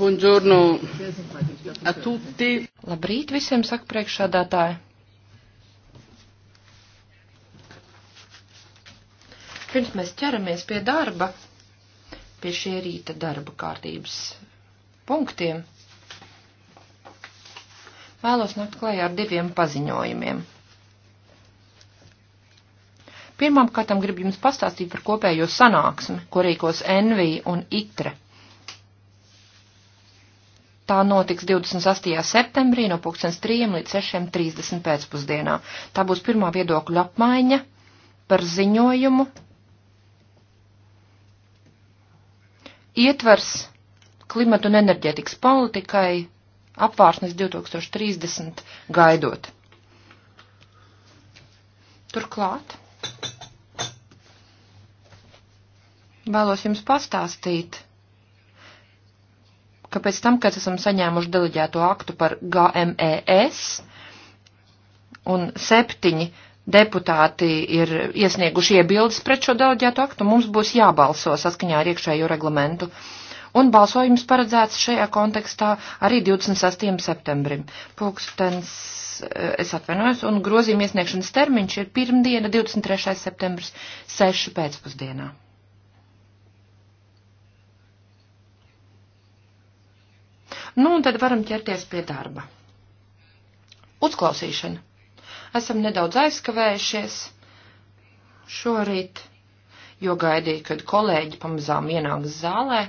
Buongiorno a tutti. Labrīt visiem, saka priekšādātāji. Pirms mēs ķeramies pie darba, pie šī rīta darba kārtības punktiem, vēlos nākt klajā ar diviem paziņojumiem. Pirmām kārtām gribu jums pastāstīt par kopējo sanāksmi, ko rīkos Envī un Itre Tā notiks 28. septembrī no 2003 līdz 6.30 pēcpusdienā. Tā būs pirmā viedokļa apmaiņa par ziņojumu. Ietvers klimatu un enerģetikas politikai apvārsnes 2030 gaidot. Turklāt vēlos jums pastāstīt ka pēc tam, kad esam saņēmuši deleģēto aktu par GMES un septiņi deputāti ir iesnieguši iebildes pret šo deleģēto aktu, mums būs jābalso saskaņā ar iekšējo reglamentu. Un balsojums paredzēts šajā kontekstā arī 26. septembrim. Pūkstens, eh, es atvainojos, un grozījuma iesniegšanas termiņš ir pirmdiena, 23. septembris, 6. pēcpusdienā. Nu, un tad varam ķerties pie darba. Uzklausīšana. Esam nedaudz aizskavējušies šorīt, jo gaidīju, kad kolēģi pamazām ienāks zālē.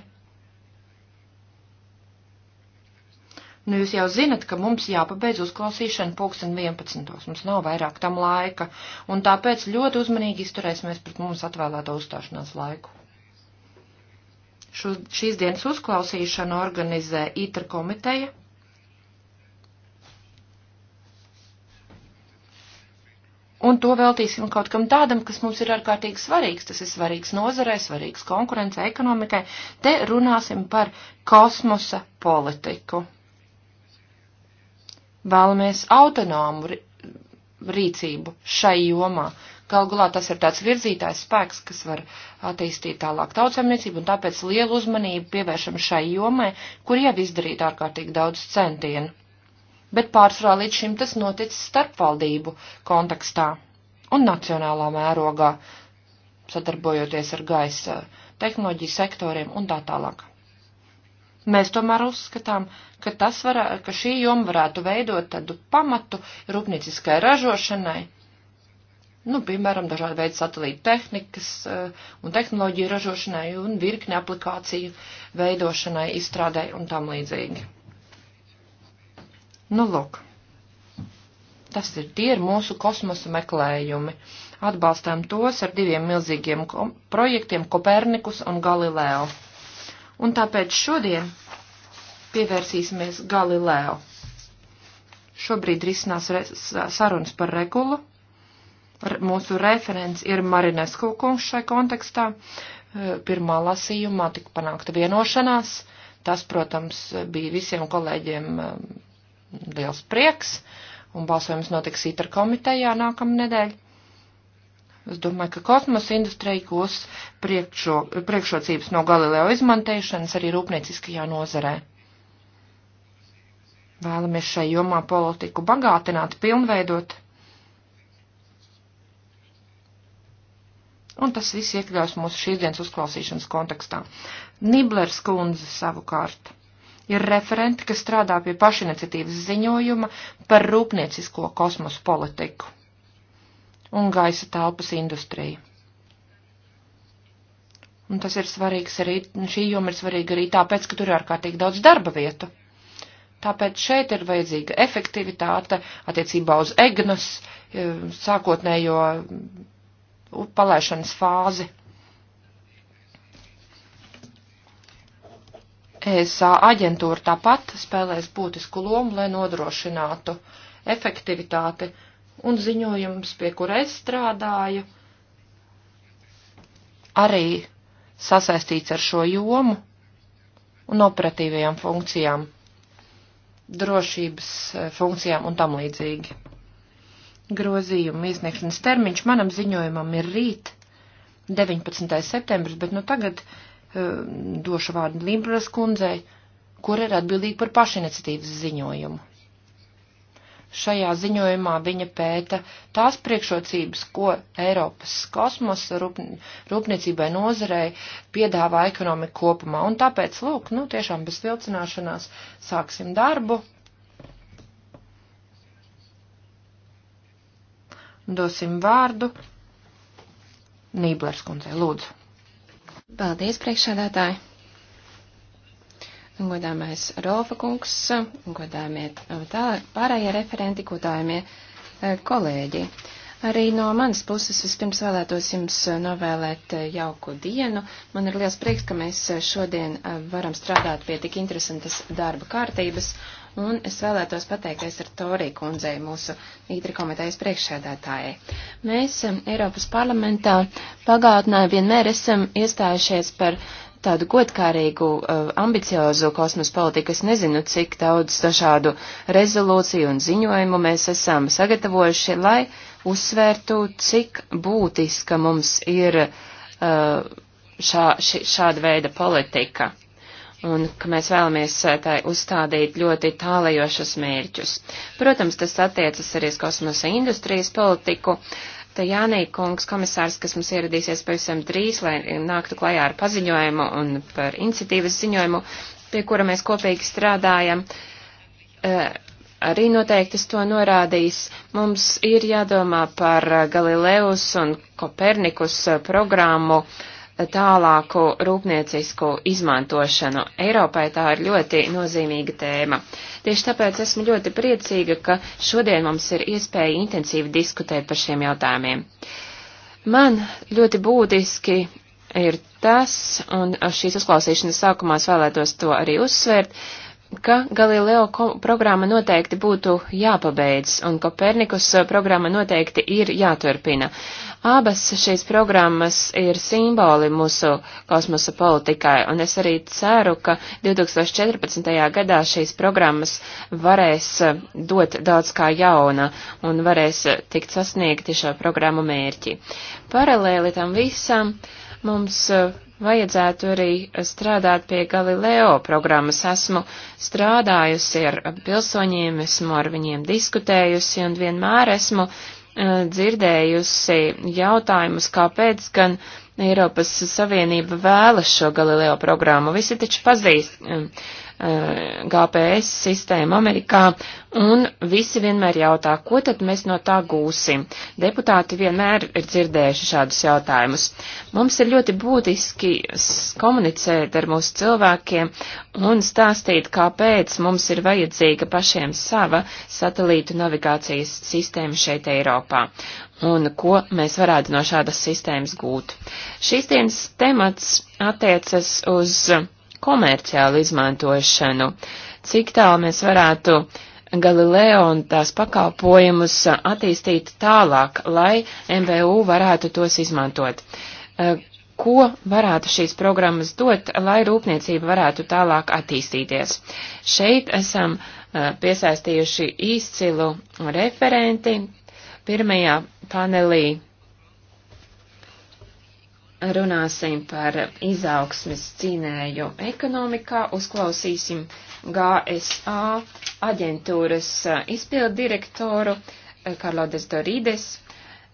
Nu, jūs jau zinat, ka mums jāpabeidz uzklausīšana pulksten 11. Mums nav vairāk tam laika, un tāpēc ļoti uzmanīgi izturēsimies pret mums atvēlēto uzstāšanās laiku. Šo, šīs dienas uzklausīšanu organizē ITR komiteja. Un to veltīsim kaut kam tādam, kas mums ir ārkārtīgi svarīgs. Tas ir svarīgs nozarei, svarīgs konkurencei, ekonomikai. Te runāsim par kosmosa politiku. Vēlamies autonomu rīcību šai jomā, Gal galā tas ir tāds virzītājs spēks, kas var attīstīt tālāk tautsēmniecību, un tāpēc lielu uzmanību pievēršam šai jomai, kur jau izdarīt ārkārtīgi daudz centienu. Bet pārsvarā līdz šim tas noticis starpvaldību kontekstā un nacionālā mērogā, sadarbojoties ar gaisa tehnoloģiju sektoriem un tā tālāk. Mēs tomēr uzskatām, ka, var, ka šī joma varētu veidot tādu pamatu rūpnieciskai ražošanai, nu, piemēram, dažādi veidi satelīta tehnikas eh, un tehnoloģiju ražošanai un virkni aplikāciju veidošanai, izstrādai un tam līdzīgi. Nu, lūk. Tas ir tie ir mūsu kosmosa meklējumi. Atbalstām tos ar diviem milzīgiem ko projektiem Kopernikus un Galileo. Un tāpēc šodien pievērsīsimies Galileo. Šobrīd risinās sarunas par regulu Mūsu referents ir Marinesku kungs šai kontekstā. E, pirmā lasījumā tika panākta vienošanās. Tas, protams, bija visiem kolēģiem e, liels prieks, un balsojums notiks ITR komitejā nākamnedēļ. Es domāju, ka kosmosa industrija gūs priekšro, priekšrocības no Galileo izmantošanas arī rūpnieciskajā nozarē. Vēlamies šai jomā politiku bagātināt, pilnveidot. un tas viss iekļaus mūsu šīs dienas uzklausīšanas kontekstā. Niblers kundze savukārt ir referenti, kas strādā pie pašiniciatīvas ziņojuma par rūpniecisko kosmosu politiku un gaisa telpas industriju. Un tas ir svarīgs arī, šī joma ir svarīga arī tāpēc, ka tur ir ārkārtīgi daudz darba vietu. Tāpēc šeit ir vajadzīga efektivitāte attiecībā uz EGNAS eh, sākotnējo palaišanas fāzi. ESA aģentūra tāpat spēlēs būtisku lomu, lai nodrošinātu efektivitāti un ziņojums, pie kura es strādāju, arī sasaistīts ar šo jomu un operatīvajām funkcijām, drošības eh, funkcijām un tam līdzīgi. Grozījuma iesniegšanas termiņš manam ziņojumam ir rīt, 19. septembris, bet nu tagad uh, došu vārdu Limbras kundzei, kur ir atbildīga par pašiniciatīvas ziņojumu. Šajā ziņojumā viņa pēta tās priekšrocības, ko Eiropas kosmosa rūpn rūpniecībai nozarei piedāvā ekonomika kopumā. Un tāpēc, lūk, nu tiešām bez vilcināšanās sāksim darbu. dosim vārdu Nīblers kundzei. Lūdzu. Paldies, priekšsādātāji. Godāmais Rolfa kungs, godāmie tā pārējie referenti, godāmie eh, kolēģi. Uh, Arī no manas puses vispirms vēlētos jums eh, novēlēt eh, jauku dienu. Man ir liels prieks, ka mēs eh, šodien varam strādāt pie tik interesantas darba kārtības, un es vēlētos pateikties ar Toriju kundzei, mūsu ītri komitejas priekšsēdētājai. Mēs Eiropas parlamentā pagātnē vienmēr esam iestājušies par tādu godkārīgu, ambiciozu kosmosa politiku. Es nezinu, cik daudz dažādu rezolūciju un ziņojumu mēs esam sagatavojuši, lai uzsvērtu, cik būtiska mums ir uh, šā, šāda veida politika un ka mēs vēlamies uh, tai uzstādīt ļoti tālajošas mērķus. Protams, tas attiecas arī uz kosmosa industrijas politiku. Te Jānī kungs, komisārs, kas mums ieradīsies pavisam drīz, lai nāktu klajā ar paziņojumu un par iniciatīvas ziņojumu, pie kura mēs kopīgi strādājam, uh, arī noteikti es to norādījis. Mums ir jādomā par Galileus un Kopernikus programmu tālāku rūpniecisku izmantošanu. Eiropai tā ir ļoti nozīmīga tēma. Tieši tāpēc esmu ļoti priecīga, ka šodien mums ir iespēja intensīvi diskutēt par šiem jautājumiem. Man ļoti būtiski ir tas, un šīs uzklausīšanas sākumā es vēlētos to arī uzsvērt, ka Galileo programma noteikti būtu jāpabeidz un Kopernikus uh, programma noteikti ir jāturpina. Abas šīs programmas ir simboli mūsu kosmosa politikai, un es arī ceru, ka 2014. gadā šīs programmas varēs uh, dot daudz kā jauna un varēs uh, tikt sasniegti šo programmu mērķi. Paralēli tam visam mums vajadzētu arī strādāt pie Galileo programmas. Esmu strādājusi ar pilsoņiem, esmu ar viņiem diskutējusi un vienmēr esmu eh, dzirdējusi jautājumus, kāpēc gan Eiropas Savienība vēlas šo Galileo programmu. Visi taču pazīst eh, Eh, GPS sistēmu Amerikā, un visi vienmēr jautā, ko tad mēs no tā gūsim. Deputāti vienmēr ir dzirdējuši šādus jautājumus. Mums ir ļoti būtiski komunicēt ar mūsu cilvēkiem un stāstīt, kāpēc mums ir vajadzīga pašiem sava satelītu navigācijas sistēma šeit Eiropā un ko mēs varētu no šādas sistēmas gūt. Šīs dienas temats attiecas uz komerciālu izmantošanu. Cik tālu mēs varētu Galileo un tās pakalpojumus attīstīt tālāk, lai MVU varētu tos izmantot? E, ko varētu šīs programmas dot, lai rūpniecība varētu tālāk attīstīties. Šeit esam uh, piesaistījuši izcilu referenti. Pirmajā panelī runāsim par izaugsmes cīnēju ekonomikā, uzklausīsim GSA aģentūras izpildu direktoru Karlodes Dorides.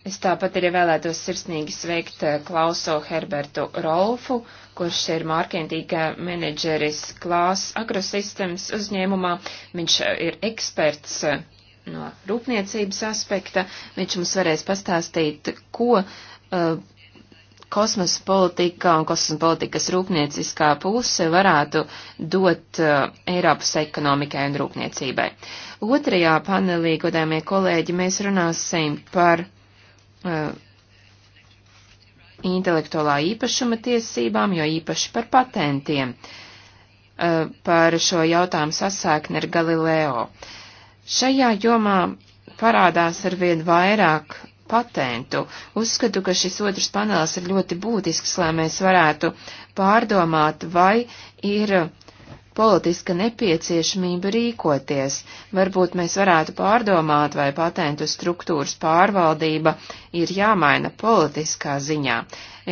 Es tāpat arī vēlētos sirsnīgi sveikt Klauso Herbertu Rolfu, kurš ir mārketinga menedžeris Klās Agrosystems uzņēmumā. Viņš ir eksperts no rūpniecības aspekta. Viņš mums varēs pastāstīt, ko uh, kosmosa politika un kosmosa politikas rūpnieciskā puse varētu dot uh, Eiropas ekonomikai un rūpniecībai. Otrajā panelī, godāmie kolēģi, mēs runāsim par uh, intelektuālā īpašuma tiesībām, jo īpaši par patentiem, uh, par šo jautājumu sasākni ar Galileo. Šajā jomā parādās arvien vairāk patentu. Uzskatu, ka šis otrs panelis ir ļoti būtisks, lai mēs varētu pārdomāt, vai ir politiska nepieciešamība rīkoties. Varbūt mēs varētu pārdomāt, vai patentu struktūras pārvaldība ir jāmaina politiskā ziņā.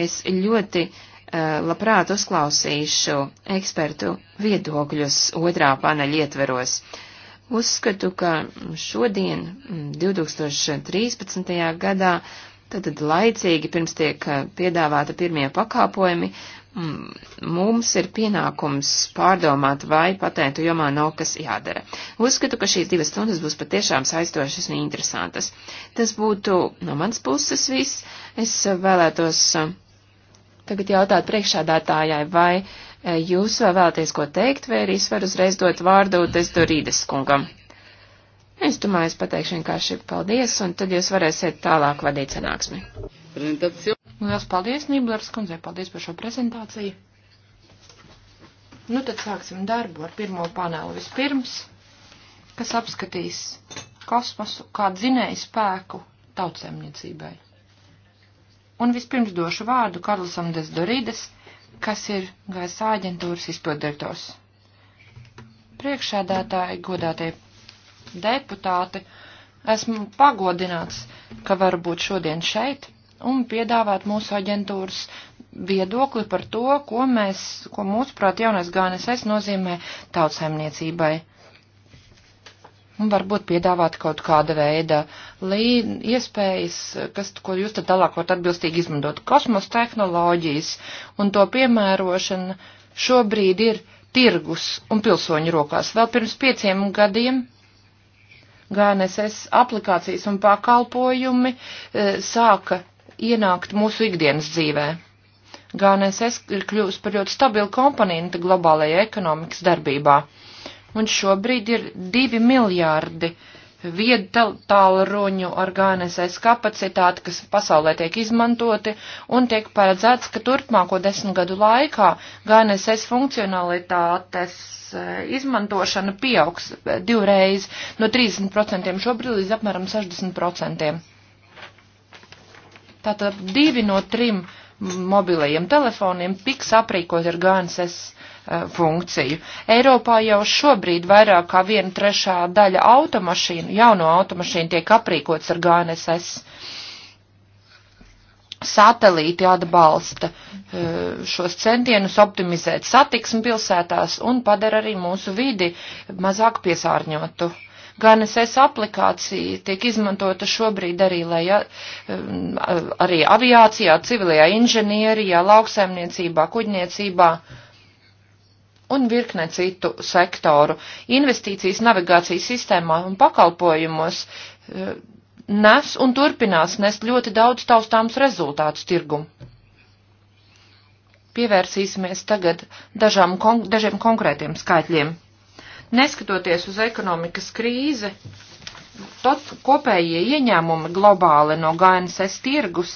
Es ļoti eh, labprāt uzklausīšu ekspertu viedokļus otrā paneļa ietveros. Uzskatu, ka šodien, 2013. Mm, gadā, tad laicīgi pirms tiek eh, piedāvāta pirmie pakāpojumi, mm, mums ir pienākums pārdomāt, vai patentu jomā nav kas jādara. Uzskatu, ka šīs divas stundas būs patiešām saistošas un interesantas. Tas būtu no mans puses viss. Es eh, vēlētos eh, tagad jautāt priekšādātājai, vai Jūs vēl vēlaties ko teikt, vai arī es varu uzreiz dot vārdu Desdorīdes kungam? Es domāju, es pateikšu vienkārši paldies, un tad jūs varēsiet tālāk vadīt sanāksmi. Lielas paldies, Nīblers kundzei, paldies par šo prezentāciju. Nu tad sāksim darbu ar pirmo panelu vispirms, kas apskatīs kosmosu kā dzinēju spēku tautsēmniecībai. Un vispirms došu vārdu Karlsam Desdorīdes kas ir gaisa aģentūras izpildirektors. Priekšādātāji, godātie deputāti, esmu pagodināts, ka varu būt šodien šeit un piedāvāt mūsu aģentūras viedokli par to, ko mēs, ko mūsuprāt jaunais GNSS nozīmē tautsaimniecībai. Un varbūt piedāvāt kaut kāda veida līd, iespējas, kas, ko jūs tad tālāk varat atbilstīgi izmantot. Kosmos tehnoloģijas un to piemērošana šobrīd ir tirgus un pilsoņu rokās. Vēl pirms pieciem gadiem GNSS aplikācijas un pakalpojumi e, sāka ienākt mūsu ikdienas dzīvē. GNSS ir kļūst par ļoti stabilu komponentu globālajā ekonomikas darbībā un šobrīd ir divi miljārdi viedtālruņu ar GNSS kapacitāti, kas pasaulē tiek izmantoti, un tiek paredzēts, ka turpmāko desmit gadu laikā GNSS funkcionalitātes eh, izmantošana pieaugs eh, divreiz no 30% šobrīd līdz apmēram 60%. Tātad divi no trim mobilajiem telefoniem tiks aprīkot ar GNSS Eh, funkciju. Eiropā jau šobrīd vairāk kā viena trešā daļa automašīnu, jauno automašīnu tiek aprīkots ar GNSS. Satelīti atbalsta eh, šos centienus optimizēt satiksmi pilsētās un padara arī mūsu vidi mazāk piesārņotu. GNSS aplikācija tiek izmantota šobrīd arī, lai ja, eh, arī aviācijā, civilajā inženierijā, lauksaimniecībā, kuģniecībā. Uh, un virkne citu sektoru. Investīcijas navigācijas sistēmā un pakalpojumos eh, nes un turpinās nest ļoti daudz taustāms rezultātus tirgumu. Pievērsīsimies tagad dažām, kon dažiem konkrētiem skaitļiem. Neskatoties uz ekonomikas krīzi, tot kopējie ieņēmumi globāli no GNSS tirgus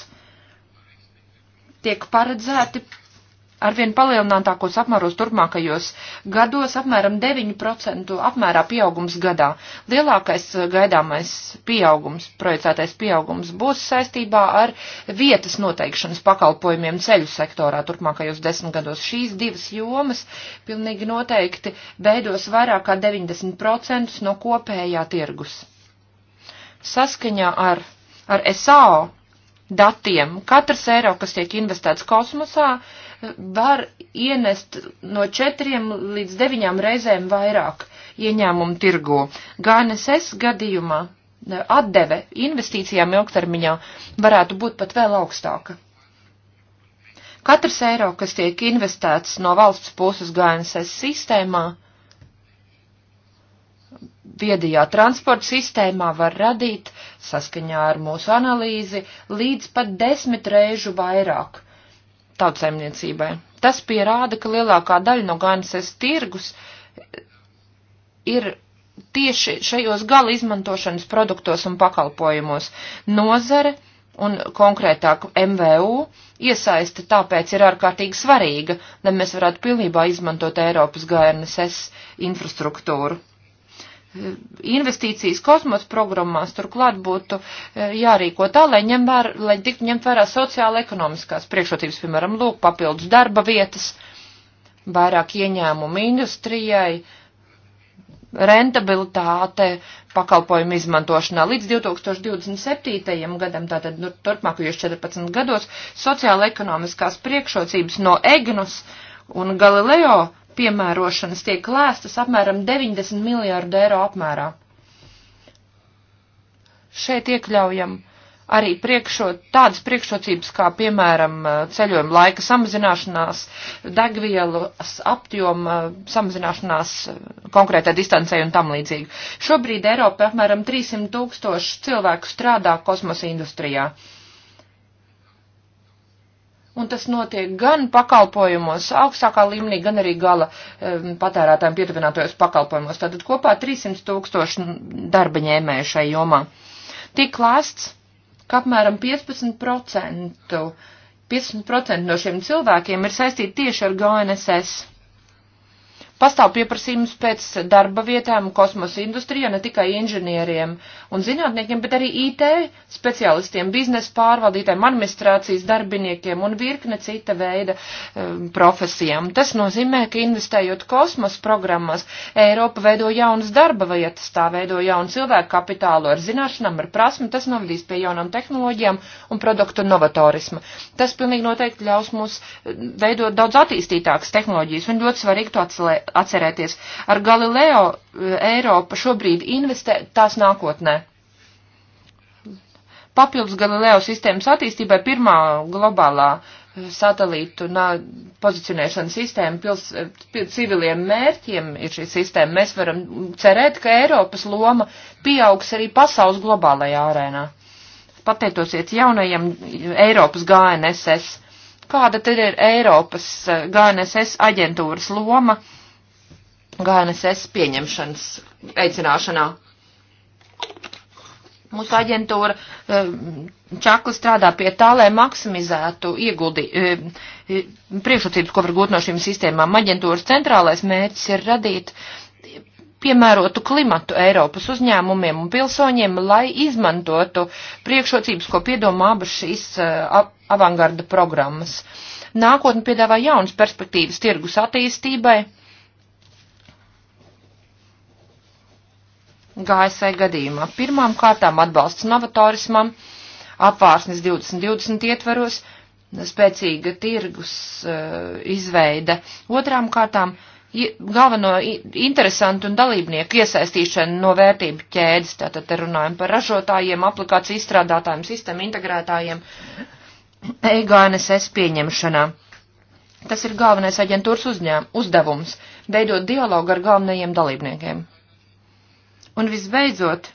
tiek paredzēti arvien palielinātākos apmēros turpmākajos gados, apmēram 9% apmērā pieaugums gadā. Lielākais eh, gaidāmais pieaugums, projicētais pieaugums būs saistībā ar vietas noteikšanas pakalpojumiem ceļu sektorā turpmākajos desmit gados. Šīs divas jomas pilnīgi noteikti veidos vairāk kā 90% no kopējā tirgus. Saskaņā ar, ar SAO datiem katrs eiro, kas tiek investēts kosmosā, uh, var ienest no četriem līdz deviņām reizēm vairāk ieņēmumu tirgu. GNSS gadījumā e, atdeve investīcijām ilgtermiņā varētu būt pat vēl augstāka. Katrs eiro, kas tiek investēts no valsts puses GNSS sistēmā, viedajā transporta sistēmā var radīt, saskaņā ar mūsu analīzi, līdz pat desmit reižu vairāk tautsaimniecībai. Tas pierāda, ka lielākā daļa no GNSS tirgus ir tieši šajos gala izmantošanas produktos un pakalpojumos. Nozare un konkrētāk MVU iesaiste tāpēc ir ārkārtīgi svarīga, lai mēs varētu pilnībā izmantot Eiropas GNSS infrastruktūru investīcijas kosmos programmās turklāt būtu e, jārīko tā, lai, ņem vēr, lai tiktu ņemt vērā sociāla ekonomiskās priekšrocības, piemēram, lūk, papildus darba vietas, vairāk ieņēmumu industrijai, rentabilitāte pakalpojumu izmantošanā līdz 2027. gadam, tātad nu, turpmākajos 14 gados, sociāla ekonomiskās priekšrocības no EGNUS un Galileo piemērošanas tiek lēstas apmēram 90 miljārdu eiro apmērā. Šeit iekļaujam arī priekšo, tādas priekšrocības kā, piemēram, ceļojuma laika samazināšanās, degvielas apjoma samazināšanās konkrētai distancei un tam līdzīgi. Šobrīd Eiropā apmēram 300 tūkstoši cilvēku strādā kosmosa industrijā. Uh, un tas notiek gan pakalpojumos augstākā līmenī, gan arī gala um, patērētājiem pietuvinātojos pakalpojumos. Tātad kopā 300 tūkstoši darba ņēmēju šai jomā. Tik lāsts, ka apmēram 15%, 15% no šiem cilvēkiem ir saistīti tieši ar GNSS. Pastāv pieprasījums pēc darba vietām kosmosa industrijā ne tikai inženieriem un zinātniekiem, bet arī IT speciālistiem, biznesa pārvaldītājiem, administrācijas darbiniekiem un virkne cita veida um, profesijām. Tas nozīmē, ka investējot kosmosa programmas, Eiropa veido jaunas darba vietas, tā veido jaunu cilvēku kapitālu ar zināšanām, ar prasmi, tas novadīs pie jaunām tehnoloģijām un produktu novatorisma. Tas pilnīgi noteikti ļaus mums um, veidot daudz attīstītākas tehnoloģijas un ļoti svarīgi to atcelēt atcerēties. Ar Galileo eh, Eiropa šobrīd investē tās nākotnē. Papildus Galileo sistēmas attīstībai pirmā globālā eh, satelītu nā, pozicionēšana sistēma pils, eh, pils, civiliem mērķiem ir šī sistēma. Mēs varam cerēt, ka Eiropas loma pieaugs arī pasaules globālajā arēnā. Pateitosiet jaunajam Eiropas GNSS. Kāda tad ir Eiropas GNSS aģentūras loma? GNSS pieņemšanas veicināšanā. Mūsu aģentūra eh, čakli strādā pie tā, lai maksimizētu ieguldi, eh, priekšrocības, ko var gūt no šīm sistēmām. Aģentūras centrālais mērķis ir radīt piemērotu klimatu Eiropas uzņēmumiem un pilsoņiem, lai izmantotu priekšrocības, ko piedomā abas šīs eh, avangarda programmas. Nākotne piedāvā jaunas perspektīvas tirgus attīstībai GSV e gadījumā. Pirmām kārtām atbalsts novatorismam, apvārsnes 2020 ietvaros, spēcīga tirgus uh, izveide. Otrām kārtām galveno interesantu un dalībnieku iesaistīšanu no vērtību ķēdes, tātad te runājam par ražotājiem, aplikāciju izstrādātājiem, sistēmu integrētājiem, EGNSS pieņemšanā. Tas ir galvenais aģentūras uzņēm, uzdevums - veidot dialogu ar galvenajiem dalībniekiem. Un visbeidzot,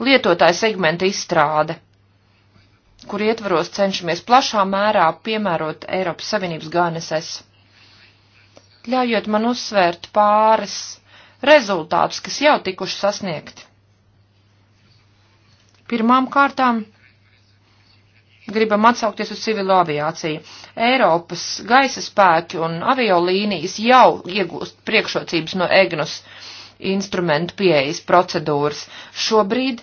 lietotāja segmenta izstrāde, kur ietvaros cenšamies plašā mērā piemērot Eiropas Savienības GNSS. Ļaujot man uzsvērt pāris rezultātus, kas jau tikuši sasniegti. Pirmām kārtām gribam atsaukties uz civilo aviāciju. Eiropas gaisa spēki un aviolīnijas jau iegūst priekšrocības no EGNUS. Uh, instrumentu pieejas procedūras. Šobrīd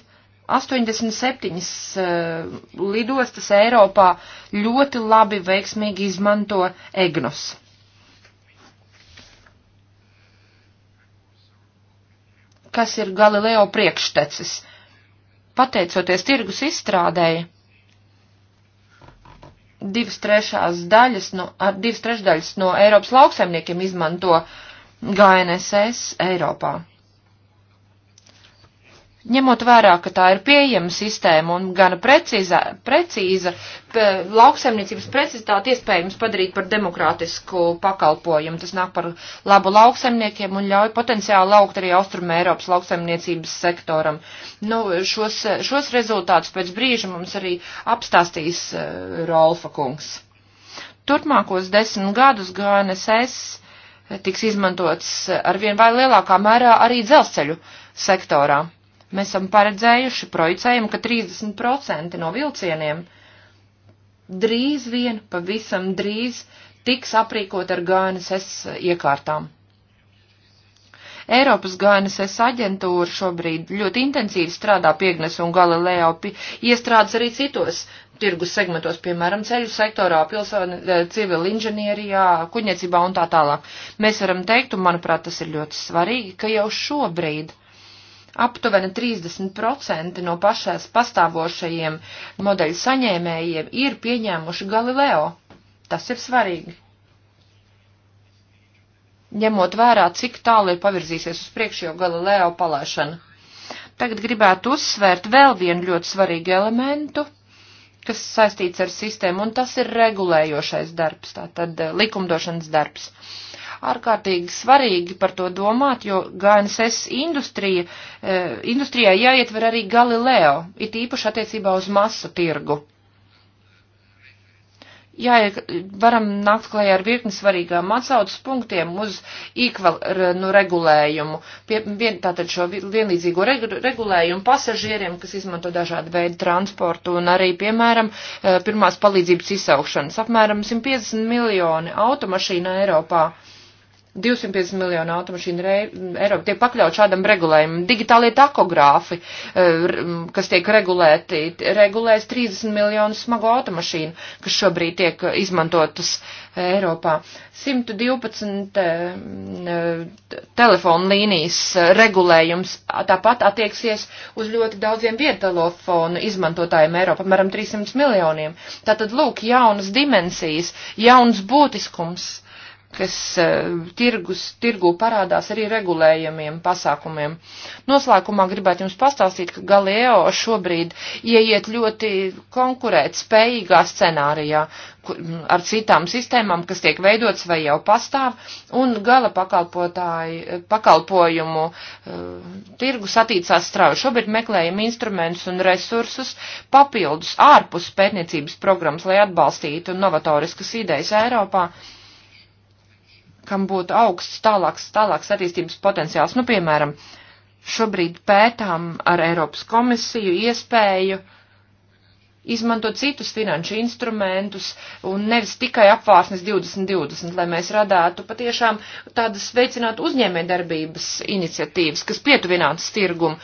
87 uh, eh, lidostas Eiropā ļoti labi veiksmīgi izmanto EGNOS. Kas ir Galileo priekštecis? Pateicoties tirgus izstrādēji, divas trešās daļas no, ar divas trešdaļas no Eiropas lauksaimniekiem izmanto GNSS Eiropā. Ņemot vērā, ka tā ir pieejama sistēma un gana precīza, precīza lauksaimniecības precizitāte iespējams padarīt par demokrātisku pakalpojumu. Tas nāk par labu lauksaimniekiem un ļauj potenciāli augt arī Austruma Eiropas lauksaimniecības sektoram. Nu, šos, šos rezultātus pēc brīža mums arī apstāstīs uh, Rolfa kungs. Turpmākos desmit gadus GNSS tiks izmantots arvien vai lielākā mērā arī dzelzceļu sektorā. Mēs esam paredzējuši, projicējam, ka 30% no vilcieniem drīz vien, pavisam drīz, tiks aprīkot ar GNSS iekārtām. Eiropas GNSS aģentūra šobrīd ļoti intensīvi strādā piegnes un Galileo iestrādes arī citos tirgus segmentos, piemēram, ceļu sektorā, pilsoni, e, civil inženierijā, kuģniecībā un tā tālāk. Mēs varam teikt, un manuprāt, tas ir ļoti svarīgi, ka jau šobrīd aptuveni 30% no pašās pastāvošajiem modeļu saņēmējiem ir pieņēmuši Galileo. Tas ir svarīgi. Ņemot vērā, cik tālu ir pavirzīsies uz priekšu jau Galileo palaišana. Tagad gribētu uzsvērt vēl vienu ļoti svarīgu elementu, kas saistīts ar sistēmu, un tas ir regulējošais darbs, tātad eh, likumdošanas darbs. Uh, ārkārtīgi svarīgi par to domāt, jo GNSS industrija, e, industrijai jāietver arī Galileo, it īpaši attiecībā uz masu tirgu. Jā, varam nākt klajā ar virkni svarīgām atsaucas punktiem uz īkval nu, regulējumu, pie, vien, tātad šo vienlīdzīgo regulējumu pasažieriem, kas izmanto dažādu veidu transportu un arī, piemēram, e, pirmās palīdzības izsaukšanas. Apmēram 150 miljoni automašīna Eiropā 250 miljonu automašīnu Eiropa tiek pakļaut šādam regulējumam. Digitālie takogrāfi, e, kas tiek regulēti, regulēs 30 miljonu smago automašīnu, kas šobrīd tiek izmantotas Eiropā. 112 e, e, telefonu līnijas regulējums tāpat attieksies uz ļoti daudziem viedtelefonu izmantotājiem Eiropā, apmēram 300 miljoniem. Tātad, lūk, jaunas dimensijas, jauns būtiskums kas e, tirgus, tirgu parādās arī regulējumiem pasākumiem. Noslēgumā gribētu jums pastāstīt, ka Galileo šobrīd ieiet ļoti konkurēt spējīgā scenārijā kur, ar citām sistēmām, kas tiek veidots vai jau pastāv, un gala pakalpojumu uh, tirgus attīcās strauji. Šobrīd meklējam instrumentus un resursus papildus ārpus pētniecības programmas, lai atbalstītu novatoriskas idejas Eiropā kam būtu augsts tālāks, tālāks attīstības potenciāls. Nu, piemēram, šobrīd pētām ar Eiropas komisiju iespēju izmantot citus finanšu instrumentus un nevis tikai apvārsnes 2020, lai mēs radātu patiešām tādas veicinātu uzņēmējdarbības iniciatīvas, kas pietuvinātu tirgumu.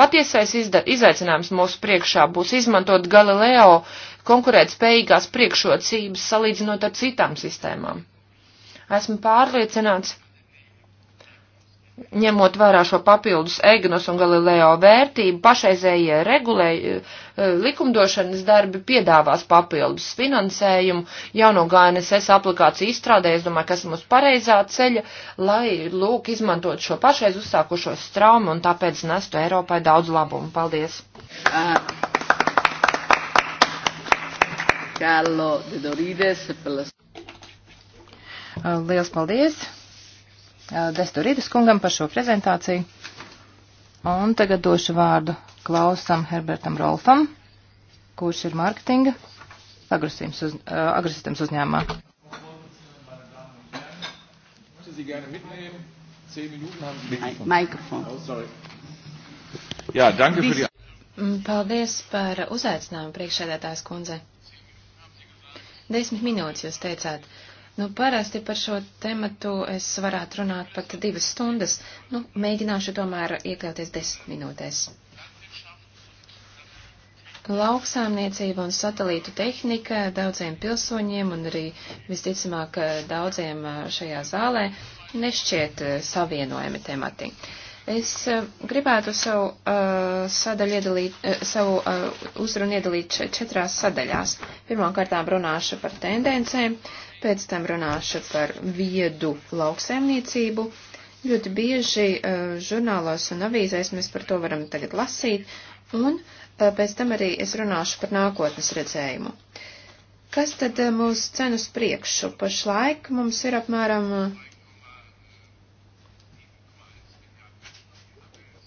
Patiesais izaicinājums mūsu priekšā būs izmantot Galileo konkurētspējīgās priekšrocības salīdzinot ar citām sistēmām. Esmu pārliecināts, ņemot vērā šo papildus Egnos un Galileo vērtību, pašreizējie regulē, eh, likumdošanas darbi piedāvās papildus finansējumu jauno GNSS aplikāciju izstrādē. Es domāju, ka esam uz pareizā ceļa, lai lūk izmantot šo pašreiz uzsākušo straumu un tāpēc nestu Eiropai daudz labumu. Paldies! Ah. Carlo De Dorides per la Uh, liels paldies uh, Desturīdas kungam par šo prezentāciju. Un tagad došu vārdu Klausam Herbertam Rolfam, kurš ir mārketinga uz, uh, agrosistēmas uzņēmumā. Mikrofonu. Oh, Jā, danke par. Mm, paldies par uzaicinājumu priekšsēdētājs kundze. Desmit minūtes jūs teicāt. Uh, Nu, parasti par šo tematu es varētu runāt pat divas stundas. Nu, mēģināšu tomēr iekļauties desmit minūtēs. Lauksāmniecība un satelītu tehnika daudziem pilsoņiem un arī visticamāk eh, daudziem eh, šajā zālē nešķiet eh, savienojami temati. Es gribētu savu, uh, sadaļu iedalīt, uh, savu uh, uzrunu iedalīt četrās sadaļās. Pirmkārtām runāšu par tendencēm, uh, pēc tam runāšu par viedu lauksaimniecību. Ļoti bieži uh, žurnālos un avīzēs mēs par to varam tagad lasīt, un uh, pēc tam arī es runāšu par nākotnes redzējumu. Kas tad uh, mūs cen uz priekšu? Pašlaik mums ir apmēram uh,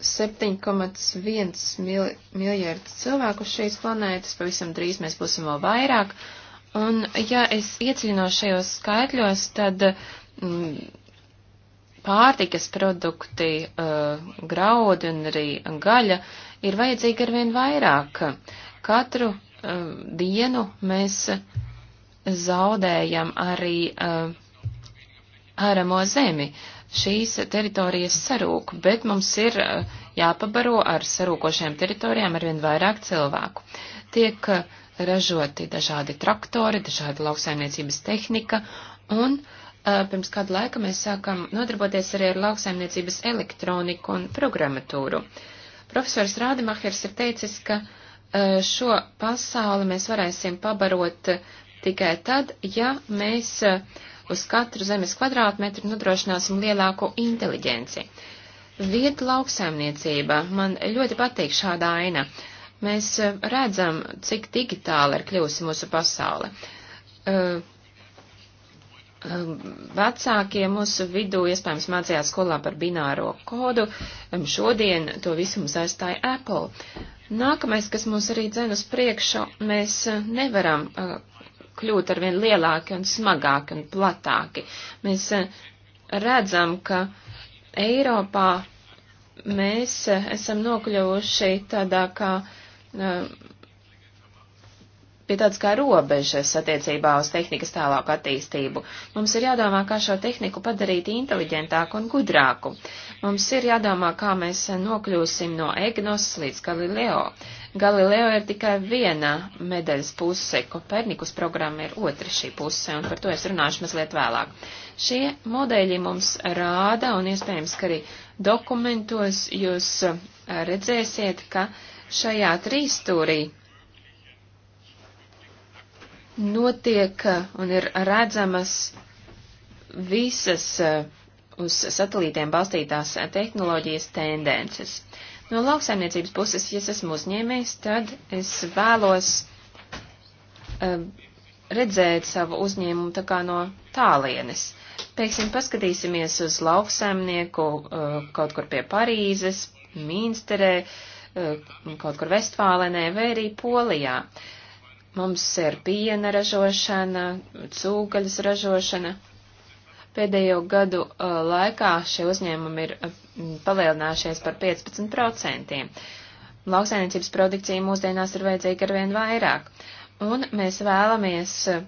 7,1 mil miljardi cilvēku uz šīs planētas, pavisam drīz mēs būsim vēl vairāk. Uh, Un, ja es iedziļinos šajos skaitļos, tad mm, pārtikas produkti, uh, graudi un arī gaļa ir vajadzīga arvien vairāk. Katru uh, dienu mēs zaudējam arī uh, āramo zemi. Šīs teritorijas sarūk, bet mums ir uh, jāpabaro ar sarūkošajām teritorijām arvien vairāk cilvēku. Tiek uh, ražoti dažādi traktori, dažādi lauksaimniecības tehnika, un uh, pirms kādu laiku mēs sākam nodarboties arī ar lauksaimniecības elektroniku un programmatūru. Profesors Rādemahers ir teicis, ka uh, šo pasauli mēs varēsim pabarot tikai tad, ja mēs uh, uz katru zemes kvadrātmetru nodrošināsim lielāko inteliģenci. Vieta lauksaimniecība. Man ļoti patīk šāda aina. Uh, Mēs e, redzam, cik digitāli ir kļūsi mūsu pasaule. E, e, vecākie mūsu vidū iespējams mācījās skolā par bināro kodu, šodien to visu mums aizstāja Apple. Nākamais, kas mūs arī dzen uz priekšu, mēs nevaram kļūt arvien lielāki un smagāki un platāki. Mēs redzam, ka Eiropā mēs esam nokļuvuši tādā kā uh, Ehm, pie tādas kā robežas attiecībā uz tehnikas tālāku attīstību. Mums ir jādomā, kā šo tehniku padarīt inteliģentāku un gudrāku. Mums ir jādomā, kā mēs nokļūsim no Egnos līdz Galileo. Galileo ir tikai viena medaļas puse, Kopernikus programma ir otra šī puse, un par to es runāšu mazliet vēlāk. Šie modeļi mums rāda, un iespējams, ka arī dokumentos jūs redzēsiet, ka uh, šajā trīstūrī notiek uh, un ir redzamas visas uh, uz satelītiem balstītās uh, tehnoloģijas tendences. No lauksaimniecības puses, ja es esmu uzņēmējs, tad es vēlos redzēt savu uzņēmumu tā kā no tālienes. Pēksim, paskatīsimies uz lauksaimnieku kaut kur pie Parīzes, Mīnsterē, uh, Eh, kaut kur Vestfālenē vai arī Polijā. Mums ir piena ražošana, cūgaļas ražošana. Pēdējo gadu uh, laikā šie uzņēmumi ir uh, palielinājušies par 15%. Lauksainiecības produkcija mūsdienās ir vajadzīga arvien vairāk. Un mēs vēlamies uh,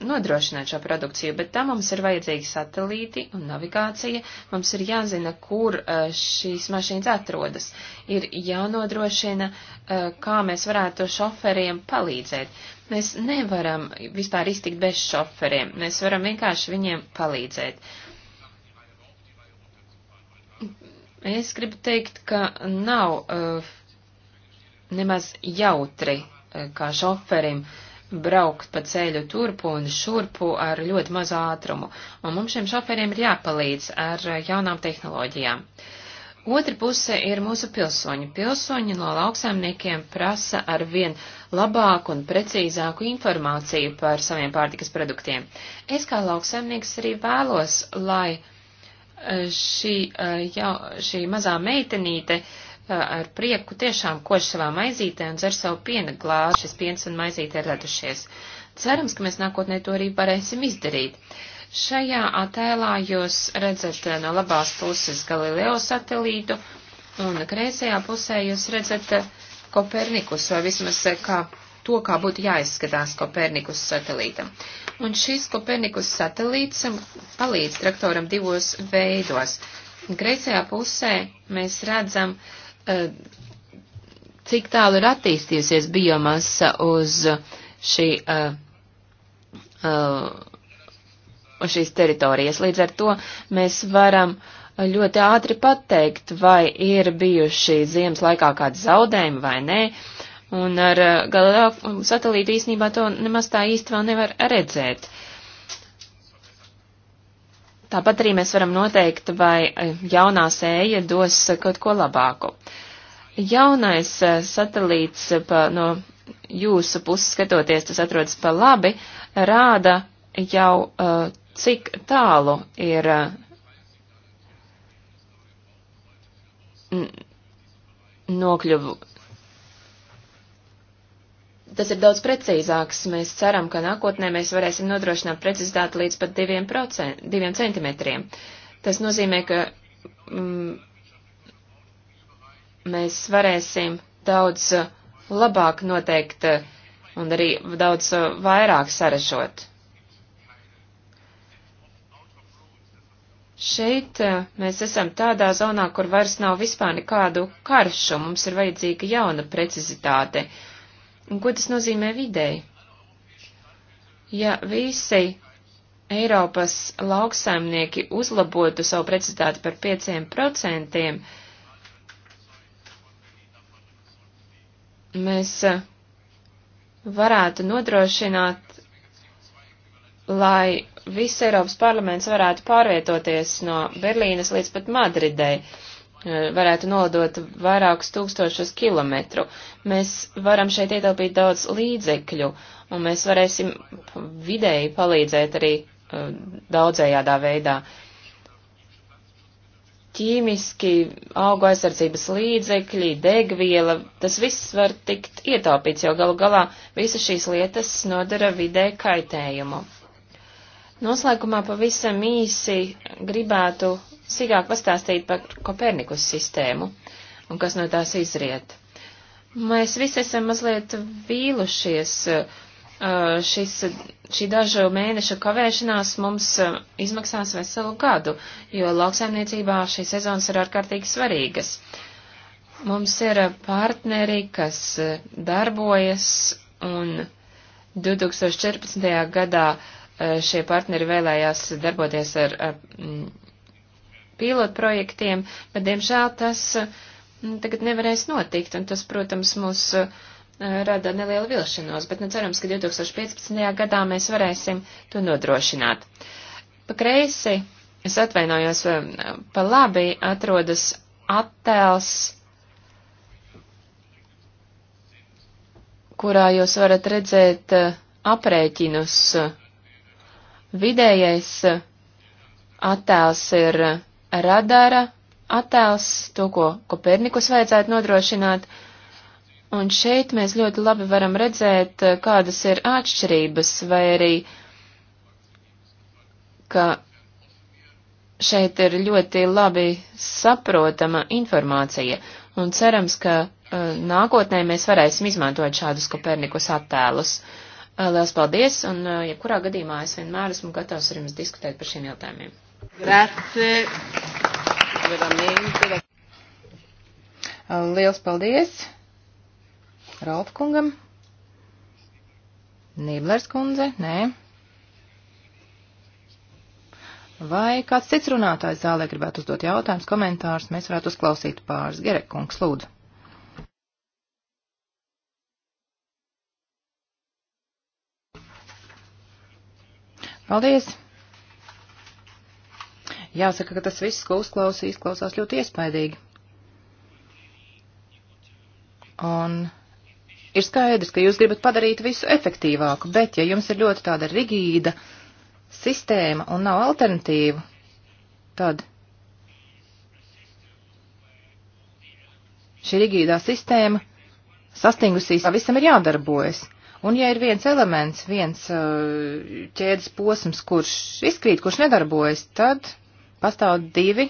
nodrošināt šo produkciju, bet tam mums ir vajadzīgi satelīti un navigācija, mums ir jāzina, kur eh, šīs mašīnas atrodas, ir jānodrošina, eh, kā mēs varētu šoferiem palīdzēt. Mēs nevaram vispār iztikt bez šoferiem, mēs varam vienkārši viņiem palīdzēt. Es gribu teikt, ka nav uh, nemaz jautri uh, kā šoferim uh, braukt pa ceļu turpu un šurpu ar ļoti mazu ātrumu, un mums šiem šoferiem ir jāpalīdz ar jaunām tehnoloģijām. Otra puse ir mūsu pilsoņi. Pilsoņi no lauksaimniekiem prasa ar vien labāku un precīzāku informāciju par saviem pārtikas produktiem. Es kā lauksaimnieks arī vēlos, lai eh, šī, eh, jau, šī mazā meitenīte uh, ar prieku tiešām kož savā maizītē un dzer savu piena glāzi, šis piens un maizīte ir radušies. Cerams, ka mēs nākotnē to arī varēsim izdarīt. Šajā attēlā jūs redzat no labās puses Galileo satelītu un kreisajā pusē jūs redzat Kopernikus vai vismaz kā to, kā būtu jāizskatās Kopernikus satelītam. Un šis Kopernikus satelīts palīdz traktoram divos veidos. Kreisajā pusē mēs redzam uh, Eh, cik tālu ir attīstījusies biomasa uz šī, eh, eh, uz šīs teritorijas. Līdz ar to mēs varam ļoti ātri pateikt, vai ir bijuši ziemas laikā kādi zaudējumi vai nē. Un ar Galileo satelītu īsnībā to nemaz tā īsti vēl nevar redzēt. Uh, Tāpat arī mēs varam noteikt, vai eh, jaunā sēja dos eh, kaut ko labāku. Jaunais eh, satelīts pa, no jūsu puses skatoties, tas atrodas pa labi, rāda jau, cik tālu ir nokļuvu, tas ir daudz precīzāks. Mēs ceram, ka nākotnē mēs varēsim nodrošināt precizitāti līdz pat 2%, 2 centimetriem. Tas nozīmē, ka mm, mēs varēsim daudz uh, labāk noteikt uh, un arī daudz uh, vairāk saražot. Šeit mēs esam tādā zonā, kur vairs nav vispār nekādu karšu, mums ir vajadzīga jauna precizitāte. Uh, Un ko tas nozīmē videi? Ja visi Eiropas lauksaimnieki uzlabotu savu precizitāti par 5%, mēs eh, varētu nodrošināt, lai viss Eiropas parlaments varētu pārvietoties no Berlīnas līdz pat Madridei. E, varētu nolidot vairākus tūkstošus kilometru. Mēs varam šeit ietaupīt daudz līdzekļu, un mēs varēsim vidēji palīdzēt arī uh, daudzējādā veidā. Ķīmiski, augu aizsardzības līdzekļi, degviela, tas viss var tikt ietaupīts, jo galu galā visas šīs lietas nodara vidē kaitējumu. Noslēgumā pavisam īsi gribētu sīkāk pastāstīt par Kopernikus sistēmu un kas no tās izriet. Mēs visi esam mazliet vīlušies. Šis, šī dažu mēnešu kavēšanās mums izmaksās veselu gadu, jo lauksaimniecībā šīs sezonas ir ārkārtīgi svarīgas. Mums ir partneri, kas darbojas un 2014. gadā šie partneri vēlējās darboties ar, ar pilotprojektiem, bet, diemžēl, tas mm, tagad nevarēs notikt, un tas, protams, mūs eh, rada nelielu vilšanos, bet nu cerams, ka 2015. gadā mēs varēsim to nodrošināt. Pa kreisi, es atvainojos, eh, pa labi atrodas attēls, kurā jūs varat redzēt eh, aprēķinus. Vidējais attēls ir radara attēls, to, ko Kopernikus vajadzētu nodrošināt. Un šeit mēs ļoti labi varam redzēt, eh, kādas ir atšķirības, vai arī, ka šeit ir ļoti labi saprotama informācija, un cerams, ka uh, nākotnē mēs varēsim izmantot šādus Kopernikus attēlus. Uh, eh, Lielas paldies, un uh, jebkurā gadījumā es vienmēr esmu gatavs ar jums diskutēt par šiem jautājumiem. Grazie. Veramente. Liels paldies Rolf kungam. Nīblers kundze, nē. Vai kāds cits runātājs zālē gribētu uzdot jautājumus, komentārus, mēs varētu uzklausīt pāris. Gerek kungs, lūdzu. Paldies! Jāsaka, ka tas viss, ko uzklausīju, izklausās ļoti iespaidīgi. Un ir skaidrs, ka jūs gribat padarīt visu efektīvāku, bet ja jums ir ļoti tāda rigīda sistēma un nav alternatīvu, tad šī rigīdā sistēma sastingusīs visam ir jādarbojas. Un ja ir viens elements, viens uh, ķēdes posms, kurš izkrīt, kurš nedarbojas, tad pastāv divi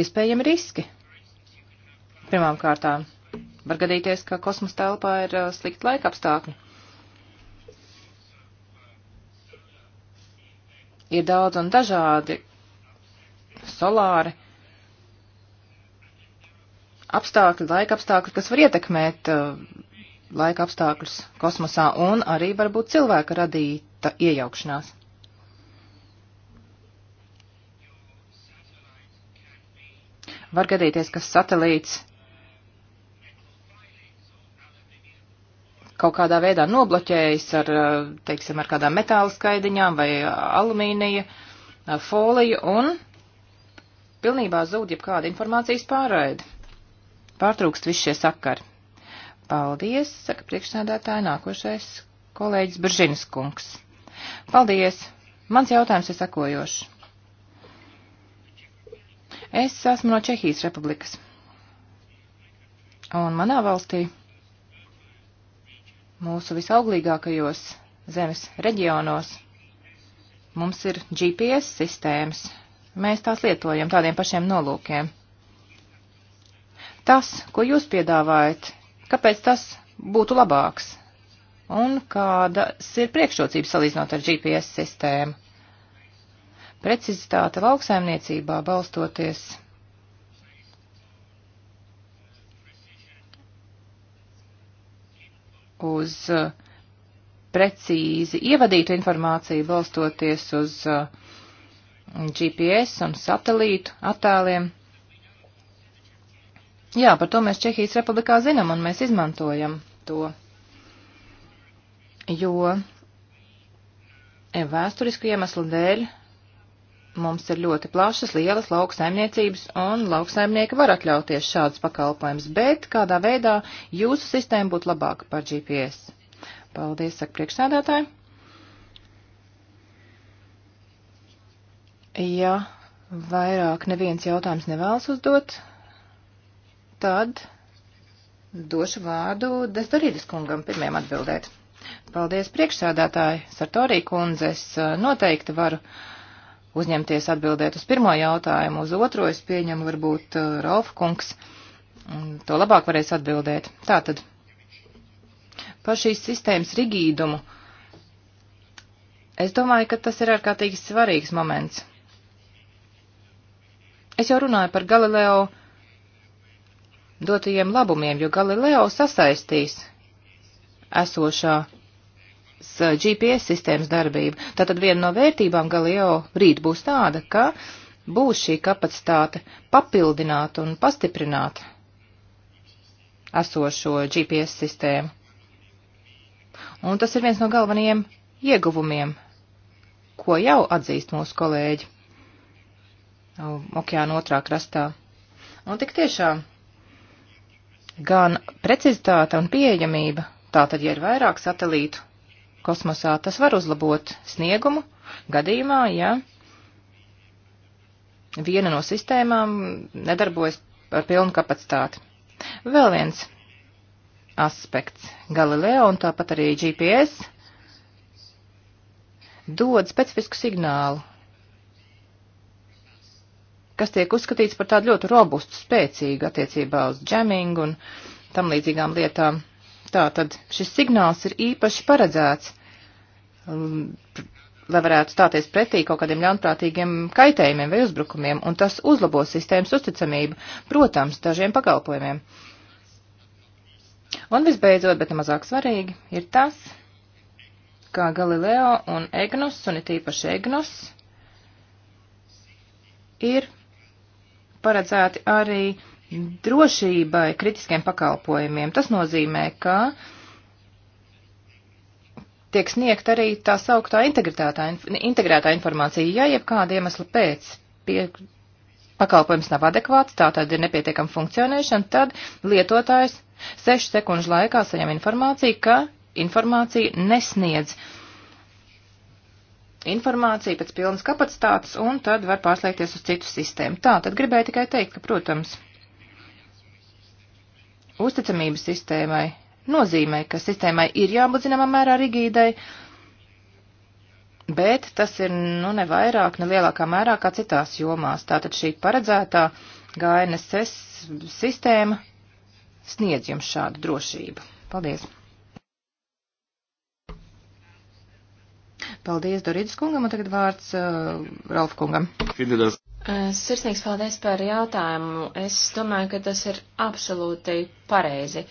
iespējami riski. Pirmām kārtām var gadīties, ka kosmosa telpā ir uh, slikti laika apstākļi. Ir daudz un dažādi solāri apstākļi, laika apstākļi, kas var ietekmēt uh, laika apstākļus kosmosā un arī varbūt cilvēka radīta iejaukšanās. var gadīties, ka satelīts kaut kādā veidā nobloķējas ar, eh, teiksim, ar kādām metāla skaidiņām vai eh, alumīnija eh, foliju un pilnībā zūd jebkāda informācijas pārraida. Pārtrūkst viss šie sakari. Paldies, saka priekšsēdētāja nākošais kolēģis Bržinis kungs. Paldies! Mans jautājums ir sakojošs. Es esmu no Čehijas republikas. Un manā valstī mūsu visauglīgākajos zemes reģionos mums ir GPS sistēmas. Mēs tās lietojam tādiem pašiem nolūkiem. Tas, ko jūs piedāvājat, kāpēc tas būtu labāks? Un kādas ir priekšrocības salīdzinot ar GPS sistēmu? precizitāte lauksaimniecībā balstoties uz uh, precīzi ievadītu informāciju, balstoties uz uh, GPS un satelītu attēliem. Jā, par to mēs Čehijas republikā zinām un mēs izmantojam to, jo e, vēsturisku iemeslu dēļ Mums ir ļoti plašas, lielas lauksaimniecības, un lauksaimnieki var atļauties šādas pakalpojums, bet kādā veidā jūsu sistēma būtu labāka par GPS? Paldies, saka priekšsēdētāji. Ja vairāk neviens jautājums nevēlas uzdot, tad došu vārdu Desdarīdis kungam pirmiem atbildēt. Paldies, priekšsēdētāji, Sartorī kundze, es eh, noteikti varu. Uh, uzņemties atbildēt uz pirmo jautājumu, uz otro es pieņemu varbūt uh, Rolfa kungs. To labāk varēs atbildēt. Tātad, par šīs sistēmas rigīdumu, es domāju, ka tas ir ārkārtīgi svarīgs moments. Es jau runāju par Galileo dotajiem labumiem, jo Galileo sasaistīs esošā GPS sistēmas darbību. Tātad viena no vērtībām Galileo rīt būs tāda, ka būs šī kapacitāte papildināt un pastiprināt esošo GPS sistēmu. Un tas ir viens no galvenajiem ieguvumiem, ko jau atzīst mūsu kolēģi okeāna otrā krastā. Un tik tiešām gan precizitāte un pieejamība, tātad, ja ir vairāk satelītu, kosmosā. Tas var uzlabot sniegumu gadījumā, ja viena no sistēmām nedarbojas ar pilnu kapacitāti. Vēl viens aspekts - Galileo un tāpat arī GPS dod specifisku signālu, kas tiek uzskatīts par tādu ļoti robustu, spēcīgu attiecībā uz džemingu un tam līdzīgām lietām. Tātad šis signāls ir īpaši paredzēts, um, lai varētu stāties pretī kaut kādiem ļaunprātīgiem kaitējumiem vai uzbrukumiem, un tas uzlabos sistēmas uzticamību, protams, dažiem pakalpojumiem. Un visbeidzot, bet nemazāk svarīgi, ir tas, kā Galileo un Egnus, un it īpaši Egnus, ir paredzēti arī drošībai, kritiskiem pakalpojumiem. Tas nozīmē, ka tiek sniegt arī tā sauktā integrētā, integrētā informācija, ja jebkāda iemesla pēc pie, pakalpojums nav adekvāts, tā tad ir nepietiekama funkcionēšana, tad lietotājs sešu sekundžu laikā saņem informāciju, ka informācija nesniedz informāciju pēc pilnas kapacitātes un tad var pārslēgties uz citu sistēmu. Tā tad gribēju tikai teikt, ka, protams, uzticamība sistēmai nozīmē, ka sistēmai ir jābūt zināmā mērā rigīdai, bet tas ir nu ne vairāk, ne lielākā mērā kā citās jomās. Tātad šī paredzētā GNSS sistēma sniedz jums šādu drošību. Paldies! Paldies Dorīdas kungam, un tagad vārds uh, Ralf kungam. Fidelies. Eh, sirsnīgs paldies par jautājumu. Es domāju, ka tas ir absolūti pareizi.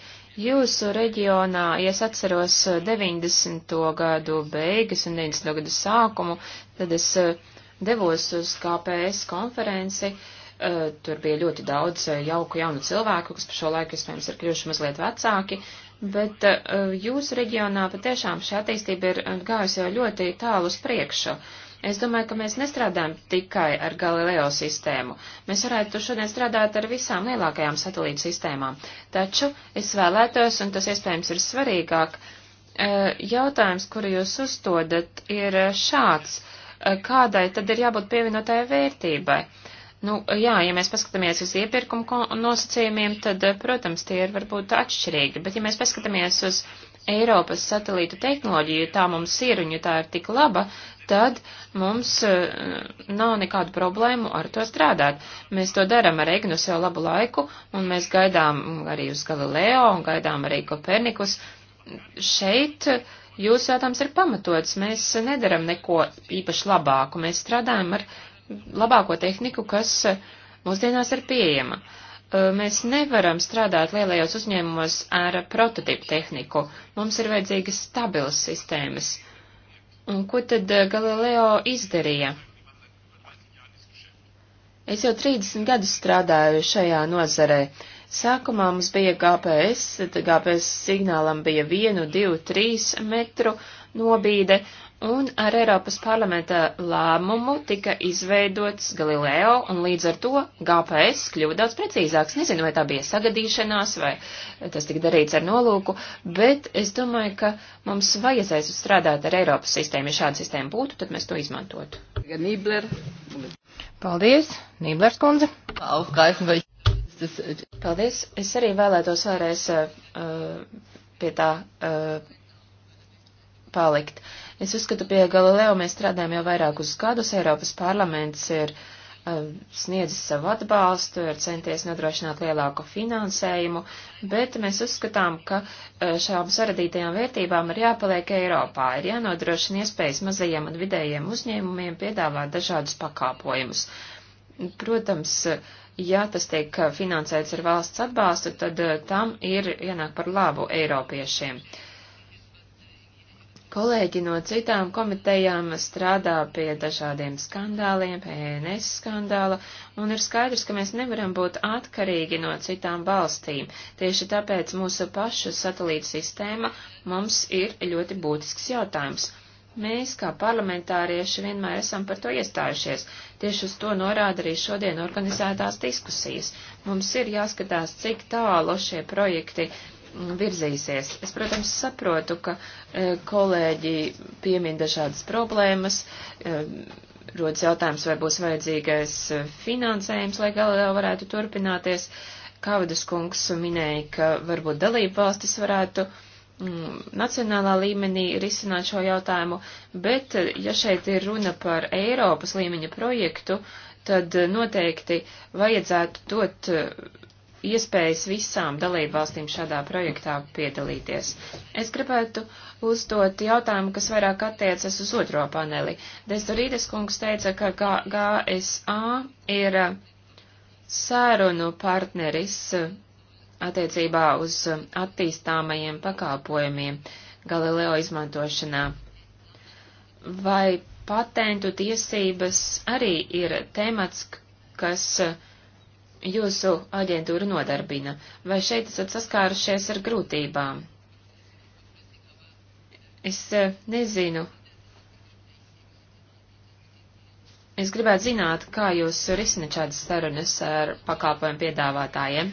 Jūsu reģionā, ja es atceros 90. Eh, gadu beigas un 90. gadu sākumu, tad es eh, devos uz KPS konferenci. Tur bija ļoti daudz jauku jaunu cilvēku, kas par šo laiku, iespējams, ir kļuvuši mazliet vecāki, bet jūsu reģionā patiešām šī attīstība ir gājusi jau ļoti tālu uz priekšu. Uh, Es domāju, ka mēs nestrādājam tikai ar Galileo sistēmu. Mēs varētu šodien strādāt ar visām lielākajām satelītu sistēmām. Taču es vēlētos, un tas iespējams ir svarīgāk, e, jautājums, kuru jūs uzdodat, ir šāds. E, kādai tad ir jābūt pievienotāja vērtībai? Nu, jā, ja mēs paskatāmies uz iepirkumu nosacījumiem, tad, protams, tie ir varbūt atšķirīgi, bet ja mēs paskatāmies uz Eiropas satelītu tehnoloģiju, tā mums ir un ja tā ir tik laba, tad mums eh, nav nekādu problēmu ar to strādāt. Mēs to darām ar Egnus jau labu laiku, un mēs gaidām arī uz Galileo, un gaidām arī Kopernikus. Šeit jūsu jautājums ir pamatots. Mēs nedaram neko īpaši labāku. Mēs strādājam ar labāko tehniku, kas mūsdienās ir pieejama. Eh, mēs nevaram strādāt lielajos uzņēmumos ar prototipu tehniku. Mums ir vajadzīgas stabilas sistēmas. Uh, Un ko tad eh, Galileo izdarīja? Es jau 30 gadus strādāju šajā nozarē. Sākumā mums bija GPS, GPS signālam bija 1, 2, 3 metru nobīde, Un ar Eiropas parlamenta lēmumu tika izveidots Galileo, un līdz ar to GPS kļuva daudz precīzāks. Nezinu, vai tā bija sagadīšanās, vai tas tika darīts ar nolūku, bet es domāju, ka mums vajadzēs strādāt ar Eiropas sistēmu. Ja šāda sistēma būtu, tad mēs to izmantotu. Nībler. Paldies, Nīblers kundze. Paldies, es arī vēlētos vēlreiz uh, pie tā. Uh, palikt. Es uzskatu, pie Galileo mēs strādājam jau vairākus gadus. Eiropas parlaments ir um, sniedzis savu atbalstu, ir centies nodrošināt lielāku finansējumu, bet mēs uzskatām, ka uh, šām saradītajām vērtībām ir jāpaliek Eiropā, ir jānodrošina iespējas mazajiem un vidējiem uzņēmumiem piedāvāt dažādus pakāpojumus. Protams, ja tas tiek finansēts ar valsts atbalstu, tad uh, tam ir jānāk par labu Eiropiešiem. Uh, Kolēģi no citām komitejām strādā pie dažādiem skandāliem, pie ENS skandāla, un ir skaidrs, ka mēs nevaram būt atkarīgi no citām valstīm. Tieši tāpēc mūsu pašu satelīta sistēma mums ir ļoti būtisks jautājums. Mēs, kā parlamentārieši, vienmēr esam par to iestājušies. Tieši uz to norāda arī šodien organizētās diskusijas. Mums ir jāskatās, cik tālu šie projekti virzīsies. Es, protams, saprotu, ka e, kolēģi piemin dažādas problēmas, e, rodas jautājums, vai būs vajadzīgais e, finansējums, lai galā varētu turpināties. Kāvadas kungs minēja, ka varbūt dalība valstis varētu mm, nacionālā līmenī risināt šo jautājumu, bet ja šeit ir runa par Eiropas līmeņa projektu, tad noteikti vajadzētu dot iespējas visām dalībvalstīm šādā projektā piedalīties. Es gribētu uzdot jautājumu, kas vairāk attiecas uz otro paneli. Desdorīdes kungs teica, ka GSA ir sērunu partneris attiecībā uz attīstāmajiem pakalpojumiem Galileo izmantošanā. Vai patentu tiesības arī ir temats, kas uh, jūsu aģentūra nodarbina? Vai šeit esat saskārušies ar grūtībām? Es e, nezinu. Es gribētu zināt, kā jūs risināt šādas sarunas ar pakāpojumu piedāvātājiem.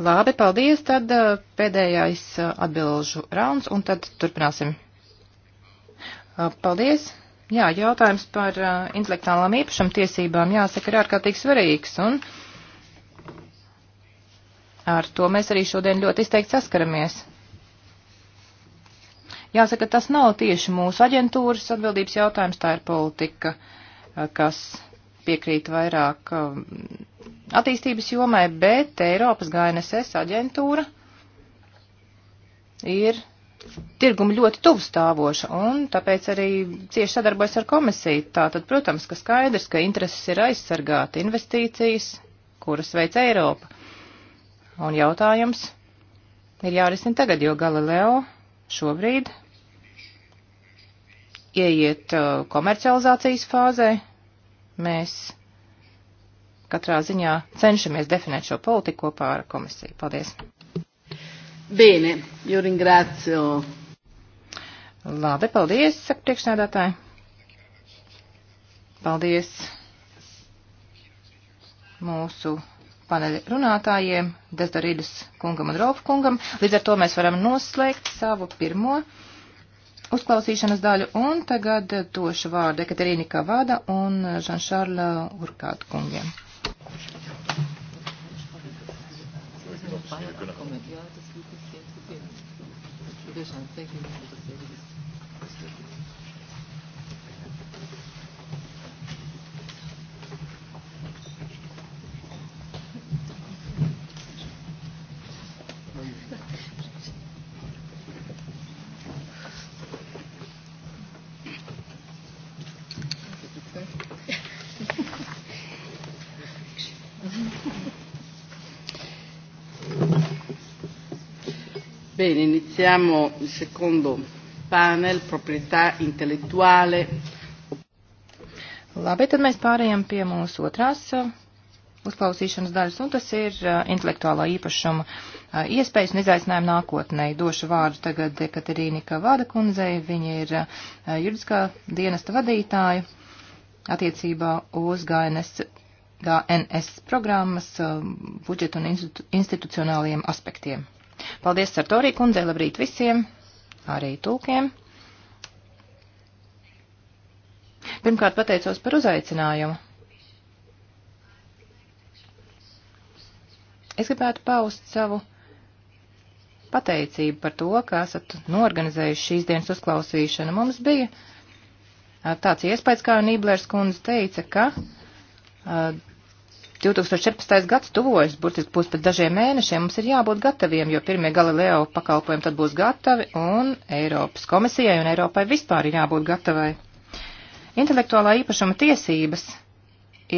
Labi, paldies. Tad e, pēdējais e, atbilžu rauns un tad turpināsim. Paldies. Jā, jautājums par uh, intelektuālām īpašam tiesībām, jāsaka, ir ārkārtīgi svarīgs, un ar to mēs arī šodien ļoti izteikti saskaramies. Jāsaka, tas nav tieši mūsu aģentūras atbildības jautājums, tā ir politika, kas piekrīt vairāk attīstības jomai, bet Eiropas GNSS aģentūra ir tirgumu ļoti tuvu stāvoša un tāpēc arī cieši sadarbojas ar komisiju. Tātad, protams, ka skaidrs, ka intereses ir aizsargāt investīcijas, kuras veic Eiropa. Un jautājums ir jārisina tagad, jo Galileo šobrīd ieiet uh, komercializācijas fāzē. Mēs katrā ziņā cenšamies definēt šo politiku kopā ar komisiju. Paldies! Bene, jo ringrazio. Labi, paldies, saka priekšnēdātāji. Paldies mūsu paneļa runātājiem, Desdarīdas kungam un Rolf kungam. Līdz ar to mēs varam noslēgt savu pirmo uzklausīšanas daļu, un tagad došu vārdu Ekaterīni Kavada un Žanšārla Urkāta kungiem hier kunnen gaan. Ja, het is goed, het is geen probleem. Dus dan denk ik dat het Bene, iniziamo il secondo panel, proprietà intellettuale. Labi, tad mēs pārējām pie mūsu otrās uh, uzklausīšanas daļas, un tas ir uh, intelektuālā īpašuma uh, iespējas un izaicinājumi nākotnē. Došu vārdu tagad Katerīni Kavada kundzei, viņa ir juridiskā dienesta vadītāja attiecībā uz GNS, GNS programmas budžetu un institucionālajiem aspektiem. Paldies Sartorī kundzei, labrīt visiem, arī tūkiem. Pirmkārt pateicos par uzaicinājumu. Es gribētu paust savu pateicību par to, ka esat norganizējuši šīs dienas uzklausīšanu. Mums bija tāds iespējas, kā Nīblers kundze teica, ka 2014. gads tuvojas, burtiski būs pēc dažiem mēnešiem, mums ir jābūt gataviem, jo pirmie Galileo pakalpojumi tad būs gatavi, un Eiropas komisijai un Eiropai vispār ir jābūt gatavai. Intelektuālā īpašuma tiesības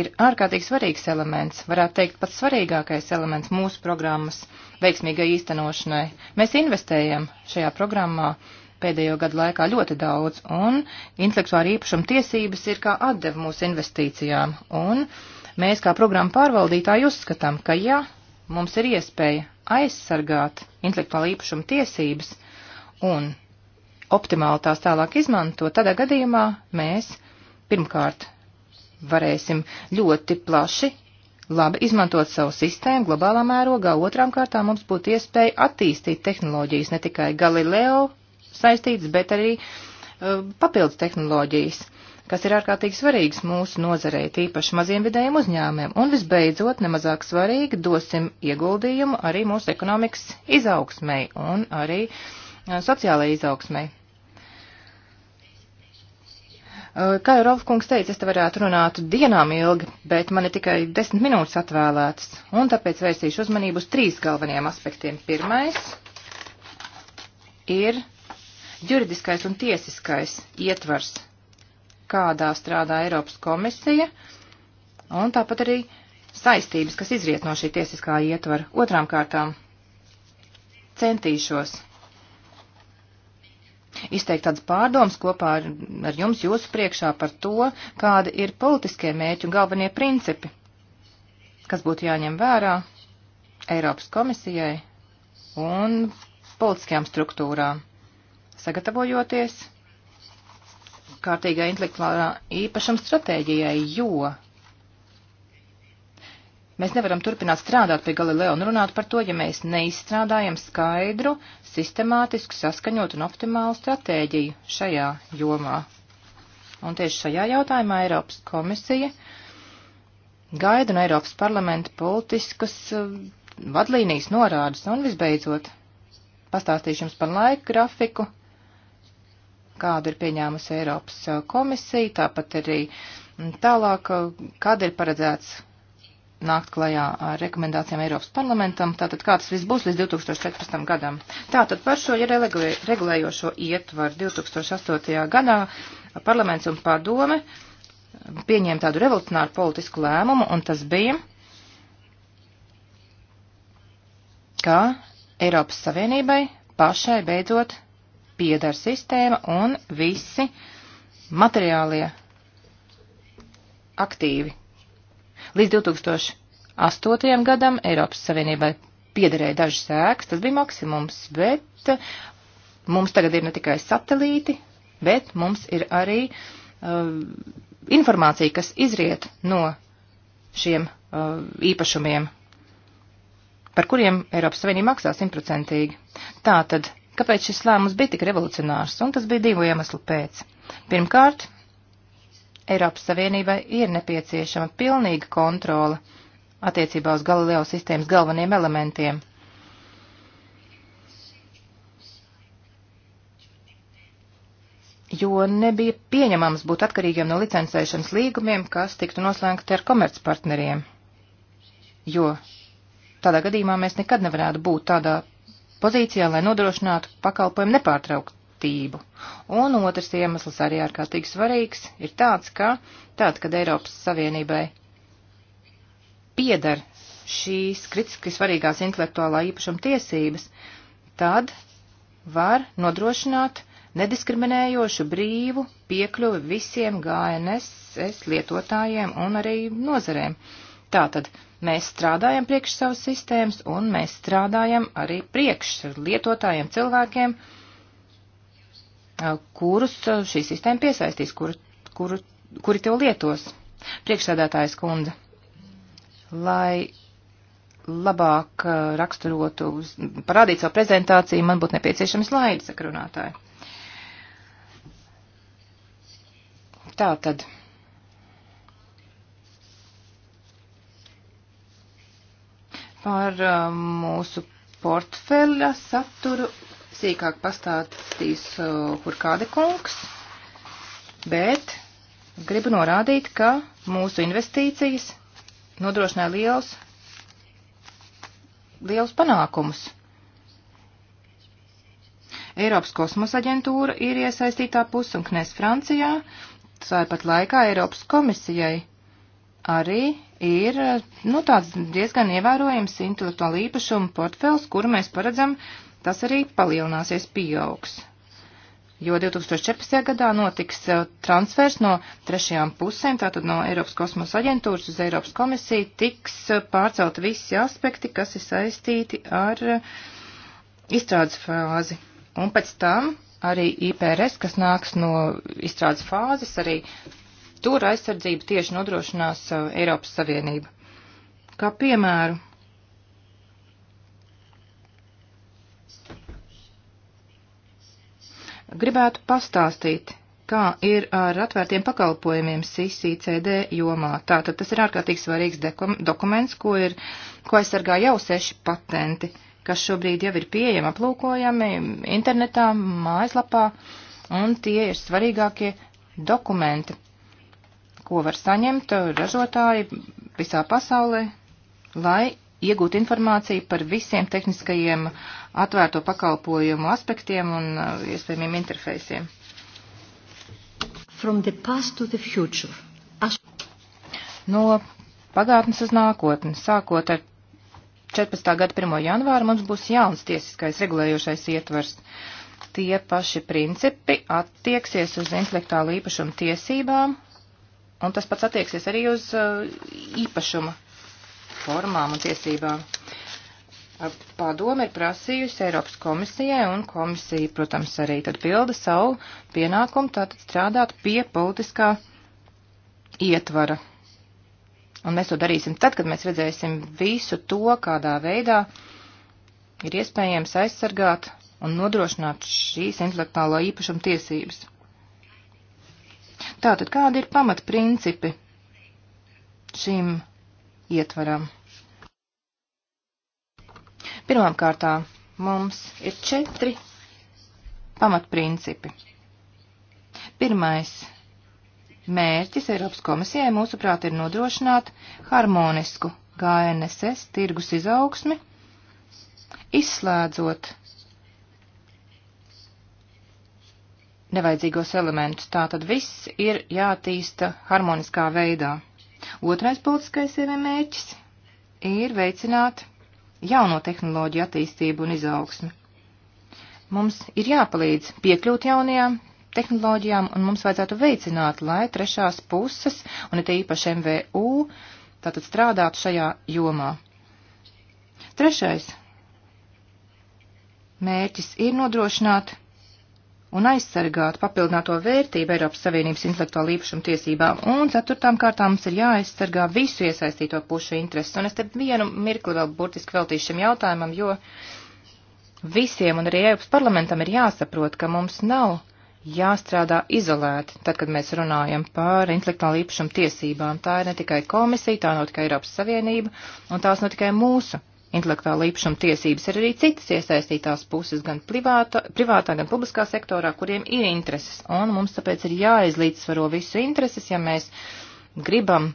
ir ārkārtīgi svarīgs elements, varētu teikt pats svarīgākais elements mūsu programmas veiksmīgai īstenošanai. Mēs investējam šajā programmā pēdējo gadu laikā ļoti daudz, un intelektuāla īpašuma tiesības ir kā atdeva mūsu investīcijām, un uh, Mēs kā programmu pārvaldītāji uzskatām, ka ja mums ir iespēja aizsargāt intelektuālu īpašumu tiesības un optimāli tās tālāk izmantot, tādā gadījumā mēs pirmkārt varēsim ļoti plaši labi izmantot savu sistēmu globālā mērogā, otrām kārtām mums būtu iespēja attīstīt tehnoloģijas, ne tikai Galileo saistītas, bet arī uh, papildus tehnoloģijas. Uh, kas ir ārkārtīgi svarīgs mūsu nozarei, tīpaši maziem vidējiem uzņēmiem. Un visbeidzot, nemazāk svarīgi, dosim ieguldījumu arī mūsu ekonomikas izaugsmai un arī sociālajai izaugsmai. Kā jau Rolf kungs teica, es te varētu runāt dienām ilgi, bet man ir tikai desmit minūtes atvēlētas, un tāpēc vērsīšu uzmanību uz trīs galvenajiem aspektiem. Pirmais ir juridiskais un tiesiskais ietvars kādā strādā Eiropas komisija, un tāpat arī saistības, kas izriet no šī tiesiskā ietvara. Otrām kārtām centīšos izteikt tādas pārdomas kopā ar, ar jums jūsu priekšā par to, kādi ir politiskie mēķi un galvenie principi, kas būtu jāņem vērā Eiropas komisijai un politiskajām struktūrām, sagatavojoties kārtīgai intelektuālā īpašuma stratēģijai, jo mēs nevaram turpināt strādāt pie Galileo un runāt par to, ja mēs neizstrādājam skaidru, sistemātisku, saskaņotu un optimālu stratēģiju šajā jomā. Un tieši šajā jautājumā Eiropas komisija gaida no Eiropas parlamenta politiskas eh, vadlīnijas norādes un visbeidzot pastāstīšu jums par laika grafiku kādu ir pieņēmusi Eiropas uh, komisija, tāpat arī mm, tālāk, uh, kad ir paredzēts nākt klajā ar rekomendācijām Eiropas parlamentam, tātad kā tas viss būs līdz 2014. gadam. Tātad par šo ir regulējošo ietvaru 2008. gadā parlaments un padome pieņēma tādu revolucionāru politisku lēmumu, un tas bija, ka Eiropas Savienībai pašai beidzot piedara sistēma un visi materiālie aktīvi. Līdz 2008. gadam Eiropas Savienībai piederēja dažas sēks, tas bija maksimums, bet eh, mums tagad ir ne tikai satelīti, bet mums ir arī uh, informācija, kas izriet no šiem uh, īpašumiem, par kuriem Eiropas Savienība maksā simtprocentīgi. Tā tad Kāpēc šis lēmums bija tik revolucionārs? Un tas bija divu iemeslu pēc. Pirmkārt, Eiropas Savienībai ir nepieciešama pilnīga kontrole attiecībā uz Galileo sistēmas galveniem elementiem. Jo nebija pieņemams būt atkarīgiem no licencēšanas līgumiem, kas tiktu noslēgti ar komercpartneriem. Jo tādā gadījumā mēs nekad nevarētu būt tādā pozīcijā, lai nodrošinātu pakalpojumu nepārtrauktību. Un otrs iemesls arī ārkārtīgi svarīgs ir tāds, ka tāds, kad Eiropas Savienībai piedar šīs kritiski svarīgās intelektuālā īpašuma tiesības, tad var nodrošināt nediskriminējošu brīvu piekļuvi visiem GNSS lietotājiem un arī nozarēm. Tātad Mēs strādājam priekš savas sistēmas un mēs strādājam arī priekš lietotājiem, cilvēkiem, kurus šī sistēma piesaistīs, kuru, kuru, kuri tev lietos. Priekšsēdētājs kundze, lai labāk raksturotu, parādītu savu prezentāciju, man būtu nepieciešams slaidi, saka runātāji. Tā tad. Par uh, mūsu portfeļa saturu sīkāk pastāstīs uh, Hurkāde kungs, bet gribu norādīt, ka mūsu investīcijas nodrošināja liels, liels panākumus. Eiropas kosmosa aģentūra ir iesaistītā puse un knes Francijā, tāpat laikā Eiropas komisijai arī ir nu, tāds diezgan ievērojams intelektuāla īpašuma portfels, kuru mēs paredzam, tas arī palielināsies, pieaugs. Jo 2014. gadā notiks eh, transfers no trešajām pusēm, tātad no Eiropas kosmosa aģentūras uz Eiropas komisiju tiks eh, pārcelt visi aspekti, kas ir saistīti ar eh, izstrādes fāzi. Un pēc tam arī IPRS, kas nāks no izstrādes fāzes, arī Tur aizsardzību tieši nodrošinās uh, Eiropas Savienība. Kā piemēru, gribētu pastāstīt, kā ir ar atvērtiem pakalpojumiem CCCD jomā. Tātad tas ir ārkārtīgi svarīgs dokuments, ko, ir, ko aizsargā jau seši patenti, kas šobrīd jau ir pieejami, aplūkojami internetā, mājaslapā, un tie ir svarīgākie dokumenti ko var saņemt ražotāji visā pasaulē, lai iegūtu informāciju par visiem tehniskajiem atvērto pakalpojumu aspektiem un uh, iespējamiem interfejsiem. As... No pagātnes uz nākotni, sākot ar 14. gada 1. janvāru, mums būs jauns tiesiskais regulējošais ietvers tie paši principi attieksies uz intelektuālu īpašumu tiesībām Un tas pats attieksies arī uz uh, īpašuma formām un tiesībām. Uh, Padoma ir prasījusi Eiropas komisijai, un komisija, protams, arī tad pilda savu pienākumu tātad strādāt pie politiskā ietvara. Un mēs to darīsim tad, kad mēs redzēsim visu to, kādā veidā ir iespējams aizsargāt un nodrošināt šīs intelektuālo īpašumu tiesības. Tātad, kādi ir pamatprincipi šīm ietvaram? Pirmām kārtām mums ir četri pamatprincipi. Pirmais mērķis Eiropas komisijai mūsuprāt ir nodrošināt harmonisku GNSS tirgus izaugsmi, izslēdzot nevajadzīgos elementus. Tā tad viss ir jātīsta harmoniskā veidā. Otrais politiskais ir mērķis ir veicināt jauno tehnoloģiju attīstību un izaugsmi. Mums ir jāpalīdz piekļūt jaunajām tehnoloģijām, un mums vajadzētu veicināt, lai trešās puses, un it īpaši MVU, tātad strādātu šajā jomā. Trešais mērķis ir nodrošināt un aizsargāt papildināto vērtību Eiropas Savienības intelektuāla īpašuma tiesībām, un ceturtām kārtām mums ir jāaizsargā visu iesaistīto pušu intereses. Un es te vienu mirkli vēl burtiski veltīšu šim jautājumam, jo visiem un arī Eiropas parlamentam ir jāsaprot, ka mums nav jāstrādā izolēti, tad, kad mēs runājam par intelektuāla īpašuma tiesībām. Tā ir ne tikai komisija, tā nav tikai Eiropas Savienība, un tās nav tikai mūsu intelektuāla īpašuma tiesības ir arī citas iesaistītās puses, gan privāta, privātā, gan publiskā sektorā, kuriem ir intereses. Un mums tāpēc ir jāizlīdzsvaro visu intereses, ja mēs gribam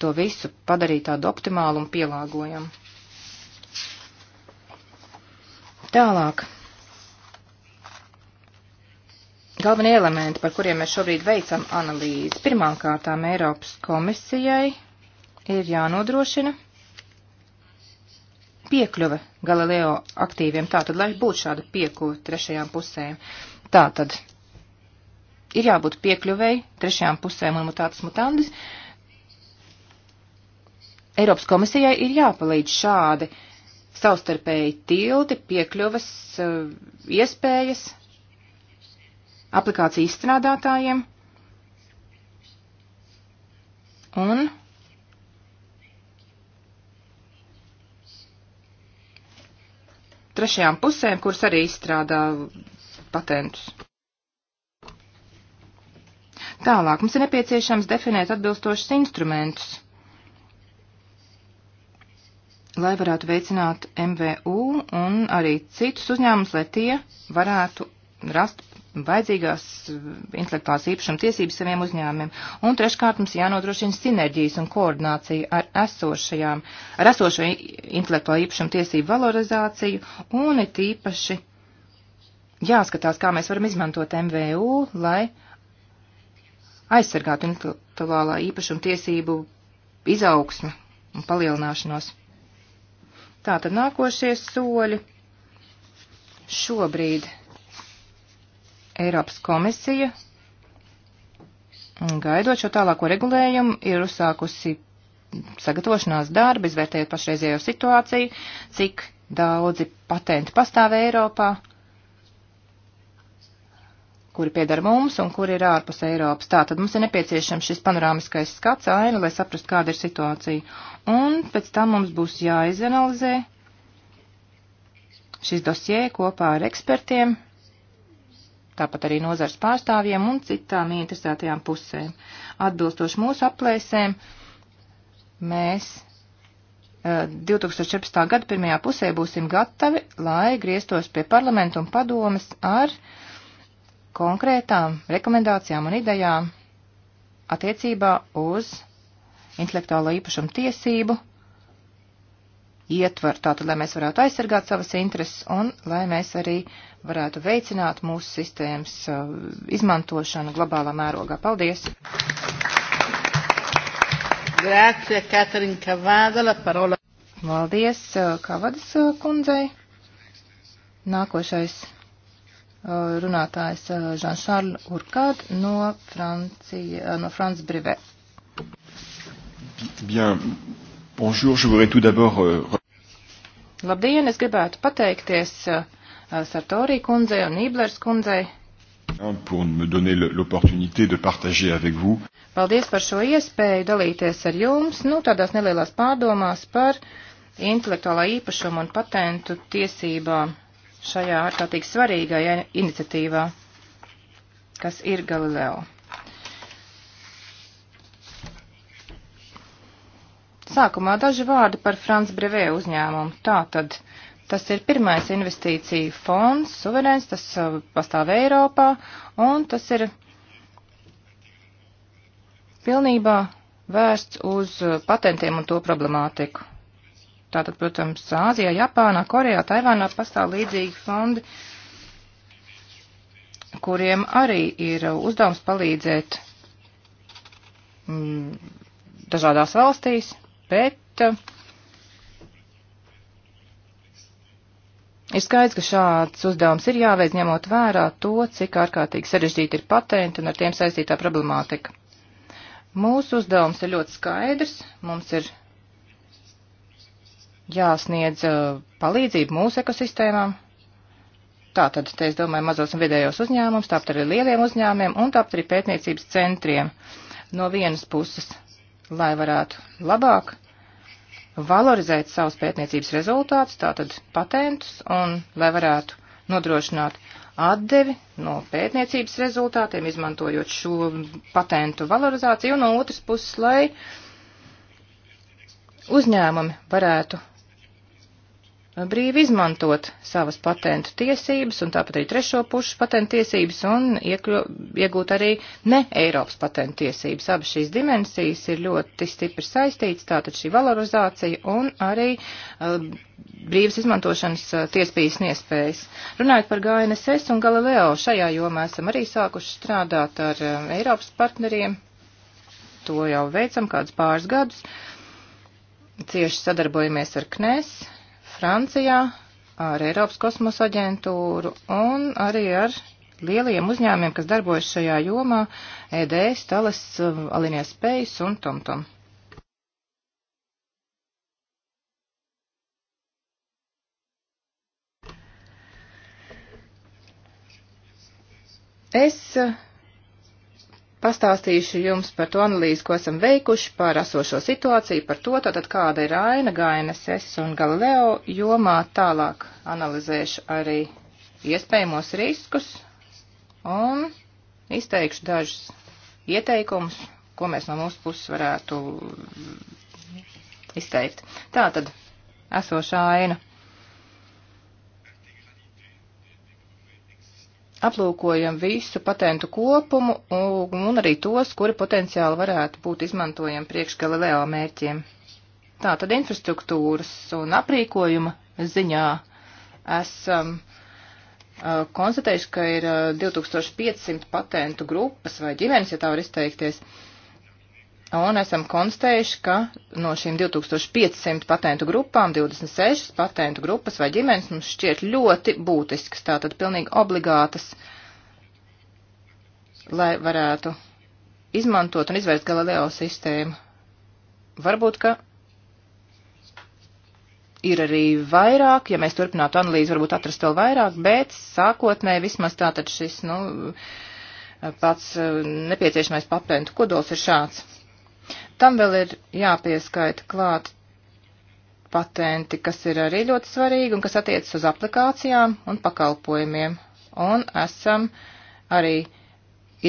to visu padarīt tādu optimālu un pielāgojam. Tālāk. Galvenie elementi, par kuriem mēs šobrīd veicam analīzi. Pirmkārtām Eiropas komisijai ir jānodrošina piekļuve Galileo aktīviem, tātad, lai būtu šāda piekļuve trešajām pusēm. Tātad, ir jābūt piekļuvei trešajām pusēm un mutātas mutandis. Eiropas komisijai ir jāpalīdz šādi savstarpēji tilti, piekļuvas eh, iespējas aplikāciju izstrādātājiem un trešajām pusēm, kuras arī izstrādā patentus. Tālāk mums ir nepieciešams definēt atbilstošus instrumentus, lai varētu veicināt MVU un arī citus uzņēmumus, lai tie varētu rast vajadzīgās eh, intelektuālās īpašuma tiesības saviem uzņēmumiem. Un treškārt mums jānodrošina sinerģijas un koordinācija ar esošajām, ar esošo intelektuālā īpašuma tiesību valorizāciju un ir tīpaši jāskatās, kā mēs varam izmantot MVU, lai aizsargātu intelektuālā īpašuma tiesību izaugsmu un palielināšanos. Tātad nākošie soļi šobrīd Eiropas komisija, gaidot šo tālāko regulējumu, ir uzsākusi sagatavošanās darbu, izvērtējot pašreizējo situāciju, cik daudzi patenti pastāv Eiropā, kuri piedara mums un kuri ir ārpus Eiropas. Tātad mums ir nepieciešams šis panorāmiskais skats aina, lai saprastu, kāda ir situācija. Un pēc tam mums būs jāizanalizē šis dosie kopā ar ekspertiem, tāpat arī nozars pārstāvjiem un citām interesētajām pusēm. Atbilstoši mūsu aplēsēm, mēs 2014. Eh, gada pirmajā pusē būsim gatavi, lai grieztos pie parlamentu un padomes ar konkrētām rekomendācijām un idejām attiecībā uz intelektuālo īpašumu tiesību ietvaru, tātad, lai mēs varētu aizsargāt savas intereses un lai mēs arī varētu veicināt mūsu sistēmas uh, izmantošanu globālā mērogā. Paldies! Grācija, Katarina Kavāda, la parola. Paldies uh, Kavadas uh, kundzei. Nākošais runātājs Žanšārls Urkād no, Francija, no Frans Brive. Bien, bonjour, je voudrais tout d'abord... Euh, Labdien, es gribētu pateikties uh, uh, Sartorī kundzei un Nīblers kundzei. Pour me donner l'opportunité de partager avec vous. Paldies par šo iespēju dalīties ar jums, nu, tādās nelielās pārdomās par intelektuālā īpašuma un patentu tiesībām šajā ārkārtīgi svarīgajā iniciatīvā, kas ir Galileo. Sākumā daži vārdi par Frans Brevē uzņēmumu. Tātad tas ir pirmais investīcija fonds, suverēns, tas uh, pastāv Eiropā, un tas ir pilnībā vērsts uz uh, patentiem un to problemātiku. Tātad, protams, Āzijā, Japānā, Korejā, Taivānā pastāv līdzīgi fondi, kuriem arī ir uh, uzdevums palīdzēt mm, dažādās valstīs, bet eh, ir skaidrs, ka šāds uzdevums ir jāveic ņemot vērā to, cik ārkārtīgi sarežģīti ir patenti un ar tiem saistītā problemātika. Mūsu uzdevums ir ļoti skaidrs, mums ir jāsniedz eh, palīdzību mūsu ekosistēmām. Tātad, te es domāju, mazos un vidējos uzņēmums, tāpat arī lieliem uzņēmiem un tāpat arī pētniecības centriem no vienas puses lai varētu labāk valorizēt savus pētniecības rezultātus, tātad patentus, un lai varētu nodrošināt atdevi no pētniecības rezultātiem, izmantojot šo patentu valorizāciju, un no otras puses, lai uzņēmumi varētu brīvi izmantot savas patentu tiesības un tāpat arī trešo pušu patentu tiesības un iekļu, iegūt arī ne Eiropas patentu tiesības. Abas šīs dimensijas ir ļoti stipri saistītas, tātad šī valorizācija un arī uh, brīvas izmantošanas uh, tiespējas un iespējas. Runājot par GNSS un Galileo, šajā jomā esam arī sākuši strādāt ar uh, Eiropas partneriem. To jau veicam kādus pāris gadus. Cieši sadarbojamies ar KNES, Francijā, ar Eiropas kosmosa aģentūru un arī ar lielajiem uzņēmiem, kas darbojas šajā jomā - EDS, Tales, Alinijas Space un TomTom. Es uh, pastāstīšu jums par to analīzi, ko esam veikuši, par esošo situāciju, par to, tātad kāda ir aina GNSS un Galileo jomā. Tālāk analizēšu arī iespējamos riskus un izteikšu dažus ieteikumus, ko mēs no mūsu puses varētu izteikt. Tātad esošā aina. aplūkojam visu patentu kopumu un arī tos, kuri potenciāli varētu būt izmantojami priekš Galileo mērķiem. Tā tad infrastruktūras un aprīkojuma ziņā esam uh, konstatējuši, ka ir uh, 2500 patentu grupas vai ģimenes, ja tā var izteikties. Uh, Un esam konstatējuši, ka no šīm 2500 patentu grupām 26 patentu grupas vai ģimenes mums šķiet ļoti būtisks, tātad pilnīgi obligātas, lai varētu izmantot un izvērst Galileo sistēmu. Varbūt, ka ir arī vairāk, ja mēs turpinātu analīzi, varbūt atrast vēl vairāk, bet sākotnē vismaz tātad šis, nu, pats uh, nepieciešamais patentu kodols ir šāds. Tam vēl ir jāpieskaita klāt patenti, kas ir arī ļoti svarīgi un kas attiecas uz aplikācijām un pakalpojumiem. Un esam arī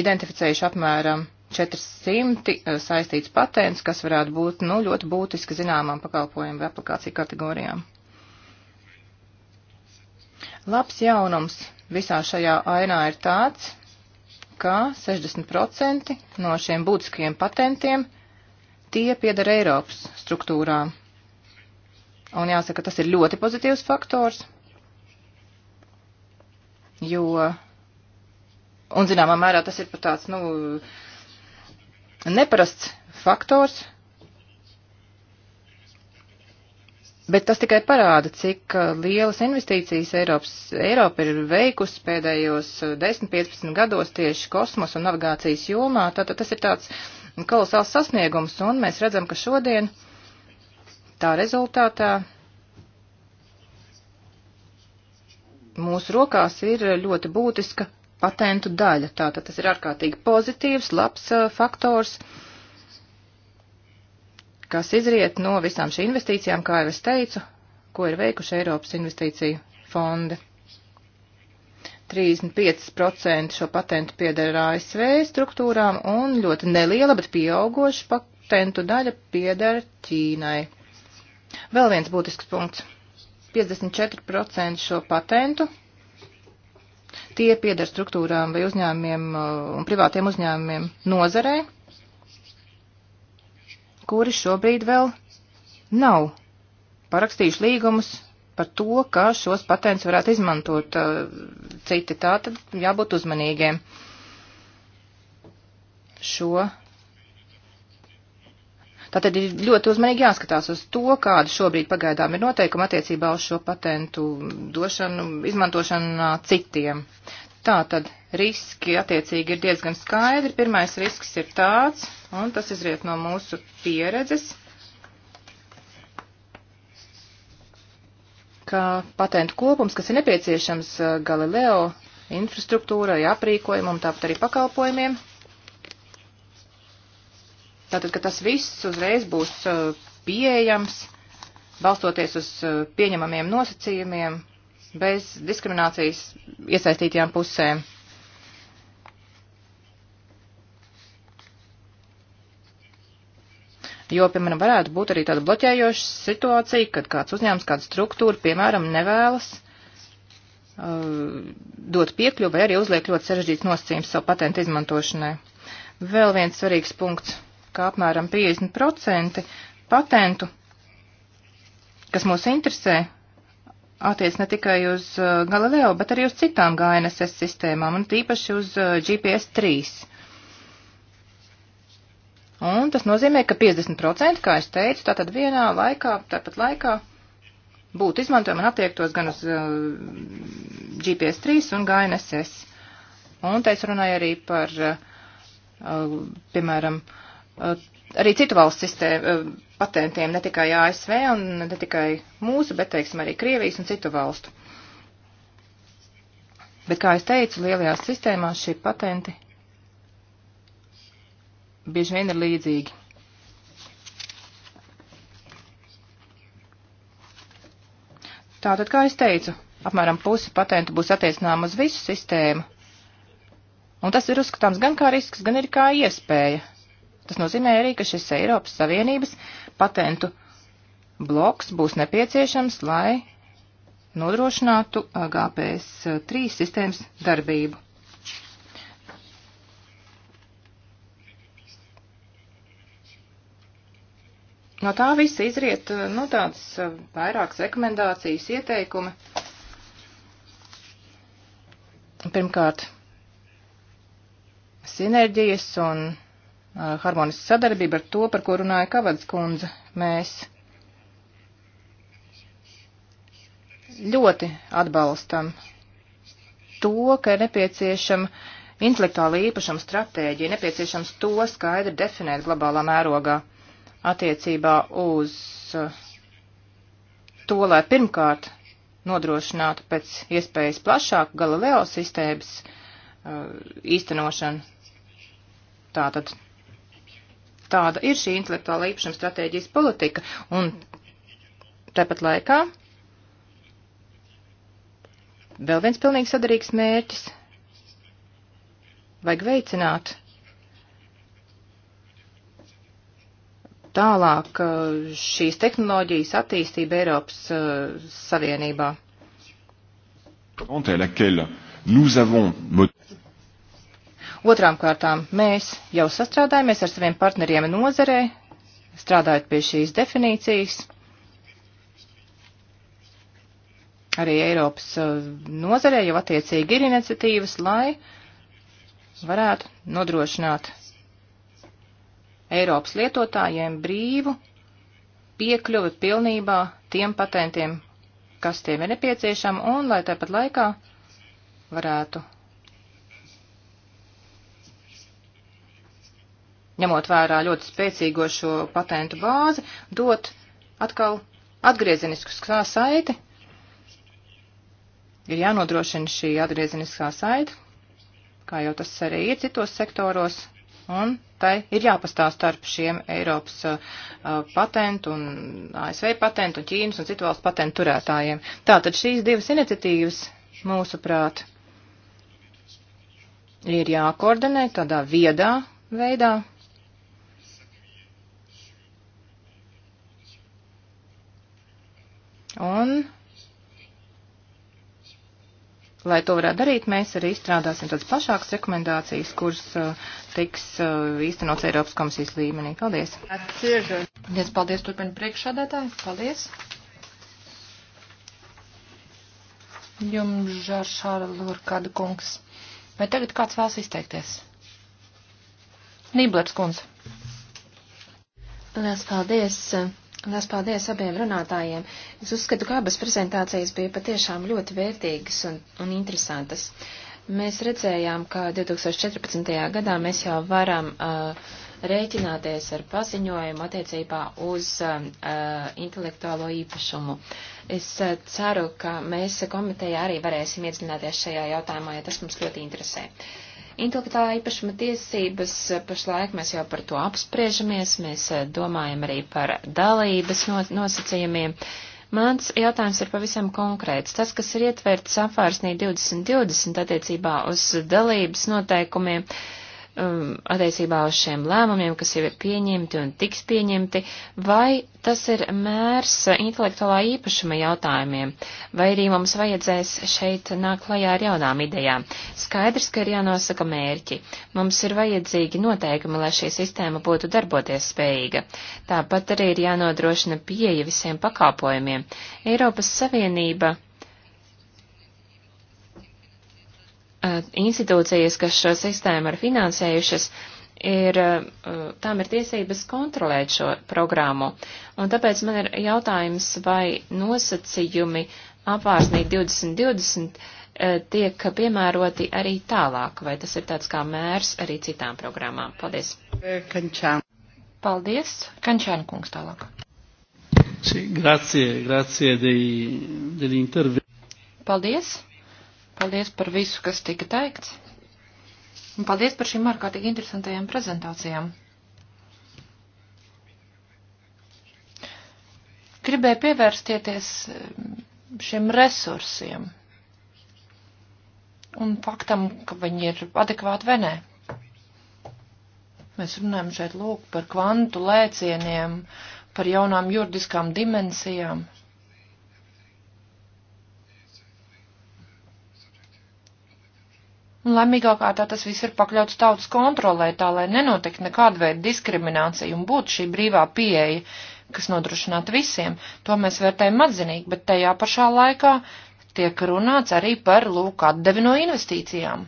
identificējuši apmēram 400 eh, saistīts patents, kas varētu būt nu, ļoti būtiski zināmām pakalpojumu vai aplikāciju kategorijām. Labs jaunums visā šajā ainā ir tāds, ka 60% no šiem būtiskajiem patentiem tie piedara Eiropas struktūrām. Un jāsaka, tas ir ļoti pozitīvs faktors, jo, un zināmā mērā tas ir pat tāds, nu, neparasts faktors, bet tas tikai parāda, cik uh, lielas investīcijas Eiropas, Eiropa ir veikusi pēdējos 10-15 uh, gados tieši kosmos un navigācijas jomā. Tātad tas ir tāds kolosāls sasniegums, un mēs redzam, ka šodien tā rezultātā mūsu rokās ir ļoti būtiska patentu daļa. Tātad tas ir ārkārtīgi pozitīvs, labs uh, faktors, kas izriet no visām šīm investīcijām, kā jau es teicu, ko ir veikuši Eiropas investīciju fondi. 35% šo patentu pieder ASV struktūrām un ļoti neliela, bet pieaugoša patentu daļa pieder Ķīnai. Vēl viens būtisks punkts. 54% šo patentu tie pieder struktūrām vai uzņēmiem uh, un privātiem uzņēmiem nozarē, kuri šobrīd vēl nav parakstījuši līgumus par to, ka šos patents varētu izmantot uh, citi. Tā tad jābūt uzmanīgiem. Šo. Tātad ir ļoti uzmanīgi jāskatās uz to, kāda šobrīd pagaidām ir noteikuma attiecībā uz šo patentu došanu, izmantošanu citiem. Tātad riski attiecīgi ir diezgan skaidri. Pirmais risks ir tāds, un tas izriet no mūsu pieredzes ka patentu kopums, kas ir nepieciešams uh, Galileo infrastruktūrai, aprīkojumam, tāpat arī pakalpojumiem, tātad, ka tas viss uzreiz būs uh, pieejams, balstoties uz uh, pieņemamiem nosacījumiem, bez diskriminācijas iesaistītajām pusēm. Jo, piemēram, varētu būt arī tāda bloķējoša situācija, kad kāds uzņēmums, kāda struktūra, piemēram, nevēlas uh, dot piekļuvi vai arī uzliek ļoti sarežģīts nosacījums savu patentu izmantošanai. Vēl viens svarīgs punkts, kā apmēram 50% patentu, kas mūs interesē, attiec ne tikai uz uh, Galileo, bet arī uz citām GNSS sistēmām un tīpaši uz uh, GPS 3. Un tas nozīmē, ka 50%, kā es teicu, tātad vienā laikā, tāpat laikā būtu izmantojama un attiektos gan uz uh, GPS 3 un GNSS. Un te es runāju arī par, uh, piemēram, uh, arī citu valstu sistēmu, uh, patentiem, ne tikai ASV un ne tikai mūsu, bet, teiksim, arī Krievijas un citu valstu. Bet, kā es teicu, lielajās sistēmās šie patenti bieži vien ir līdzīgi. Tātad, kā es teicu, apmēram pusi patentu būs attiecinām uz visu sistēmu. Un tas ir uzskatāms gan kā risks, gan ir kā iespēja. Tas nozīmē arī, ka šis Eiropas Savienības patentu bloks būs nepieciešams, lai nodrošinātu GPS3 sistēmas darbību. No tā visa izriet eh, nu, tādas eh, vairākas rekomendācijas, ieteikumi. Pirmkārt, sinerģijas un eh, harmoniskas sadarbība ar to, par ko runāja Kavads kundze. Mēs ļoti atbalstam to, ka ir nepieciešama intelektuāla īpašuma stratēģija, nepieciešams to skaidri definēt globālā mērogā attiecībā uz eh, to, lai pirmkārt nodrošinātu pēc iespējas plašāku Galileo sistēmas eh, īstenošanu. Tātad tāda ir šī intelektuāla īpašuma stratēģijas politika, un tāpat laikā vēl viens pilnīgi sadarīgs mērķis vajag veicināt tālāk eh, šīs tehnoloģijas attīstība Eiropas eh, Savienībā. Otrām kārtām mēs jau sastrādājamies ar saviem partneriem nozarē, strādājot pie šīs definīcijas. Arī Eiropas eh, nozarē jau attiecīgi ir iniciatīvas, lai varētu nodrošināt Eiropas lietotājiem brīvu piekļuvi pilnībā tiem patentiem, kas tiem ir nepieciešami, un lai tāpat laikā varētu, ņemot vērā ļoti spēcīgo šo patentu bāzi, dot atkal atgriezenisku skā saiti. Ir jānodrošina šī atgriezeniskā saita, kā jau tas arī ir citos sektoros, un tai ir jāpastāv starp šiem Eiropas uh, patentu un ASV patentu un Ķīnas un citu valstu patentu turētājiem. Tātad šīs divas iniciatīvas, mūsuprāt, ir jākoordinē tādā viedā veidā. Un Lai to varētu darīt, mēs arī izstrādāsim tādas plašākas rekomendācijas, kuras uh, tiks uh, īstenots Eiropas komisijas līmenī. Paldies! Paldies, paldies, turpina priekšādātāji. Paldies! Jums, Žaršāra Lurkada kungs. Vai tagad kāds vēlas izteikties? Nīblers kungs. Lielas paldies! paldies. Lielas paldies abiem runātājiem. Es uzskatu, ka abas prezentācijas bija patiešām ļoti vērtīgas un, un interesantas. Mēs redzējām, ka 2014. gadā mēs jau varam uh, rēķināties ar paziņojumu attiecībā uz um, uh, intelektuālo īpašumu. Es uh, ceru, ka mēs komitejā arī varēsim iedzināties šajā jautājumā, ja tas mums ļoti interesē. Uh, Intelektuālā īpašuma tiesības pašlaik mēs jau par to apspriežamies, mēs eh, domājam arī par dalības nosacījumiem. Mans jautājums ir pavisam konkrēts. Tas, kas ir ietverts apvārsnī 2020 attiecībā uz dalības noteikumiem, uh, um, attiecībā uz šiem lēmumiem, kas jau ir pieņemti un tiks pieņemti, vai tas ir mērs intelektuālā īpašuma jautājumiem, vai arī mums vajadzēs šeit nākt klajā ar jaunām idejām. Skaidrs, ka ir jānosaka mērķi. Mums ir vajadzīgi noteikumi, lai šī sistēma būtu darboties spējīga. Tāpat arī ir jānodrošina pieeja visiem pakalpojumiem. Eiropas Savienība Eh, institūcijas, kas šo sistēmu ir finansējušas, ir, eh, tām ir tiesības kontrolēt šo programmu. Un tāpēc man ir jautājums, vai nosacījumi apvārsnī 2020 eh, tiek piemēroti arī tālāk, vai tas ir tāds kā mērs arī citām programmām. Paldies. Kančān. Paldies. Kančāna kungs tālāk. Grazie, grazie dei, degli intervi. Paldies Paldies par visu, kas tika teikts. Un paldies par šīm ārkārtīgi interesantajām prezentācijām. Gribēju pievērsties eh, šiem resursiem un faktam, ka viņi ir adekvāti vai nē. Mēs runājam šeit lūk par kvantu lēcieniem, par jaunām juridiskām dimensijām. Un laimīgā kārtā tas viss ir pakļauts tautas kontrolē, tā lai nenotiktu nekāda veida diskriminācija un būtu šī brīvā pieeja, kas nodrošinātu visiem. To mēs vērtējam atzinīgi, bet tajā pašā laikā tiek runāts arī par lūk atdevi no investīcijām.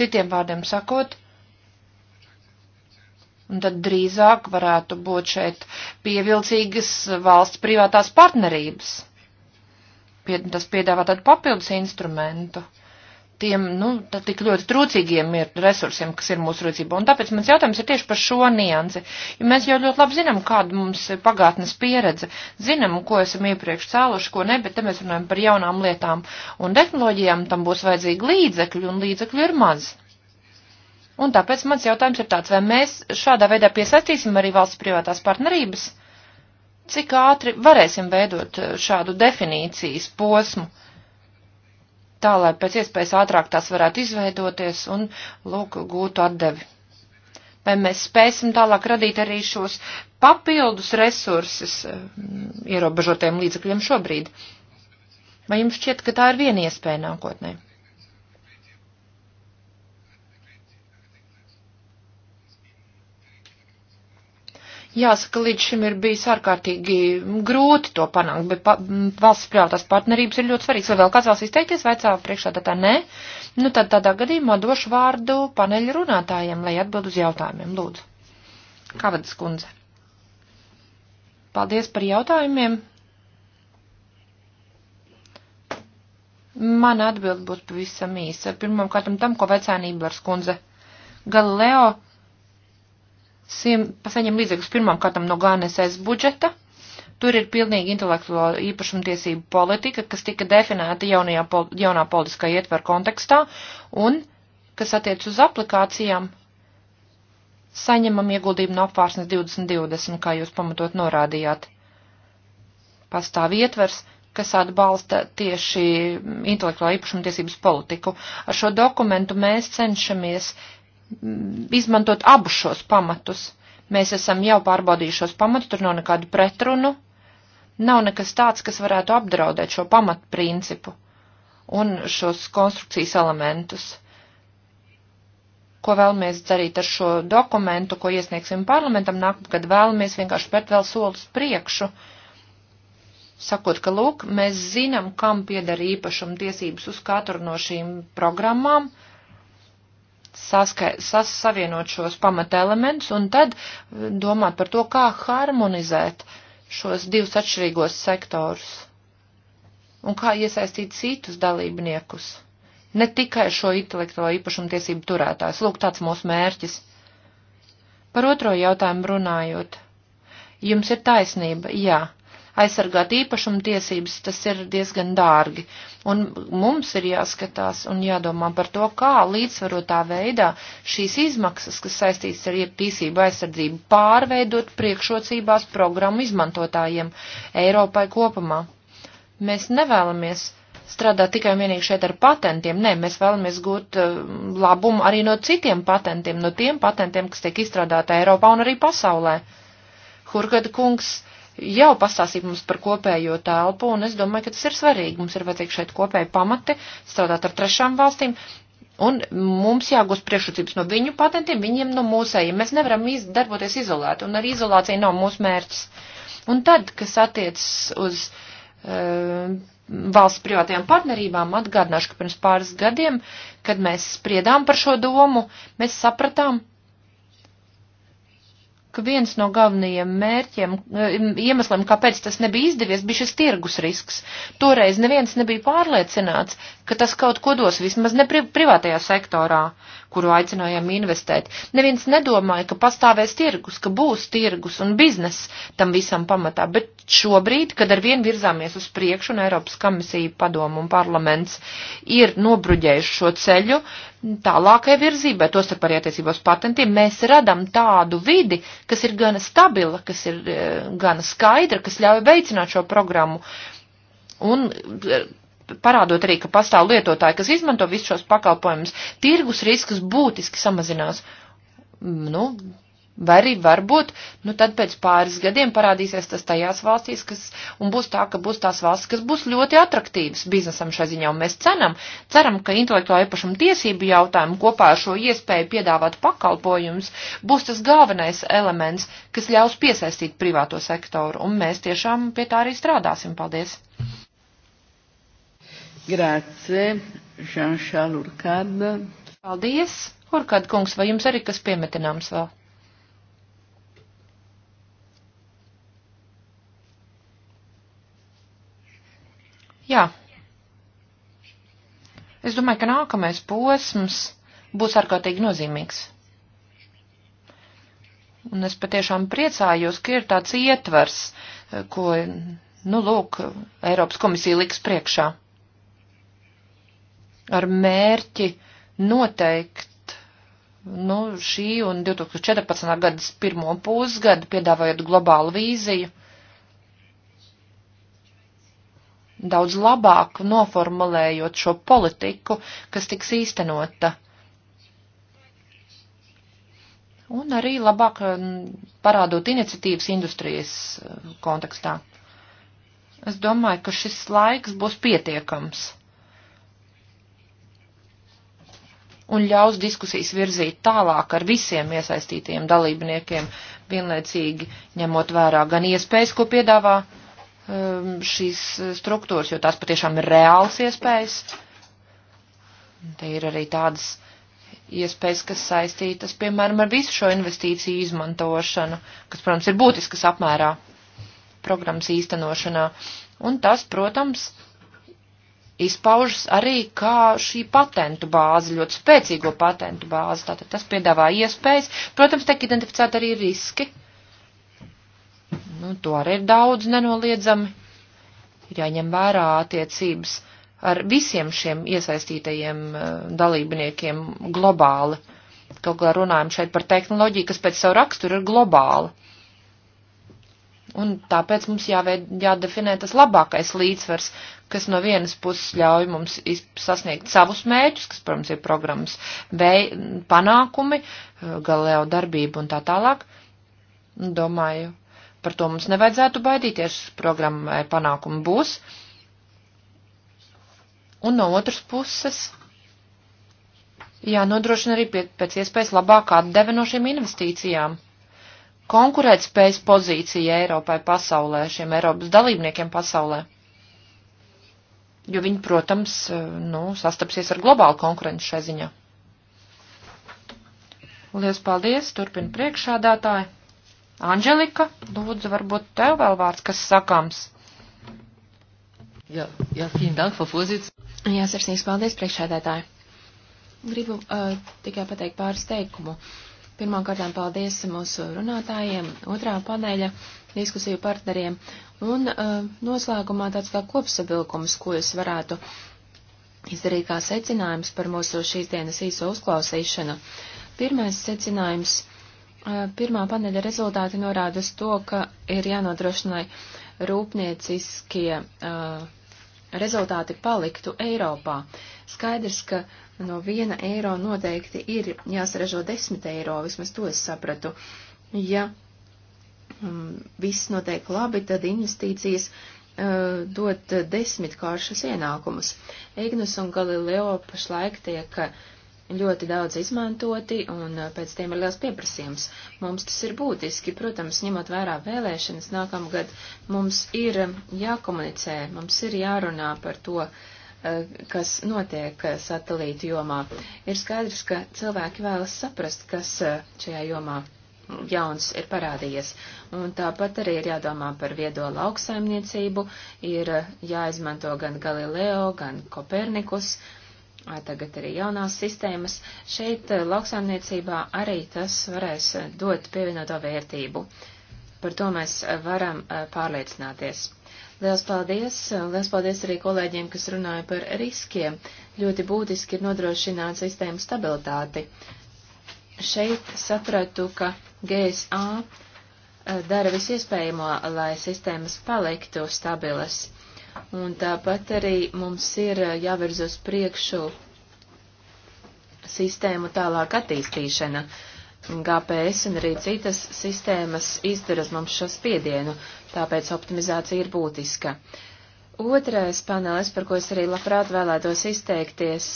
Citiem vārdiem sakot, un tad drīzāk varētu būt šeit pievilcīgas valsts privātās partnerības Pie, tas piedāvā tādu papildus instrumentu tiem, nu, tik ļoti trūcīgiem ir resursiem, kas ir mūsu rīcībā. Un tāpēc mans jautājums ir tieši par šo niansi. Jo mēs jau ļoti labi zinām, kāda mums ir pagātnes pieredze, zinām, ko esam iepriekš cēluši, ko ne, bet te mēs runājam par jaunām lietām un tehnoloģijām, tam būs vajadzīgi līdzekļi, un līdzekļi ir maz. Un tāpēc mans jautājums ir tāds, vai mēs šādā veidā piesaistīsim arī valsts privātās partnerības? Cik ātri varēsim veidot eh, šādu definīcijas posmu, tā lai pēc iespējas ātrāk tās varētu izveidoties un, lūk, gūtu atdevi? Vai mēs spēsim tālāk radīt arī šos papildus resursus eh, ierobežotiem līdzekļiem šobrīd? Vai jums šķiet, ka tā ir viena iespēja nākotnē? Jāsaka, līdz šim ir bijis ārkārtīgi grūti to panākt, bet pa, valsts privātās partnerības ir ļoti svarīgas. Vai vēl kāds vēlas izteikties, vai cēlā priekšā tā tā nē? Nu, tad tādā gadījumā došu vārdu paneļu runātājiem, lai atbild uz jautājumiem. Lūdzu. Kavadas kundze. Paldies par jautājumiem. Man atbild būs pavisam īsa. Pirmam kārtam tam, ko vecā Nīblers kundze. Galileo saņem līdzekļus pirmām kārtām no GNSS budžeta. Tur ir pilnīgi intelektuāla īpašumtiesība politika, kas tika definēta jaunajā, jaunā politiskā ietver kontekstā un, kas attiec uz aplikācijām, saņemam ieguldījumu no apvārsnes 2020, kā jūs pamatot norādījāt. Pastāv ietvers, kas atbalsta tieši intelektuālā īpašuma tiesības politiku. Ar šo dokumentu mēs cenšamies Mm, izmantot abus šos pamatus. Mēs esam jau pārbaudījuši šos pamatus, tur nav nekādu pretrunu, nav nekas tāds, kas varētu apdraudēt šo pamatprincipu un šos konstrukcijas elementus ko vēlamies darīt ar šo dokumentu, ko iesniegsim parlamentam nākamgad, vēlamies vienkārši spērt vēl solus priekšu. Sakot, ka lūk, mēs zinām, kam pieder īpašuma tiesības uz katru no šīm programmām, saskai, sas, savienot šos pamata elementus un tad eh, domāt par to, kā harmonizēt šos divus atšķirīgos sektorus un kā iesaistīt citus dalībniekus, ne tikai šo intelektuālo īpašumu tiesību turētājs. Lūk, tāds mūsu mērķis. Par otro jautājumu runājot. Jums ir taisnība, jā aizsargāt īpašumu tiesības, tas ir diezgan dārgi. Un mums ir jāskatās un jādomā par to, kā līdzsvarotā veidā šīs izmaksas, kas saistītas ar tīsību aizsardzību, pārveidot priekšrocībās programmu izmantotājiem Eiropai kopumā. Mēs nevēlamies strādāt tikai un vienīgi šeit ar patentiem. Nē, mēs vēlamies gūt eh, labumu arī no citiem patentiem, no tiem patentiem, kas tiek izstrādāti Eiropā un arī pasaulē. Hurgada kungs jau pastāstīja mums par kopējo telpu, un es domāju, ka tas ir svarīgi. Mums ir vajadzīgi šeit kopēji pamati strādāt ar trešām valstīm, Un mums jāgūst priekšrocības no viņu patentiem, viņiem no mūsējiem. Mēs nevaram iz, darboties izolēti, un arī izolācija nav mūsu mērķis. Un tad, kas attiecas uz uh, valsts privātajām partnerībām, atgādināšu, ka pirms pāris gadiem, kad mēs spriedām par šo domu, mēs sapratām, ka viens no galvenajiem mērķiem, eh, iemesliem, kāpēc tas nebija izdevies, bija šis tirgus risks. Toreiz neviens nebija pārliecināts, ka tas kaut ko dos vismaz ne pri privātajā sektorā, kuru aicinājām investēt. Neviens nedomāja, ka pastāvēs tirgus, ka būs tirgus un biznes tam visam pamatā, bet šobrīd, kad ar vien virzāmies uz priekšu un Eiropas komisija padomu un parlaments ir nobruģējuši šo ceļu tālākai virzībai, tos ar parietiecībos patentiem, mēs radam tādu vidi, kas ir gana stabila, kas ir eh, gana skaidra, kas ļauj veicināt šo programmu. Un eh, parādot arī, ka pastāv lietotāji, kas izmanto visus šos pakalpojumus, tirgus risks būtiski samazinās. Mm, nu, Vai arī varbūt, nu tad pēc pāris gadiem parādīsies tas tajās valstīs, kas, un būs tā, ka būs tās valstis, kas būs ļoti atraktīvas biznesam šai ziņā, un mēs cenam, ceram, ka intelektuāla īpašuma tiesību jautājumu kopā ar šo iespēju piedāvāt pakalpojumus būs tas galvenais elements, kas ļaus piesaistīt privāto sektoru, un mēs tiešām pie tā arī strādāsim. Paldies! Grāce, Žanšāla Urkāda. Paldies! Urkāda kungs, vai jums arī kas piemetināms vēl? Jā. Es domāju, ka nākamais posms būs ārkārtīgi nozīmīgs. Un es patiešām priecājos, ka ir tāds ietvers, ko, nu, lūk, Eiropas komisija liks priekšā ar mērķi noteikt nu, šī un 2014. gadas pirmo pusgadu, piedāvājot globālu vīziju, daudz labāk noformulējot šo politiku, kas tiks īstenota un arī labāk mm, parādot iniciatīvas industrijas mm, kontekstā. Es domāju, ka šis laiks būs pietiekams. un ļaus diskusijas virzīt tālāk ar visiem iesaistītiem dalībniekiem, vienlaicīgi ņemot vērā gan iespējas, ko piedāvā um, šīs struktūras, jo tās patiešām ir reāls iespējas. Te ir arī tādas iespējas, kas saistītas, piemēram, ar visu šo investīciju izmantošanu, kas, protams, ir būtiskas apmērā programmas īstenošanā. Un tas, protams, izpaužas arī kā šī patentu bāze, ļoti spēcīgo patentu bāze. Tātad tas piedāvā iespējas. Protams, tiek identificēti arī riski. Nu, to arī ir daudz nenoliedzami. Ir jāņem vērā attiecības ar visiem šiem iesaistītajiem eh, dalībniekiem globāli. Kaut kā runājam šeit par tehnoloģiju, kas pēc savu raksturu ir globāla. Un tāpēc mums jāveid, jādefinē tas labākais līdzsvars, kas no vienas puses ļauj mums sasniegt savus mēķus, kas, protams, ir programmas vei, panākumi, eh, galējo darbību un tā tālāk. Domāju, par to mums nevajadzētu baidīties, programmai panākumi būs. Un no otras puses, jānodrošina arī pie, pēc iespējas labāka atdeve no šīm investīcijām konkurētspējas pozīcija Eiropai pasaulē, šiem Eiropas dalībniekiem pasaulē. Jo viņi, protams, eh, nu, sastapsies ar globālu konkurenci šai ziņā. Lielas paldies, turpina priekšādātāji. Anželika, lūdzu, varbūt tev vēl vārds, kas sakāms. Jā, jā, vielen dank, Frau Vorsitz. Jā, sirsnīgs paldies, priekšādātāji. Gribu uh, tikai pateikt pāris teikumu. Uh, Pirmkārtām paldies mūsu runātājiem, otrā paneļa diskusiju partneriem un uh, noslēgumā tāds kā kopsavilkums, ko es varētu izdarīt kā secinājums par mūsu šīs dienas īso uzklausīšanu. Pirmais secinājums, uh, pirmā paneļa rezultāti norāda uz to, ka ir jānodrošinai rūpnieciskie uh, rezultāti paliktu Eiropā. Skaidrs, ka no viena eiro noteikti ir jāsaražo desmit eiro, vismaz to es sapratu. Ja um, viss notiek labi, tad investīcijas uh, eh, dot desmitkāršas ienākumus. Ignas un Galileo pašlaik tiek uh, ļoti daudz izmantoti un pēc tiem ir liels pieprasījums. Mums tas ir būtiski, protams, ņemot vērā vēlēšanas nākamgad, mums ir jākomunicē, mums ir jārunā par to, kas notiek satelītu jomā. Ir skaidrs, ka cilvēki vēlas saprast, kas šajā jomā jauns ir parādījies. Un tāpat arī ir jādomā par viedo lauksaimniecību, ir jāizmanto gan Galileo, gan Kopernikus. Uh, tagad arī jaunās sistēmas. Šeit lauksaimniecībā arī tas varēs dot pievienoto vērtību. Par to mēs varam pārliecināties. Liels paldies! Liels paldies arī kolēģiem, kas runāja par riskiem. Ļoti būtiski ir nodrošināt sistēmu stabilitāti. Šeit sapratu, ka GSA dara visu iespējamo, lai sistēmas paliktu stabilas Un tāpat arī mums ir eh, jāvirz uz priekšu sistēmu tālāk attīstīšana. GPS un arī citas sistēmas izdaras mums šo spiedienu, tāpēc optimizācija ir būtiska. Otrais panelis, par ko es arī labprāt vēlētos izteikties,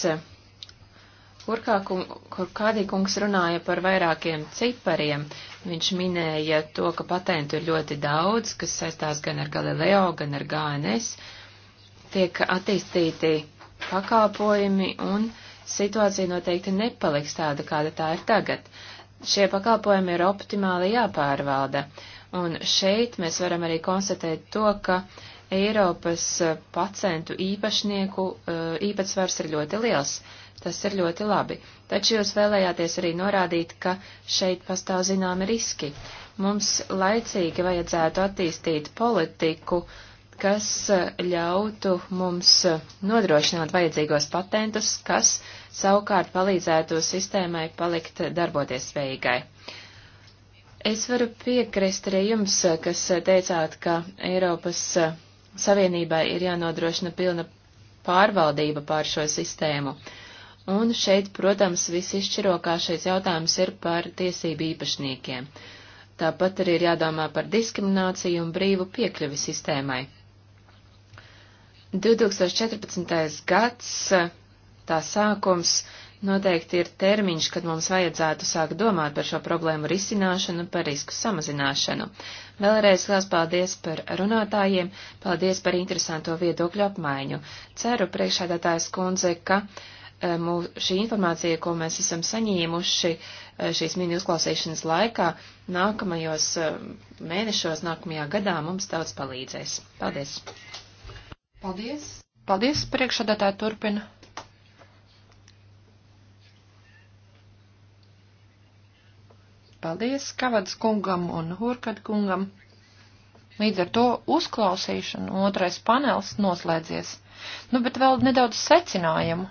Kurkādī kungs runāja par vairākiem cipariem. Viņš minēja to, ka patentu ir ļoti daudz, kas saistās gan ar Galileo, gan ar GNS. Tiek attīstīti pakalpojumi un situācija noteikti nepaliks tāda, kāda tā ir tagad. Šie pakalpojumi ir optimāli jāpārvalda. Un šeit mēs varam arī konstatēt to, ka Eiropas pacientu īpašnieku uh, īpatsvars ir ļoti liels tas ir ļoti labi. Taču jūs vēlējāties arī norādīt, ka šeit pastāv zināmi riski. Mums laicīgi vajadzētu attīstīt politiku, kas ļautu mums nodrošināt vajadzīgos patentus, kas savukārt palīdzētu sistēmai palikt darboties spējīgai. Es varu piekrist arī jums, kas teicāt, ka Eiropas Savienībai ir jānodrošina pilna pārvaldība pār šo sistēmu. Un šeit, protams, visizšķirokāšais jautājums ir par tiesību īpašniekiem. Tāpat arī ir jādomā par diskrimināciju un brīvu piekļuvi sistēmai. 2014. gads, tā sākums, noteikti ir termiņš, kad mums vajadzētu sākt domāt par šo problēmu risināšanu, par risku samazināšanu. Vēlreiz liels paldies par runātājiem, paldies par interesanto viedokļu apmaiņu. Ceru priekšādātājs kundze, ka Eh, mūs, šī informācija, ko mēs esam saņēmuši eh, šīs mini uzklausīšanas laikā, nākamajos eh, mēnešos, nākamajā gadā mums daudz palīdzēs. Paldies! Paldies! Paldies, priekšsādātāji turpina. Paldies Kavads kungam un Hurkad kungam. Līdz ar to uzklausīšana otrais panels noslēdzies. Nu, bet vēl nedaudz secinājumu.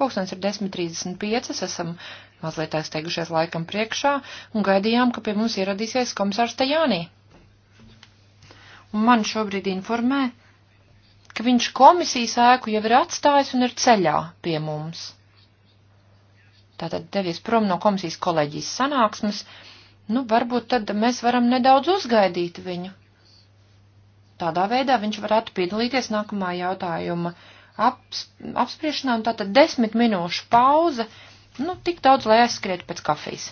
Pūkstens ir 10.35, esam mazliet aizteigušies laikam priekšā un gaidījām, ka pie mums ieradīsies komisārs Tajānī. Un man šobrīd informē, ka viņš komisijas ēku jau ir atstājis un ir ceļā pie mums. Tātad devies prom no komisijas kolēģijas sanāksmes, nu varbūt tad mēs varam nedaudz uzgaidīt viņu. Tādā veidā viņš varētu piedalīties nākamā jautājuma aps, apspriešanām, tātad desmit minūšu pauze, nu, tik daudz, lai aizskriet pēc kafijas.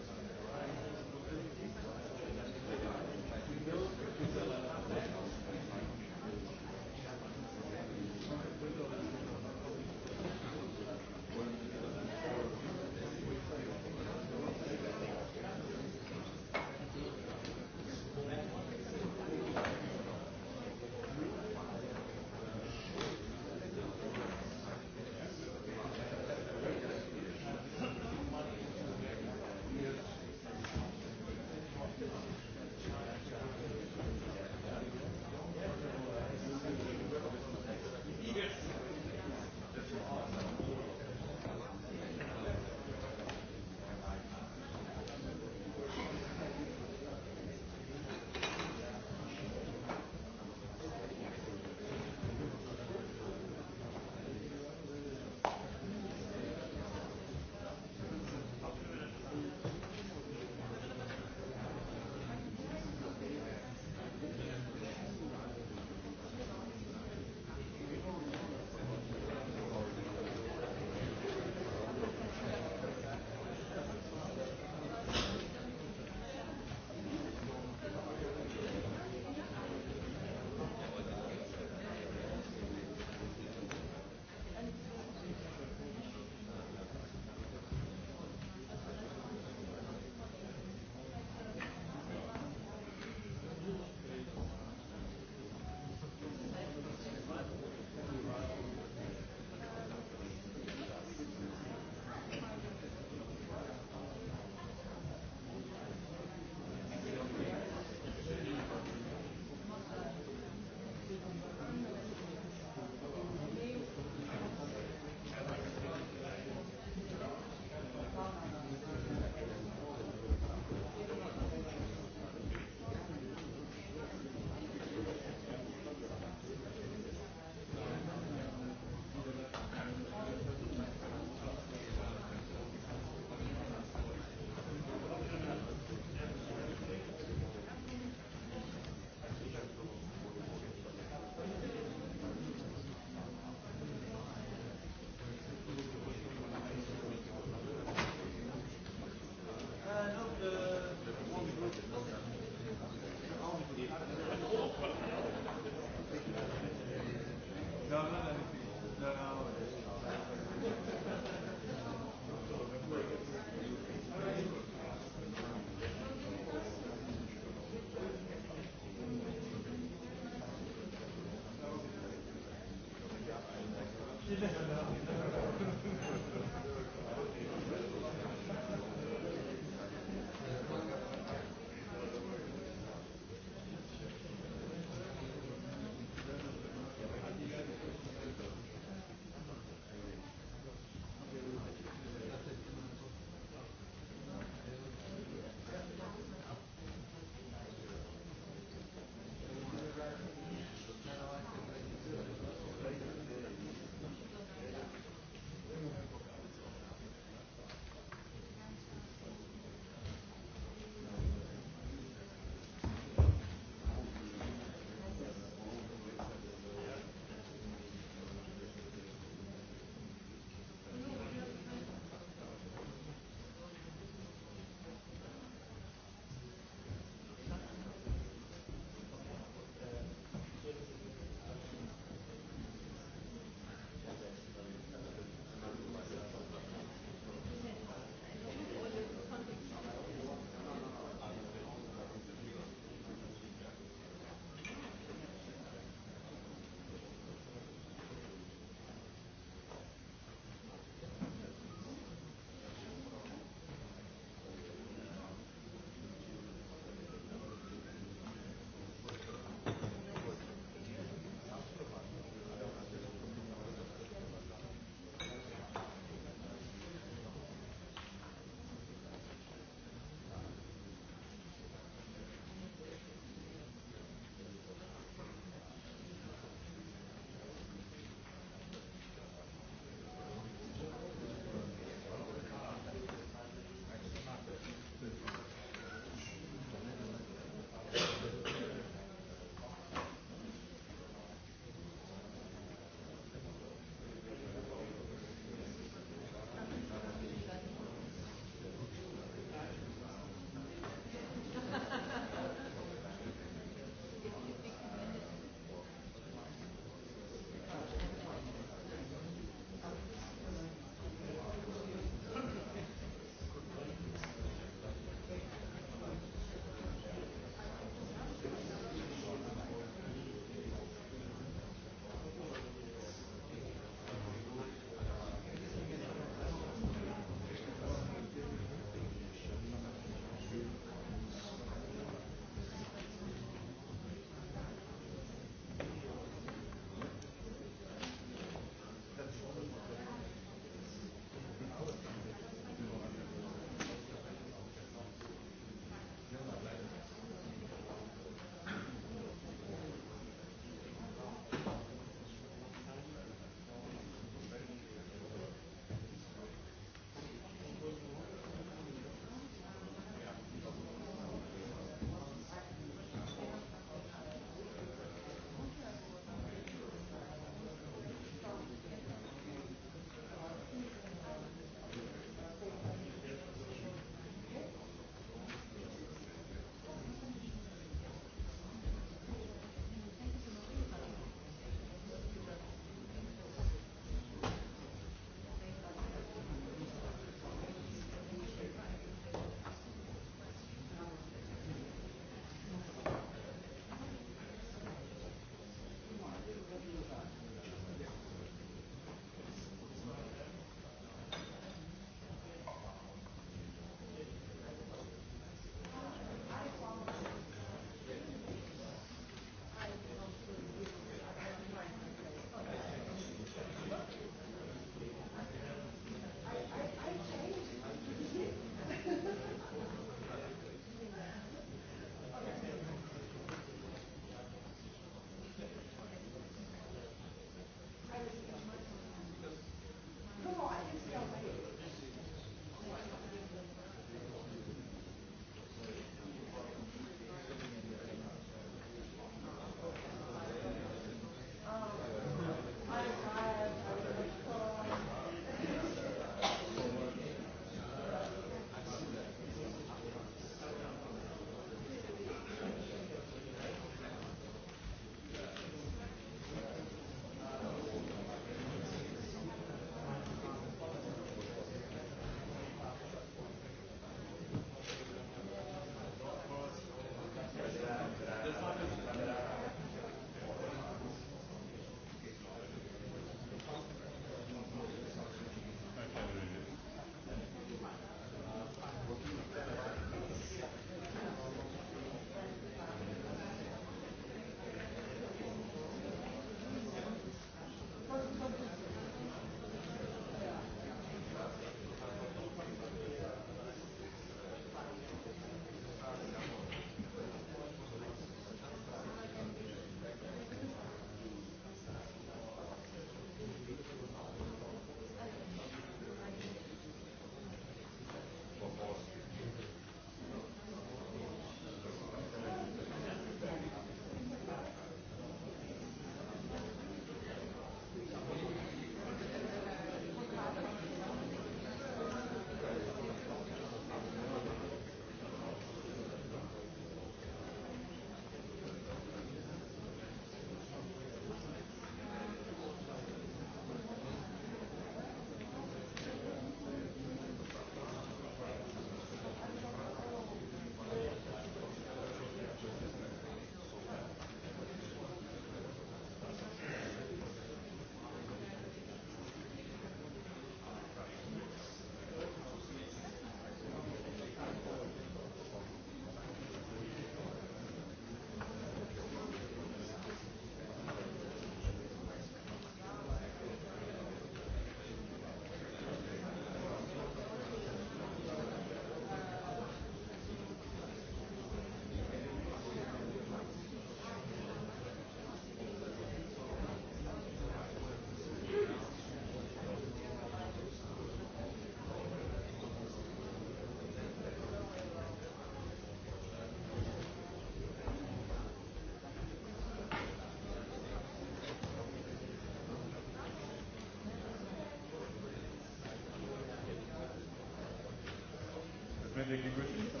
Benedict Goethe.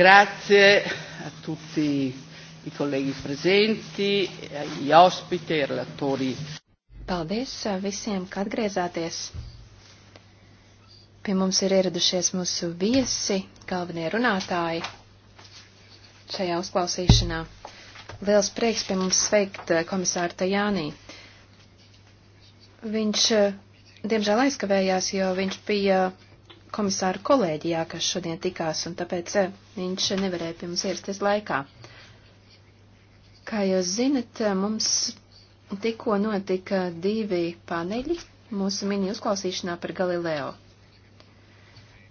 Grazie a tutti i colleghi presenti, agli ospiti, ai relatori. Paldies eh, visiem, ka atgriezāties. Pie mums ir ieradušies mūsu viesi, galvenie runātāji šajā uzklausīšanā. Liels prieks pie mums sveikt eh, komisāru Tajānī. Viņš, eh, diemžēl, aizkavējās, jo viņš bija komisāru kolēģijā, kas šodien tikās, un tāpēc eh, viņš nevarēja pie mums ierasties laikā. Kā jūs zinat, eh, mums tikko notika divi paneļi mūsu mini uzklausīšanā par Galileo.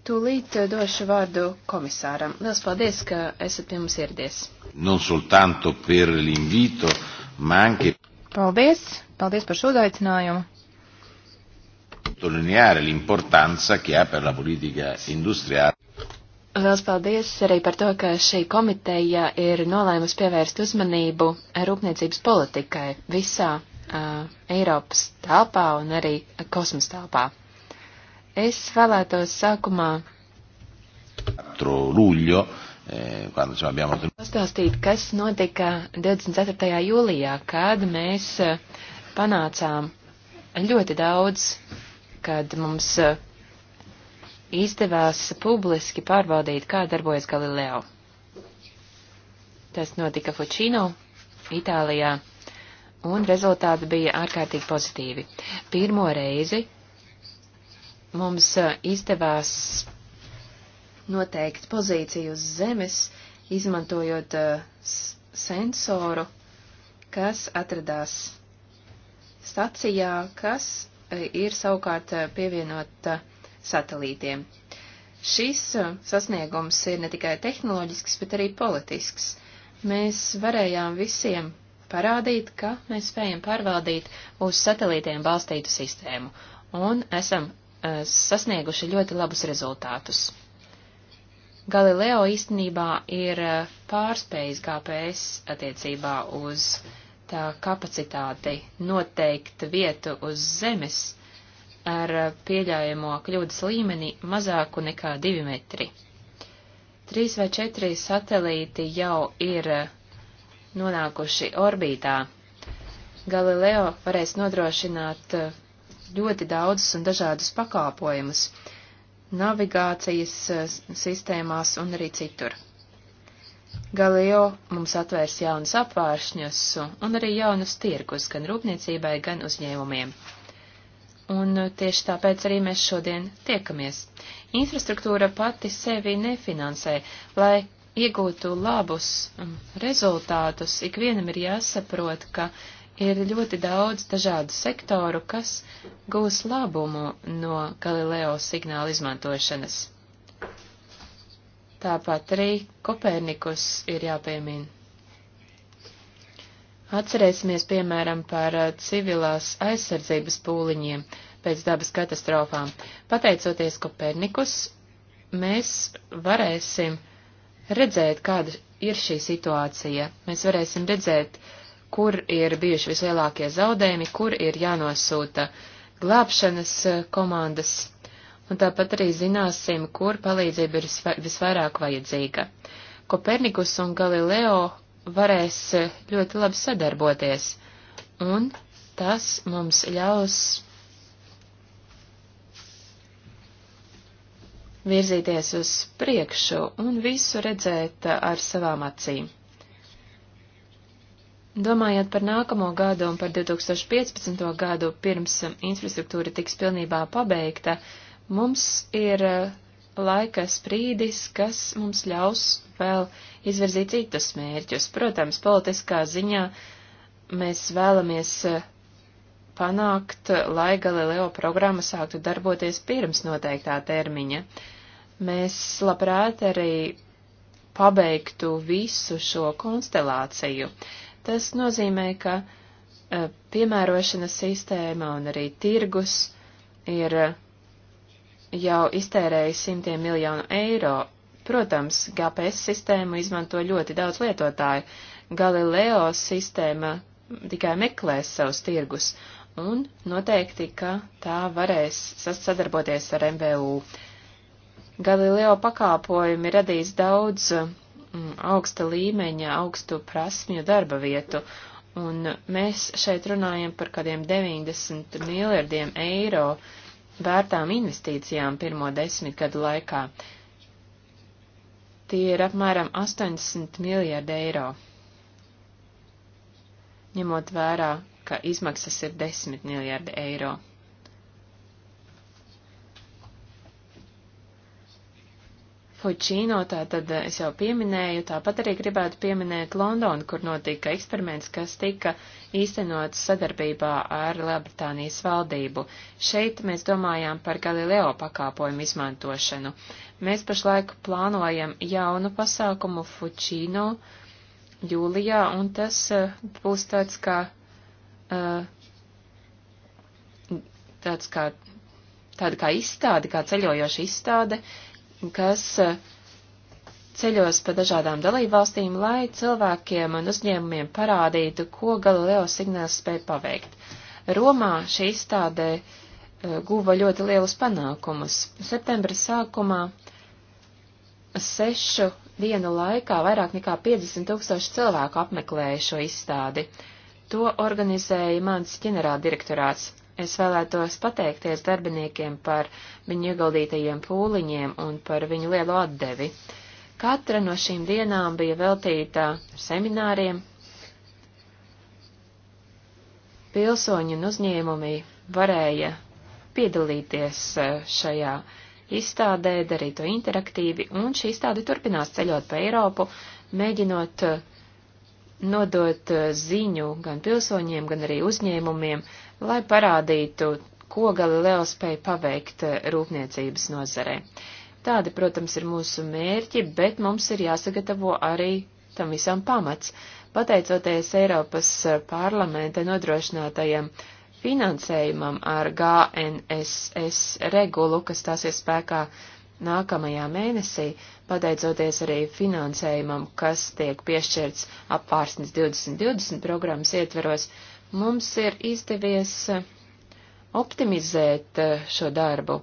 Tūlīt eh, došu vārdu komisāram. Lielas paldies, ka esat pie mums ieradies. Non soltanto per l'invito, ma anche. Paldies, paldies par šo aicinājumu sottolineare l'importanza che ha per la politica industriale. Liels paldies arī par to, ka šī komiteja ir nolēmusi pievērst uzmanību rūpniecības politikai visā uh, Eiropas telpā un arī kosmos telpā. Es vēlētos sākumā. 4. luglio quando insomma, abbiamo pastāstīt, kas notika 24. jūlijā, kad mēs panācām ļoti daudz kad mums eh, izdevās publiski pārbaudīt, kā darbojas Galileo. Tas notika Fučino, Itālijā, un rezultāti bija ārkārtīgi pozitīvi. Pirmo reizi mums eh, izdevās noteikt pozīciju uz zemes, izmantojot uh, sensoru, kas atradās stacijā, kas ir savukārt eh, pievienota eh, satelītiem. Šis eh, sasniegums ir ne tikai tehnoloģisks, bet arī politisks. Mēs varējām visiem parādīt, ka mēs spējam pārvaldīt uz satelītiem balstītu sistēmu un esam uh, sasnieguši ļoti labus rezultātus. Galileo īstenībā ir pārspējis GPS attiecībā uz tā kapacitātei noteikt vietu uz zemes ar pieļaujamo kļūdas līmeni mazāku nekā 2 metri. Trīs vai četri satelīti jau ir nonākuši orbītā. Galileo varēs nodrošināt ļoti daudzus un dažādus pakāpojumus navigācijas eh, sistēmās un arī citur. Galileo mums atvērs jaunas apvāršņas un arī jaunas tirgus gan rūpniecībai, gan uzņēmumiem. Un tieši tāpēc arī mēs šodien tiekamies. Infrastruktūra pati sevi nefinansē, lai iegūtu labus um, rezultātus, ikvienam ir jāsaprot, ka ir ļoti daudz dažādu sektoru, kas gūs labumu no Galileo signāla izmantošanas. Tāpat arī Kopernikus ir jāpiemina. Atcerēsimies, piemēram, par eh, civilās aizsardzības pūliņiem pēc dabas katastrofām. Pateicoties Kopernikus, mēs varēsim redzēt, kāda ir šī situācija. Mēs varēsim redzēt, kur ir bijuši vislielākie zaudējumi, kur ir jānosūta glābšanas eh, komandas un tāpat arī zināsim, kur palīdzība ir visvairāk vajadzīga. Kopernikus un Galileo varēs ļoti labi sadarboties, un tas mums ļaus virzīties uz priekšu un visu redzēt ar savām acīm. Domājot par nākamo gadu un par 2015. gadu, pirms infrastruktūra tiks pilnībā pabeigta, uh, Mums ir eh, laika sprīdis, kas mums ļaus vēl izvirzīt citus mērķus. Protams, politiskā ziņā mēs vēlamies eh, panākt, eh, lai Galileo programma sāktu darboties pirms noteiktā termiņa. Mēs labprāt arī pabeigtu visu šo konstelāciju. Tas nozīmē, ka piemērošanas sistēma un arī tirgus ir jau iztērēja simtiem miljonu eiro. Protams, GPS sistēmu izmanto ļoti daudz lietotāju. Galileo sistēma tikai meklēs savus tirgus, un noteikti, ka tā varēs sadarboties ar MBU. Galileo pakāpojumi radīs daudz mm, augsta līmeņa, augstu prasmju darba vietu, un mēs šeit runājam par kādiem 90 miljardiem eiro vērtām investīcijām pirmo desmitgadu laikā. Tie ir apmēram 80 miljardi eiro, ņemot vērā, ka izmaksas ir 10 miljardi eiro. Fučīno, tātad es jau pieminēju, tāpat arī gribētu pieminēt Londonu, kur notika eksperiments, kas tika īstenots sadarbībā ar Lielbritānijas valdību. Šeit mēs domājām par Galileo pakāpojumu izmantošanu. Mēs pašlaik plānojam jaunu pasākumu Fučīno jūlijā, un tas uh, būs tāds kā, uh, tāds kā, tāda kā izstāde, kā ceļojoša izstāde, uh, kas e, ceļos pa dažādām dalībvalstīm, lai cilvēkiem un uzņēmumiem parādītu, ko Galileo signāls spēja paveikt. Romā šī izstādē e, guva ļoti lielus panākumus. Septembra sākumā sešu dienu laikā vairāk nekā 50 tūkstoši cilvēku apmeklēja šo izstādi. To organizēja mans ģenerāldirektorāts. Es vēlētos pateikties darbiniekiem par viņu ieguldītajiem pūliņiem un par viņu lielo atdevi. Katra no šīm dienām bija veltīta semināriem. Pilsoņi un uzņēmumi varēja piedalīties eh, šajā izstādē, darīt to interaktīvi, un šī izstāde turpinās ceļot pa Eiropu, mēģinot eh, nodot eh, ziņu gan pilsoņiem, gan arī uzņēmumiem, uh, lai parādītu, ko Galileo spēja paveikt eh, rūpniecības nozarē. Tādi, protams, ir mūsu mērķi, bet mums ir jāsagatavo arī tam visam pamats. Pateicoties Eiropas eh, parlamenta nodrošinātajam finansējumam ar GNSS regulu, kas stāsies spēkā nākamajā mēnesī, pateicoties arī finansējumam, kas tiek piešķirts apvārsnes 2020 programmas ietveros, Mums ir izdevies eh, optimizēt eh, šo darbu.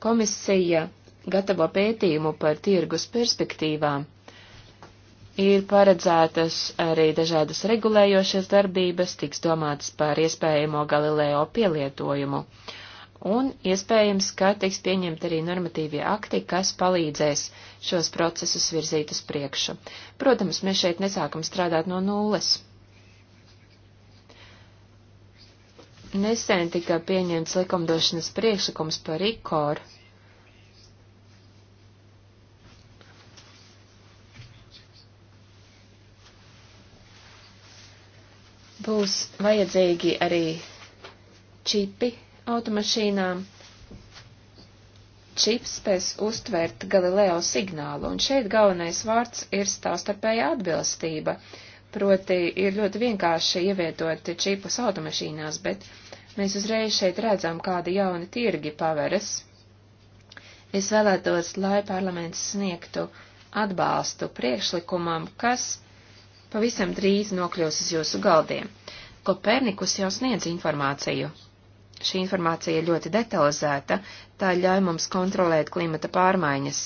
Komisija gatavo pētījumu par tirgus perspektīvām. Ir paredzētas arī dažādas regulējošas darbības, tiks domāts par iespējamo Galileo pielietojumu. Un iespējams, ka tiks pieņemti arī normatīvie akti, kas palīdzēs šos procesus virzīt uz priekšu. Protams, mēs šeit nesākam strādāt no nulles. Nesen tika pieņemts likumdošanas priekšlikums par ikoru. Būs vajadzīgi arī čipi automašīnām. Čips spēs uztvērt Galileo signālu, un šeit galvenais vārds ir stāvstarpēja atbilstība. Proti, ir ļoti vienkārši ievietot čipus automašīnās, bet Mēs uzreiz šeit redzam, kādi jauni tirgi paveras. Es vēlētos, lai parlaments sniegtu atbalstu priekšlikumam, kas pavisam drīz nokļūs uz jūsu galdiem. Kopernikus jau sniedz informāciju. Šī informācija ir ļoti detalizēta, tā ļauj mums kontrolēt klimata pārmaiņas.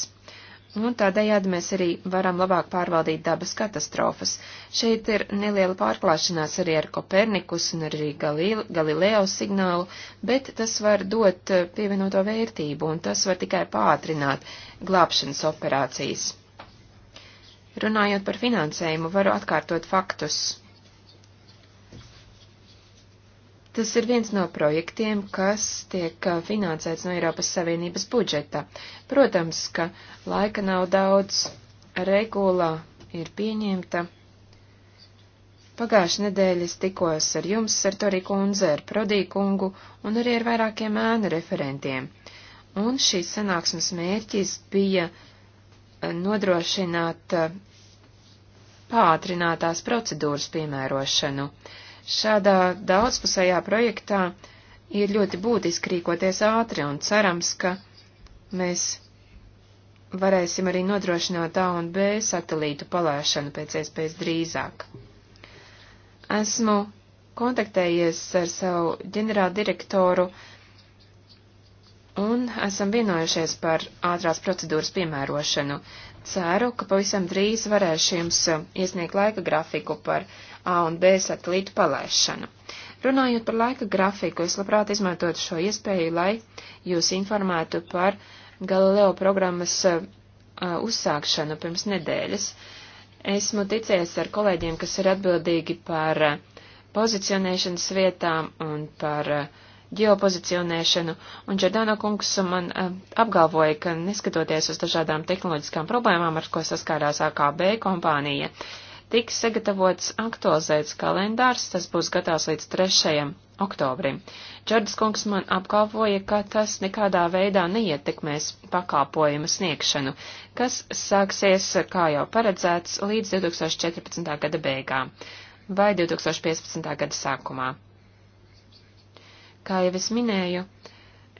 Un tādējādi mēs arī varam labāk pārvaldīt dabas katastrofas. Šeit ir neliela pārklāšanās arī ar Kopernikus un arī Galileo signālu, bet tas var dot eh, pievienoto vērtību un tas var tikai pātrināt glābšanas operācijas. Runājot par finansējumu, varu atkārtot faktus. Tas ir viens no projektiem, kas tiek uh, finansēts no Eiropas Savienības budžeta. Protams, ka laika nav daudz, regula ir pieņemta. Pagājušajā nedēļā es tikos ar jums, ar Tori kundze, ar Prodī kungu un arī ar vairākiem ēnu referentiem. Un šīs sanāksmes mērķis bija uh, nodrošināt uh, pātrinātās procedūras piemērošanu. Uh, Šādā daudzpusējā projektā ir ļoti būtiski rīkoties ātri un cerams, ka mēs varēsim arī nodrošināt A un B satelītu palēšanu pēc iespējas drīzāk. Esmu kontaktējies ar savu ģenerāldirektoru un esam vienojušies par ātrās procedūras piemērošanu. Ceru, ka pavisam drīz varēšu jums um, iesniegt laika grafiku par A un B satelītu palaišanu. Runājot par laika grafiku, es labprāt izmantotu šo iespēju, lai jūs informētu par Galileo programmas um, uh, uzsākšanu pirms nedēļas. Esmu ticējis ar kolēģiem, kas ir atbildīgi par uh, pozicionēšanas vietām un par uh, ģeopozicionēšanu, un Čerdāna kungs man eh, apgalvoja, ka neskatoties uz dažādām tehnoloģiskām problēmām, ar ko saskārās AKB kompānija, tiks sagatavots aktualizēts kalendārs, tas būs gatavs līdz 3. oktobrim. Čerdas kungs man apgalvoja, ka tas nekādā veidā neietekmēs pakāpojumu sniegšanu, kas sāksies, kā jau paredzēts, līdz 2014. gada beigām vai 2015. gada sākumā. Kā jau es minēju,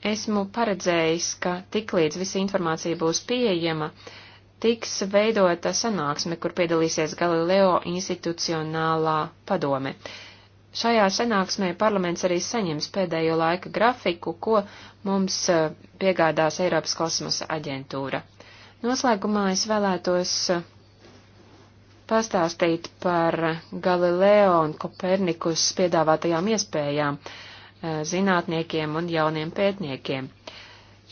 esmu paredzējis, ka tiklīdz visa informācija būs pieejama, tiks veidota sanāksme, kur piedalīsies Galileo institucionālā padome. Šajā sanāksmē parlaments arī saņems pēdējo laika grafiku, ko mums eh, piegādās Eiropas kosmosa aģentūra. Noslēgumā es vēlētos eh, pastāstīt par Galileo un Kopernikus piedāvātajām iespējām, uh, Eh, zinātniekiem un jauniem pētniekiem.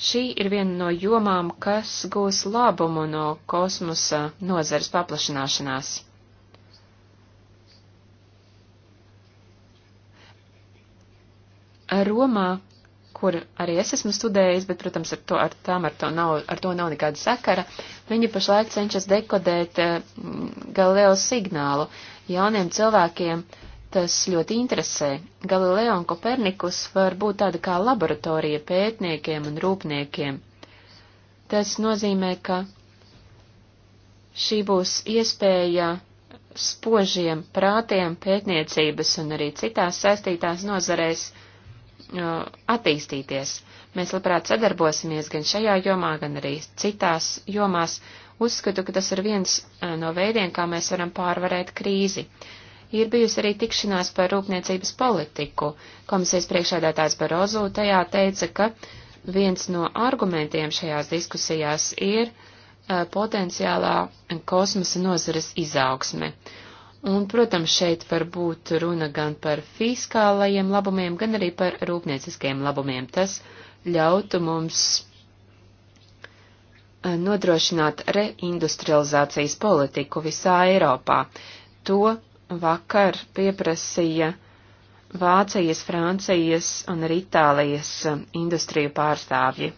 Šī ir viena no jomām, kas gūs labumu no kosmosa nozares paplašanāšanās. Romā, kur arī es esmu studējis, bet, protams, ar to, ar, tām, ar, to nav, ar to nav nekāda sakara, viņi pašlaik cenšas dekodēt uh, Galileo signālu. Jauniem cilvēkiem tas ļoti interesē. Galileo un Kopernikus var būt tāda kā laboratorija pētniekiem un rūpniekiem. Tas nozīmē, ka šī būs iespēja spožiem prātiem pētniecības un arī citās saistītās nozarēs uh, attīstīties. Mēs labprāt sadarbosimies gan šajā jomā, gan arī citās jomās. Uzskatu, ka tas ir viens uh, no veidiem, kā mēs varam pārvarēt krīzi. Uh, Ir bijusi arī tikšanās par rūpniecības politiku. Komisijas priekšādātājs Barozu tajā teica, ka viens no argumentiem šajās diskusijās ir uh, potenciālā kosmosa nozares izaugsme. Un, protams, šeit var būt runa gan par fiskālajiem labumiem, gan arī par rūpnieciskiem labumiem. Tas ļautu mums eh, nodrošināt reindustrializācijas politiku visā Eiropā. To vakar pieprasīja Vācijas, Francijas un arī Itālijas um, industriju pārstāvji.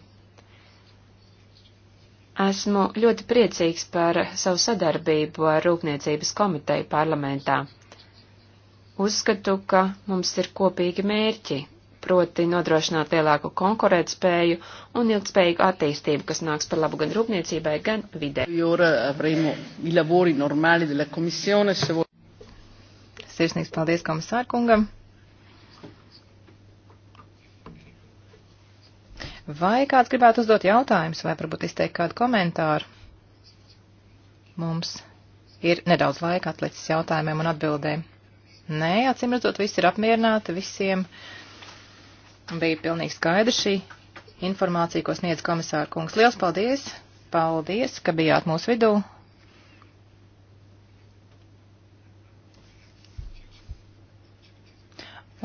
Esmu ļoti priecīgs par savu sadarbību ar Rūpniecības komiteju parlamentā. Uzskatu, ka mums ir kopīgi mērķi, proti nodrošināt lielāku konkurētspēju un ilgspējīgu attīstību, kas nāks par labu gan rūpniecībai, gan vidē. Jūra, avremo i lavori normali della komisione, se vuoi. Sirsnīgs paldies komisārkungam. Vai kāds gribētu uzdot jautājumus vai varbūt izteikt kādu komentāru? Mums ir nedaudz laika atlicis jautājumiem un atbildēm. Nē, acīm redzot, visi ir apmierināti, visiem bija pilnīgi skaidra šī informācija, ko sniedz komisāra kungs. Liels paldies! Paldies, ka bijāt mūsu vidū!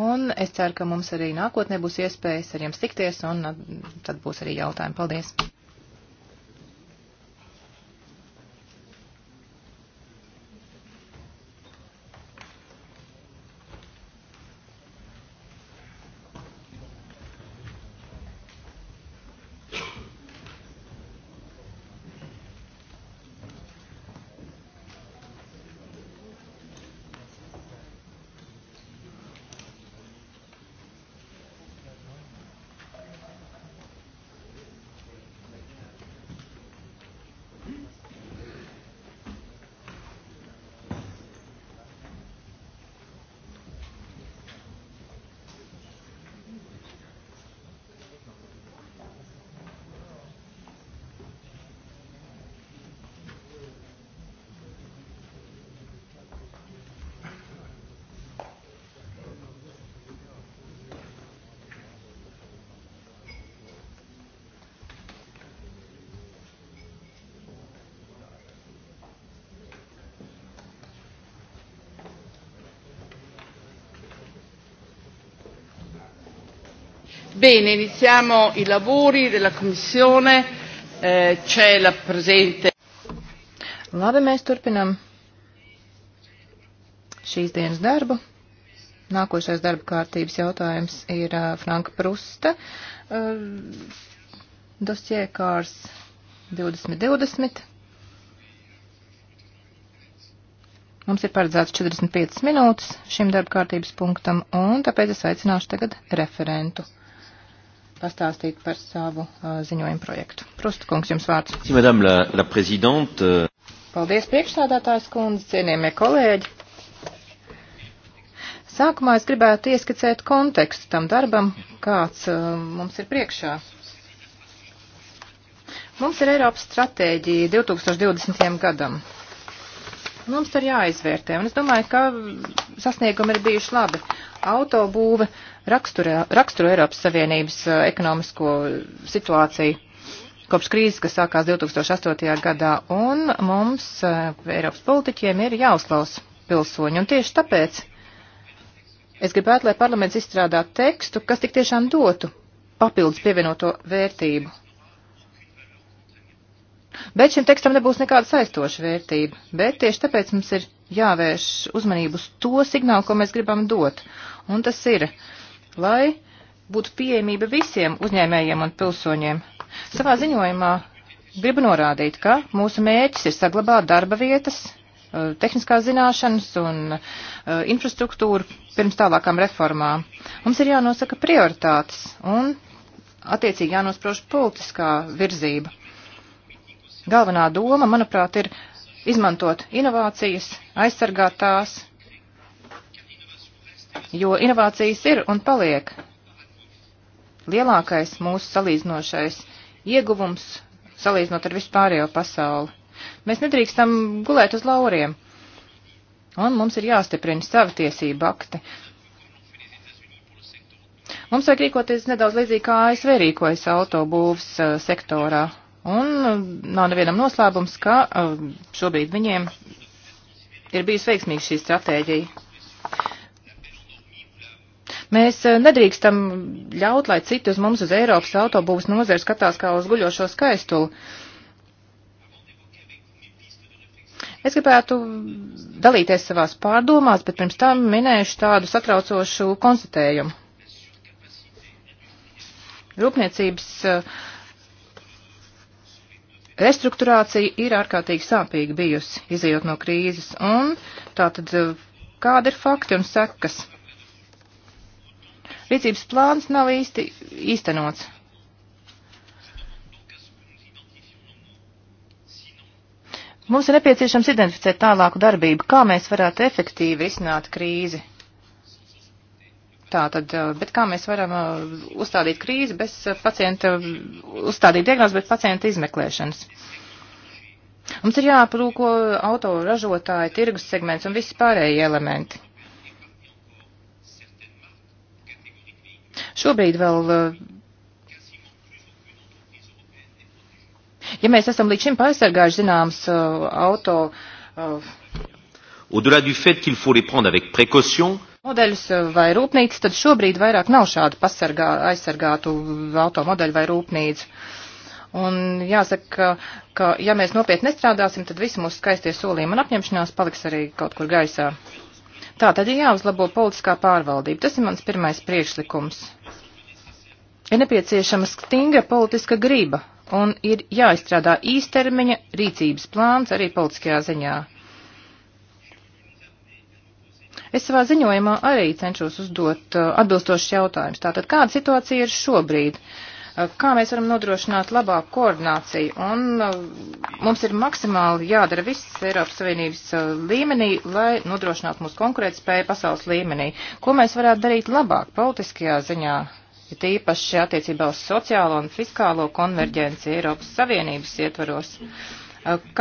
Un es ceru, ka mums arī nākotnē būs iespējas ar jums tikties, un uh, tad būs arī jautājumi. Paldies! Bene, iniziamo i lavori della Commissione. Eh, C'è la presente. Labi, mēs turpinam šīs dienas darbu. Nākošais darba kārtības jautājums ir uh, Franka Prusta uh, dosie kārs 2020. Mums ir paredzēts 45 minūtes šim darba kārtības punktam, un tāpēc es aicināšu tagad referentu pastāstīt par savu uh, ziņojumu projektu. Prusta kungs, jums vārds. Madame la, la prezidente. Paldies, priekšstādātājs kundze, cienījamie kolēģi. Sākumā es gribētu ieskicēt kontekstu tam darbam, kāds uh, mums ir priekšā. Mums ir Eiropas stratēģija 2020. gadam. Mums tur jāizvērtē, un es domāju, ka sasniegumi ir bijuši labi. Autobūve raksturo, raksturo Eiropas Savienības eh, ekonomisko situāciju kopš krīzes, kas sākās 2008. gadā, un mums, eh, Eiropas politiķiem, ir jāuzklaus pilsoņi, un tieši tāpēc es gribētu, lai parlaments izstrādā tekstu, kas tik tiešām dotu papildus pievienoto vērtību Bet šim tekstam nebūs nekāda saistoša vērtība, bet tieši tāpēc mums ir jāvērš uzmanību uz to signālu, ko mēs gribam dot. Un tas ir, lai būtu pieejamība visiem uzņēmējiem un pilsoņiem. Savā ziņojumā gribu norādīt, ka mūsu mērķis ir saglabāt darba vietas, eh, tehniskās zināšanas un eh, infrastruktūru pirms tālākām reformām. Mums ir jānosaka prioritātes un attiecīgi jānosprož politiskā virzība. Galvenā doma, manuprāt, ir izmantot inovācijas, aizsargāt tās, jo inovācijas ir un paliek. Lielākais mūsu salīdzinošais ieguvums, salīdzinot ar vispārējo pasauli. Mēs nedrīkstam gulēt uz lauriem, un mums ir jāstiprina savi tiesību akti. Mums vajag rīkoties nedaudz līdzīgi kā ASV rīkojas autobūvs uh, sektorā. Un uh, nav nevienam noslēpums, ka uh, šobrīd viņiem ir bijusi veiksmīga šī stratēģija. Mēs uh, nedrīkstam ļaut, lai citi uz mums uz Eiropas autobūvas nozēru skatās kā uz guļošo skaistulu. Es gribētu dalīties savās pārdomās, bet pirms tam minēšu tādu satraucošu konstatējumu. Rūpniecības uh, Restruktūrācija ir ārkārtīgi sāpīga bijusi, izējot no krīzes, un tātad kāda ir fakti un sekas? Rīcības plāns nav īsti īstenots. Mums ir nepieciešams identificēt tālāku darbību, kā mēs varētu efektīvi izsnāt krīzi Tātad, eh, bet kā mēs varam eh, uzstādīt krīzi bez eh, pacienta, uzstādīt diagnozi bez pacienta izmeklēšanas? Mums ir jāaprūko autoražotāji, tirgus segments un visi pārējie elementi. Šobrīd vēl, ja mēs esam līdz šim aizsargājuši zināms auto. Au-delà du fait qu'il faut les prendre avec précaution, euh, modeļus vai rūpnīcas, tad šobrīd vairāk nav šādu pasargā, aizsargātu automodeļu vai rūpnīcu. Un jāsaka, ka, ka ja mēs nopietni nestrādāsim, tad visi mūsu skaistie solījumi un apņemšanās paliks arī kaut kur gaisā. Tā tad ir jāuzlabo politiskā pārvaldība. Tas ir mans pirmais priekšlikums. Ir nepieciešama stingra politiska griba un ir jāizstrādā īstermiņa rīcības plāns arī politiskajā ziņā. Es savā ziņojumā arī cenšos uzdot uh, atbilstošus jautājumus. Tātad, kāda situācija ir šobrīd? Uh, kā mēs varam nodrošināt labāku koordināciju? Un uh, mums ir maksimāli jādara viss Eiropas Savienības līmenī, lai nodrošinātu mūsu konkurētspēju pasaules līmenī. Ko mēs varētu darīt labāk politiskajā ziņā, ja tīpaši attiecībā uz sociālo un fiskālo konverģenci Eiropas Savienības ietvaros?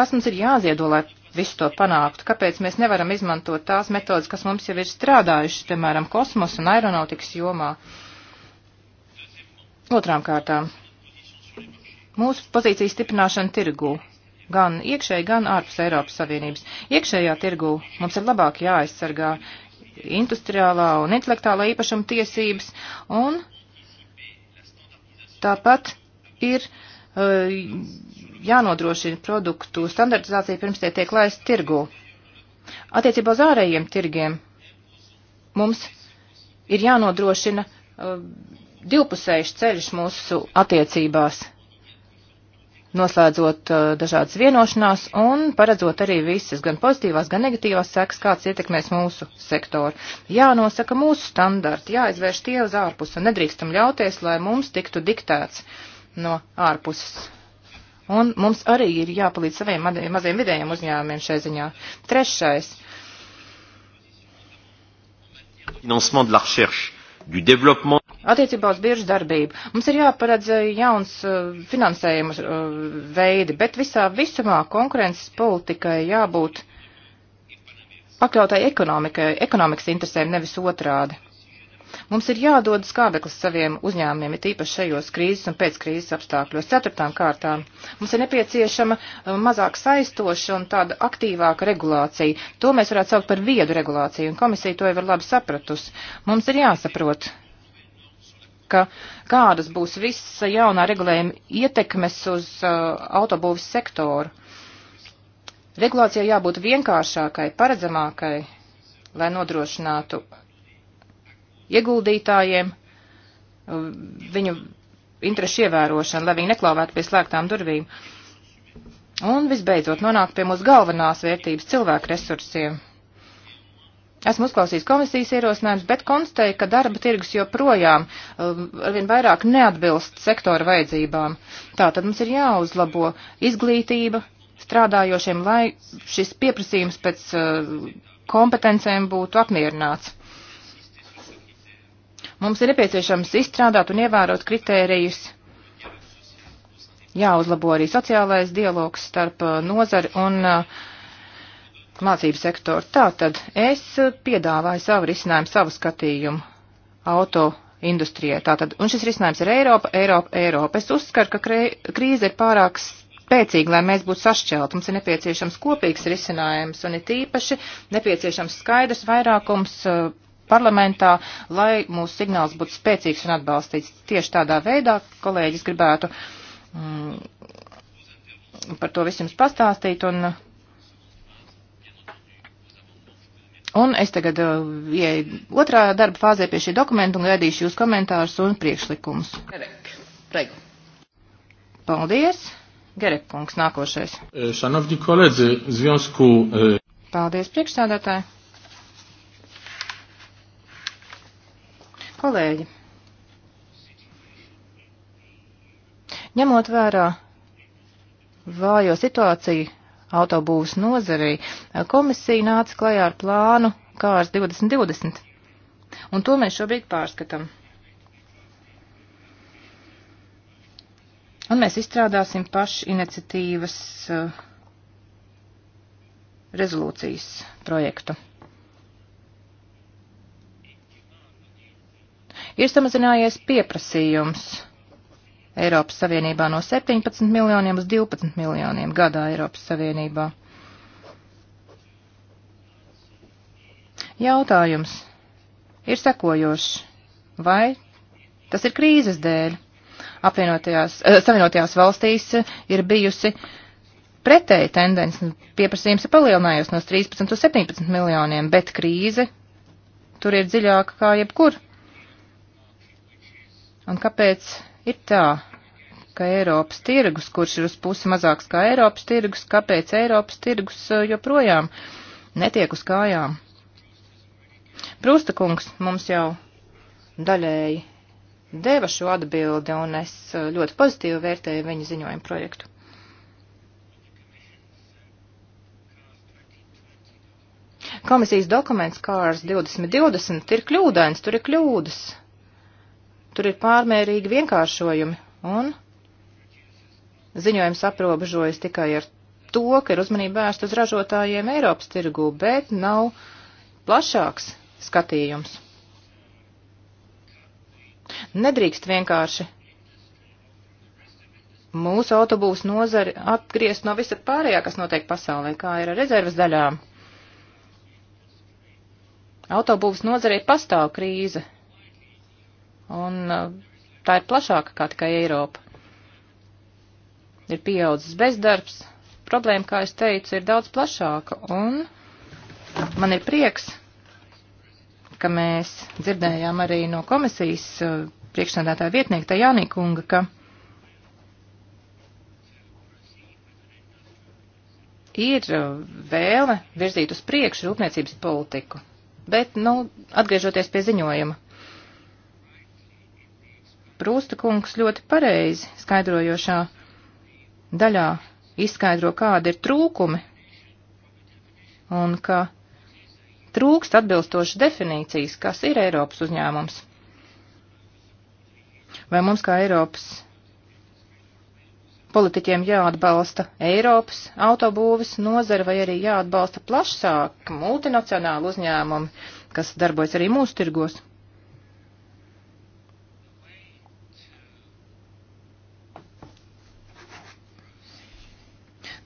Kas mums ir jāziedo, lai visu to panāktu? Kāpēc mēs nevaram izmantot tās metodas, kas mums jau ir strādājušas, piemēram, kosmosa un aeronautikas jomā? Otrām kārtām, mūsu pozīcijas stiprināšana tirgū, gan iekšēji, gan ārpus Eiropas Savienības. Iekšējā tirgū mums ir labāk jāaizsargā industriālā un intelektuālā īpašuma tiesības, un tāpat ir uh, jānodrošina produktu standartizācija pirms tie tiek laist tirgū. Attiecībā uz ārējiem tirgiem mums ir jānodrošina uh, divpusējs ceļš mūsu attiecībās, noslēdzot uh, dažādas vienošanās un paredzot arī visas gan pozitīvās, gan negatīvās sekas, kāds ietekmēs mūsu sektoru. Jānosaka mūsu standarti, jāizvērš tie uz ārpusi un nedrīkstam ļauties, lai mums tiktu diktēts no ārpuses Un mums arī ir jāpalīdz saviem maziem vidējiem uzņēmumiem šai ziņā. Trešais. Financement de la recherche, du développement. Attiecībā uz biržu darbību mums ir jāparedz eh, jauns uh, eh, finansējuma uh, eh, veidi, bet visā visumā konkurences politikai jābūt pakļautai ekonomikai, ekonomikas interesēm, nevis otrādi. Mums ir jādod skābeklis saviem uzņēmumiem, it īpaši šajos krīzes un pēckrīzes apstākļos. Ceturtām kārtām mums ir nepieciešama uh, mazāk saistoša un tāda aktīvāka regulācija. To mēs varētu saukt par viedu regulāciju, un komisija to jau ir labi sapratusi. Mums ir jāsaprot, ka kādas būs visa jaunā regulējuma ietekmes uz uh, autobūvis sektoru. Regulācijai jābūt vienkāršākai, paredzamākai, lai nodrošinātu uh, ieguldītājiem viņu interešu ievērošanu, lai viņi neklauvētu pie slēgtām durvīm. Un visbeidzot nonāk pie mūsu galvenās vērtības cilvēku resursiem. Esmu uzklausījis komisijas ierosinājums, bet konstatēju, ka darba tirgus joprojām um, arvien vairāk neatbilst sektora vajadzībām. Tātad mums ir jāuzlabo izglītība strādājošiem, lai šis pieprasījums pēc uh, kompetencēm būtu apmierināts. Mums ir nepieciešams izstrādāt un ievērot kritērijus. Jāuzlabo arī sociālais dialogs starp uh, nozari un uh, mācību sektoru. Tātad es piedāvāju savu risinājumu, savu skatījumu auto industrijai. Tātad, un šis risinājums ir Eiropa, Eiropa, Eiropa. Es uzskatu, ka krīze ir pārāk spēcīga, lai mēs būtu sašķelti. Mums ir nepieciešams kopīgs risinājums un ir tīpaši nepieciešams skaidrs vairākums uh, parlamentā, lai mūsu signāls būtu spēcīgs un atbalstīts. Tieši tādā veidā kolēģis gribētu mm, par to visu jums pastāstīt. Un, un es tagad eh, ieeju ja otrā darba fāzē pie šī dokumenta un gaidīšu jūs komentārus un priekšlikumus. Paldies! Gerek kungs nākošais. Šanovģi eh, koledzi, zvionsku. Eh, Paldies priekšstādātāji! Kolēģi, ņemot vērā vājo situāciju autobūvas nozarī, komisija nāca klajā ar plānu kārs 2020, un to mēs šobrīd pārskatām. Un mēs izstrādāsim paši iniciatīvas uh, rezolūcijas projektu. ir samazinājies pieprasījums Eiropas Savienībā no 17 miljoniem uz 12 miljoniem gadā Eiropas Savienībā. Jautājums ir sekojošs. Vai tas ir krīzes dēļ? Apvienotajās, eh, savienotajās valstīs ir bijusi pretēji tendence. Pieprasījums ir palielinājies no 13 uz 17 miljoniem, bet krīze tur ir dziļāka kā jebkur Un kāpēc ir tā, ka Eiropas tirgus, kurš ir uz pusi mazāks kā Eiropas tirgus, kāpēc Eiropas tirgus uh, joprojām netiek uz kājām? Prūsta kungs mums jau daļēji deva šo atbildi, un es uh, ļoti pozitīvi vērtēju viņa ziņojumu projektu. Komisijas dokuments Kārs 2020 ir kļūdains, tur ir kļūdas. Tur ir pārmērīgi vienkāršojumi, un ziņojums aprobežojas tikai ar to, ka ir uzmanība vērsta uz ražotājiem Eiropas tirgū, bet nav plašāks skatījums. Nedrīkst vienkārši mūsu autobūs nozari atgriezt no visa pārējā, kas notiek pasaulē, kā ir ar rezervas daļām. Autobūvas nozarei pastāv krīze, Un uh, tā ir plašāka kā tikai Eiropa. Ir pieaudzis bezdarbs, problēma, kā es teicu, ir daudz plašāka. Un man ir prieks, ka mēs dzirdējām arī no komisijas uh, priekšnādātāja vietnieka Tajānī kunga, ka ir uh, vēle virzīt uz priekšu rūpniecības politiku. Bet, nu, atgriežoties pie ziņojuma, Prūsta kungs ļoti pareizi skaidrojošā daļā izskaidro, kāda ir trūkumi un ka trūkst atbilstošas definīcijas, kas ir Eiropas uzņēmums. Vai mums kā Eiropas politiķiem jāatbalsta Eiropas autobūvis nozara vai arī jāatbalsta plašsāk multinacionāli uzņēmumi, kas darbojas arī mūsu tirgos?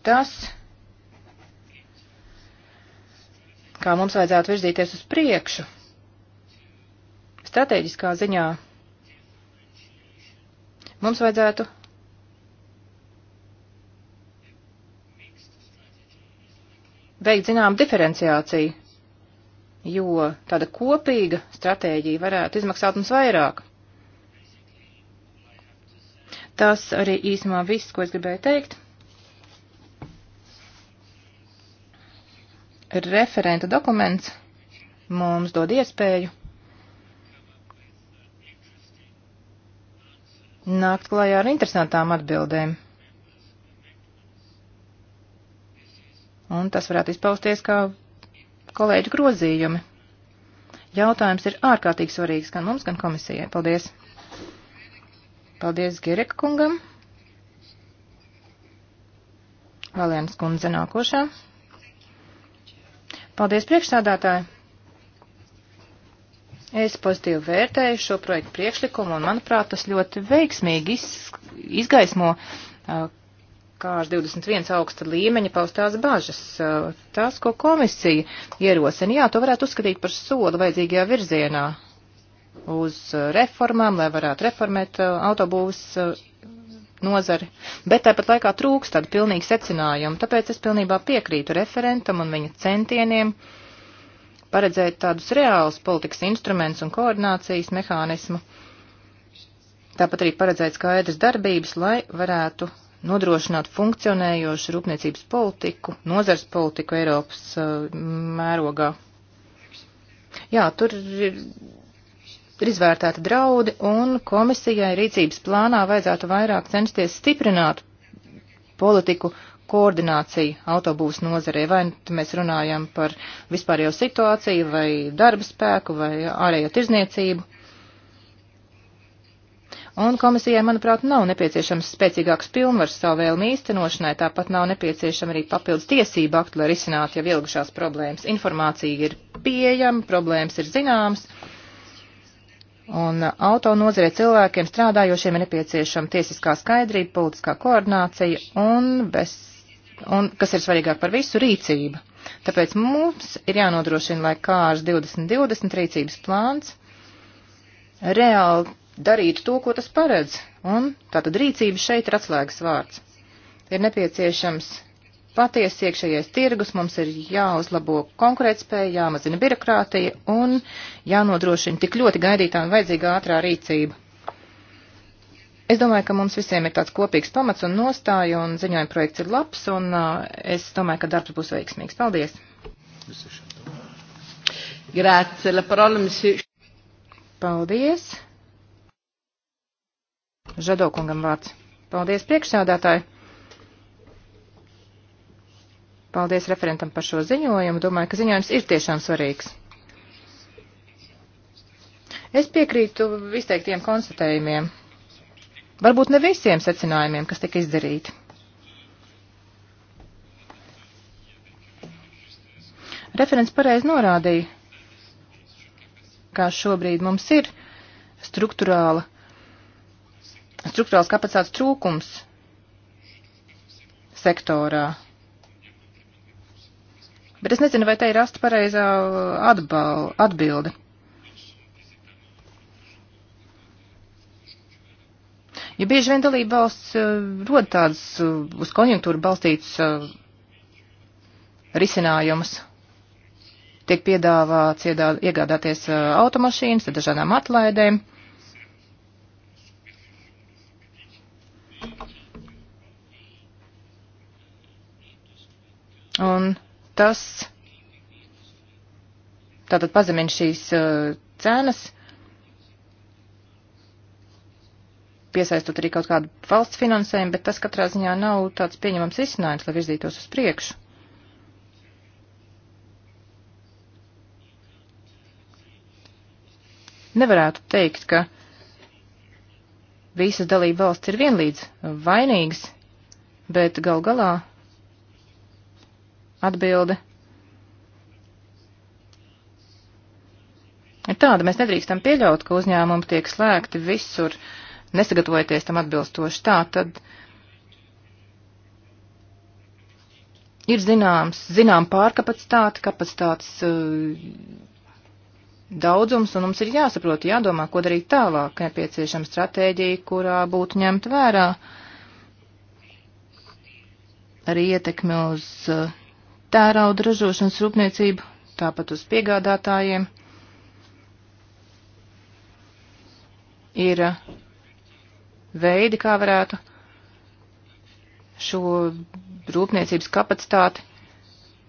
tas, kā mums vajadzētu virzīties uz priekšu, strateģiskā ziņā, mums vajadzētu veikt zinām diferenciāciju, jo tāda kopīga stratēģija varētu izmaksāt mums vairāk. Tas arī īsumā viss, ko es gribēju teikt. referenta dokuments mums dod iespēju nākt klajā ar interesantām atbildēm. Un tas varētu izpausties kā kolēģu grozījumi. Jautājums ir ārkārtīgi svarīgs gan mums, gan komisijai. Paldies! Paldies Gireka kungam! Valēnas kundze nākošā. Paldies priekšsādātāji! Es pozitīvi vērtēju šo projektu priekšlikumu un, manuprāt, tas ļoti veiksmīgi iz, izgaismo uh, kārs 21 augsta līmeņa paustās bažas. Uh, tās, ko komisija ierosina, jā, to varētu uzskatīt par soli vajadzīgajā virzienā uz reformām, lai varētu reformēt uh, autobūvas nozari, bet tāpat laikā trūks tādu pilnīgu secinājumu, tāpēc es pilnībā piekrītu referentam un viņa centieniem paredzēt tādus reālus politikas instruments un koordinācijas mehānismu, tāpat arī paredzēt skaidrs darbības, lai varētu nodrošināt funkcionējošu rūpniecības politiku, nozars politiku Eiropas uh, mērogā. Jā, tur ir ir izvērtēti draudi un komisijai rīcības plānā vajadzētu vairāk censties stiprināt politiku koordināciju autobūs nozarē. Vai mēs runājam par vispārējo situāciju, vai darba spēku, vai ārējo tirzniecību. Un komisijai, manuprāt, nav nepieciešams spēcīgāks pilnvars savu vēlmu īstenošanai, tāpat nav nepieciešama arī papildus tiesība aktu, lai risinātu jau ilgušās problēmas. Informācija ir pieejama, problēmas ir zināmas Un auto nozarē cilvēkiem strādājošiem ir nepieciešama tiesiskā skaidrība, politiskā koordinācija un, bez, un, kas ir svarīgāk par visu, rīcība. Tāpēc mums ir jānodrošina, lai kārs 2020 rīcības plāns reāli darītu to, ko tas paredz. Un tātad rīcība šeit ir atslēgas vārds. Ir nepieciešams patiesi iekšējais tirgus, mums ir jāuzlabo konkurētspēja, jāmazina birokrātija un jānodrošina tik ļoti gaidītām vajadzīga ātrā rīcība. Es domāju, ka mums visiem ir tāds kopīgs pamats un nostāja, un ziņojuma projekts ir labs, un uh, es domāju, ka darbs būs veiksmīgs. Paldies! Grāce, la parola, monsieur. Paldies! Žadokungam vārds. Paldies priekšsādātāji! Paldies referentam par šo ziņojumu. Domāju, ka ziņojums ir tiešām svarīgs. Es piekrītu izteiktiem konstatējumiem. Varbūt ne visiem secinājumiem, kas tika izdarīti. Referents pareizi norādīja, kā šobrīd mums ir struktūrāla, struktūrāls kapacitātes trūkums sektorā. Bet es nezinu, vai te ir rasta pareizā uh, atbal, atbilde. Ja bieži vien dalība valsts uh, rod tādas uh, uz konjunktūru balstītas risinājumus, tiek piedāvāts iegādāties automašīnas ar dažādām atlaidēm. Un tas tātad pazemina šīs uh, cenas, piesaistot arī kaut kādu valsts finansējumu, bet tas katrā ziņā nav tāds pieņemams risinājums, lai virzītos uz priekšu. Nevarētu teikt, ka visas dalība valsts ir vienlīdz vainīgas, bet gal galā Atbilde. Ir tāda, mēs nedrīkstam pieļaut, ka uzņēmumi tiek slēgti visur, nesagatavojoties tam atbilstoši. Tā tad ir zināms, zinām pārkapacitāte, kapacitātes uh, daudzums, un mums ir jāsaprot, jādomā, ko darīt tālāk, nepieciešama stratēģija, kurā būtu ņemta vērā arī ietekmi uz uh, tērauda ražošanas rūpniecību, tāpat uz piegādātājiem. Ir uh, veidi, kā varētu šo rūpniecības kapacitāti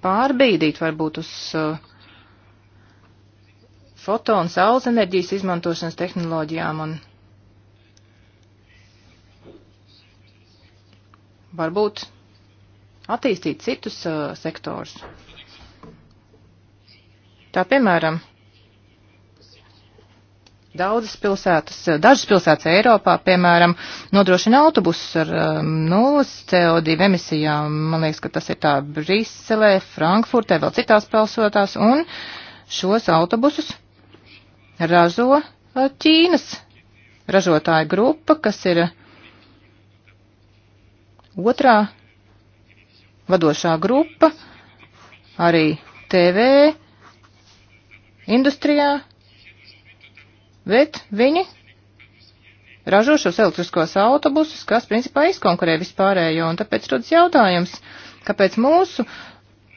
pārbīdīt varbūt uz uh, foto un saules enerģijas izmantošanas tehnoloģijām un varbūt attīstīt citus uh, sektors. Tā piemēram, daudzas pilsētas, uh, dažas pilsētas Eiropā, piemēram, nodrošina autobusus ar um, nulles CO2 emisijām. Man liekas, ka tas ir tā Briselē, Frankfurtē, vēl citās pilsētās, un šos autobusus ražo uh, Ķīnas ražotāja grupa, kas ir otrā vadošā grupa, arī TV, industrijā, bet viņi ražo šos elektriskos autobusus, kas principā izkonkurē vispārējo, un tāpēc rodas jautājums, kāpēc mūsu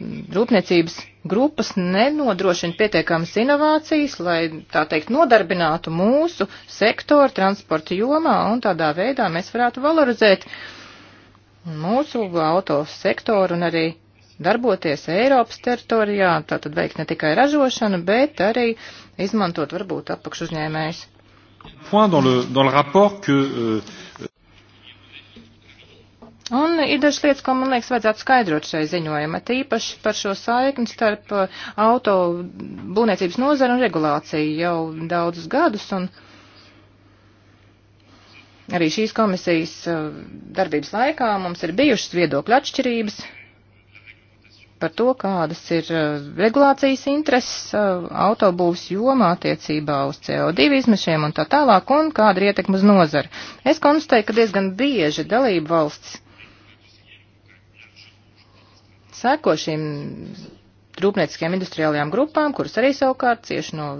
rūpniecības grupas nenodrošina pietiekamas inovācijas, lai tā teikt nodarbinātu mūsu sektoru transporta jomā, un tādā veidā mēs varētu valorizēt uh, mūsu autosektoru un arī darboties Eiropas teritorijā, tātad veikt ne tikai ražošanu, bet arī izmantot varbūt apakšuzņēmējs. Euh, un ir dažas lietas, ko, man liekas, vajadzētu skaidrot šai ziņojumā, tīpaši par šo saikni starp uh, auto būvniecības nozaru un regulāciju jau daudzus gadus. Un, uh, Arī šīs komisijas uh, darbības laikā mums ir bijušas viedokļu atšķirības par to, kādas ir uh, regulācijas intereses uh, autobūvs jomā attiecībā uz CO2 izmešiem un tā tālāk, un kāda ir ietekma uz nozari. Es konstatēju, ka diezgan bieži dalību valsts seko šīm rūpnieciskajām industriālajām grupām, kuras arī savukārt cieši no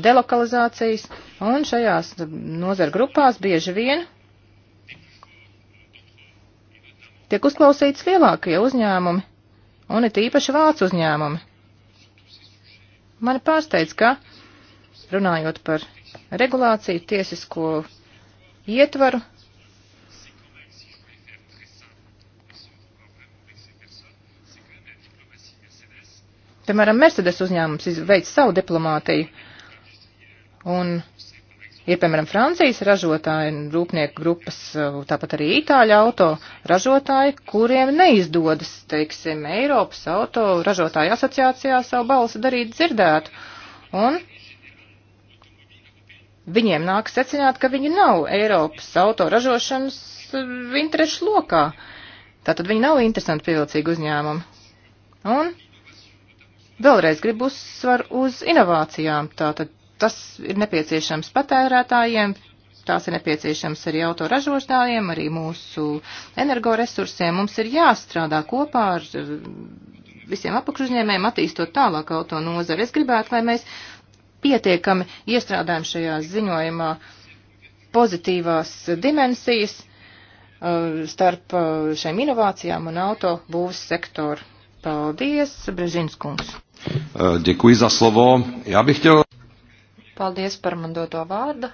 delokalizācijas, un šajās nozara grupās bieži vien tiek uzklausīts lielākie uzņēmumi, un it īpaši vācu uzņēmumi. Mani pārsteidz, ka, runājot par regulāciju, tiesisko ietvaru, piemēram, Mercedes uzņēmums veic savu diplomātiju, Un ir, piemēram, Francijas ražotāji, rūpnieku grupas, uh, tāpat arī Itāļu auto ražotāji, kuriem neizdodas, teiksim, Eiropas auto ražotāju asociācijā savu balsi darīt dzirdētu. Un viņiem nāk secināt, ka viņi nav Eiropas auto ražošanas uh, interešu lokā. Tātad viņi nav interesanti pievilcīgi uzņēmumi. Un vēlreiz gribu uzsvar uz inovācijām. Tātad tas ir nepieciešams patērētājiem, tās ir nepieciešams arī autoražotājiem, arī mūsu energoresursiem. Mums ir jāstrādā kopā ar eh, visiem apakšuzņēmējiem, attīstot tālāk auto nozari. Es gribētu, lai mēs pietiekami iestrādājam šajā ziņojumā pozitīvās dimensijas eh, starp eh, šiem inovācijām un auto būvs sektoru. Paldies, Brežins kungs. Děkuji za slovo. Já bych chtěl... Paldies par man doto vārdu.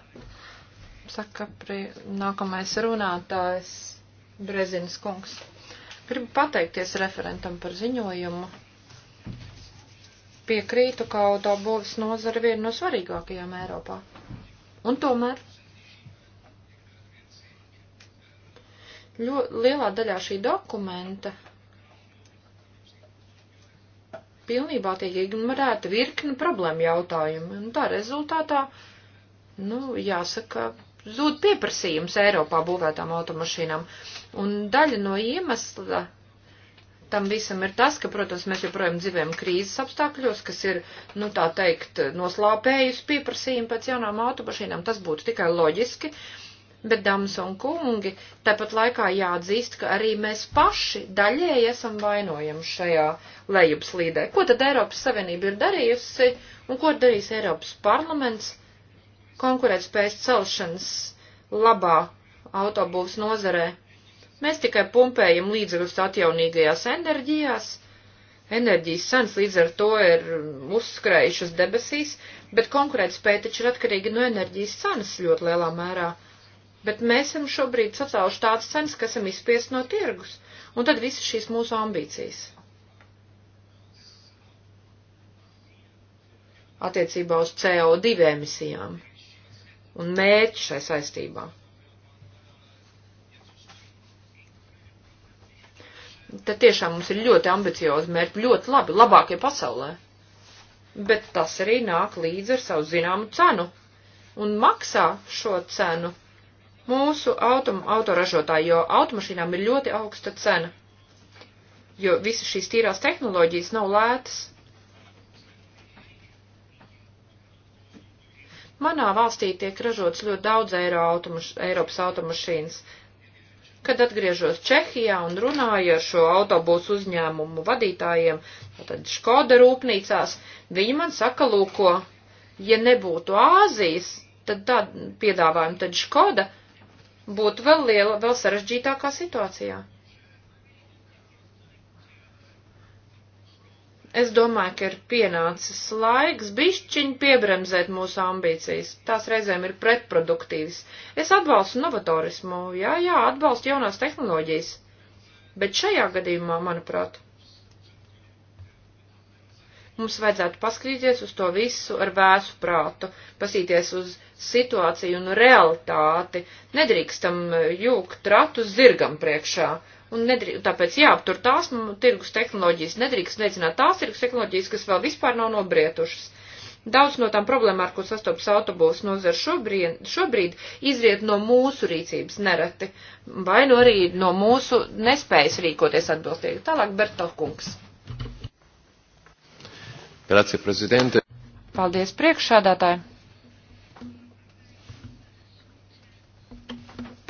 Saka, pri, nākamais runātājs Brezins kungs. Gribu pateikties referentam par ziņojumu. Piekrītu, ka autobūvis nozara viena no svarīgākajām Eiropā. Un tomēr ļo, lielā daļā šī dokumenta pilnībā tiek ignorēta virkni problēma jautājumi. Un tā rezultātā, nu, jāsaka, zūd pieprasījums Eiropā būvētām automašīnām. Un daļa no iemesla tam visam ir tas, ka, protams, mēs joprojām dzīvējam krīzes apstākļos, kas ir, nu tā teikt, noslāpējusi pieprasījumu pēc jaunām automašīnām. Tas būtu tikai loģiski. Uh, Bet, dāmas un kungi, tāpat laikā jāatzīst, ka arī mēs paši daļēji esam vainojami šajā lejupslīdē. Ko tad Eiropas Savienība ir darījusi un ko darīs Eiropas parlaments konkurētspējas celšanas labā autobūvas nozarē? Mēs tikai pumpējam līdzekļus atjaunīgajās enerģijās enerģijas sens līdz ar to ir uzskrējušas debesīs, bet konkurētspēja taču ir atkarīga no enerģijas cenas ļoti lielā mērā. Bet mēs esam šobrīd sacēluši tādas cenas, ka esam izspiest no tirgus. Un tad visas šīs mūsu ambīcijas. Attiecībā uz CO2 emisijām un mērķi šai saistībā. Tad tiešām mums ir ļoti ambiciozi mērķi, ļoti labi, labākie pasaulē. Bet tas arī nāk līdzi ar savu zināmu cenu un maksā šo cenu mūsu autom, autoražotāji, jo automašīnām ir ļoti augsta cena, jo visas šīs tīrās tehnoloģijas nav lētas. Manā valstī tiek ražots ļoti daudz eiro automaš Eiropas automašīnas. Kad atgriežos Čehijā un runāju ar šo autobusu uzņēmumu vadītājiem, tad Škoda rūpnīcās, viņi man saka, lūko, ja nebūtu Āzijas, tad tā piedāvājuma, tad Škoda būtu vēl liela, vēl sarežģītākā situācijā. Es domāju, ka ir pienācis laiks bišķiņ piebremzēt mūsu ambīcijas. Tās reizēm ir pretproduktīvas. Es atbalstu novatorismu, jā, jā, atbalstu jaunās tehnoloģijas. Bet šajā gadījumā, manuprāt, Mums vajadzētu paskatīties uz to visu ar vēsu prātu, pasīties uz situāciju un realitāti. Nedrīkstam e, jūgt ratu zirgam priekšā. Un nedrīk, tāpēc jāaptur tās nu, tirgus tehnoloģijas, nedrīkst veicināt tās tirgus tehnoloģijas, kas vēl vispār nav nobrietušas. Daudz no tām problēmām, ar ko sastopas autobūs nozara šobrīd, šobrīd, izriet no mūsu rīcības nereti, vai no nu arī no mūsu nespējas rīkoties atbilstīgi. Tālāk Bertokungs. kungs. Grazie, prezidente. Paldies, priekšsādātāji.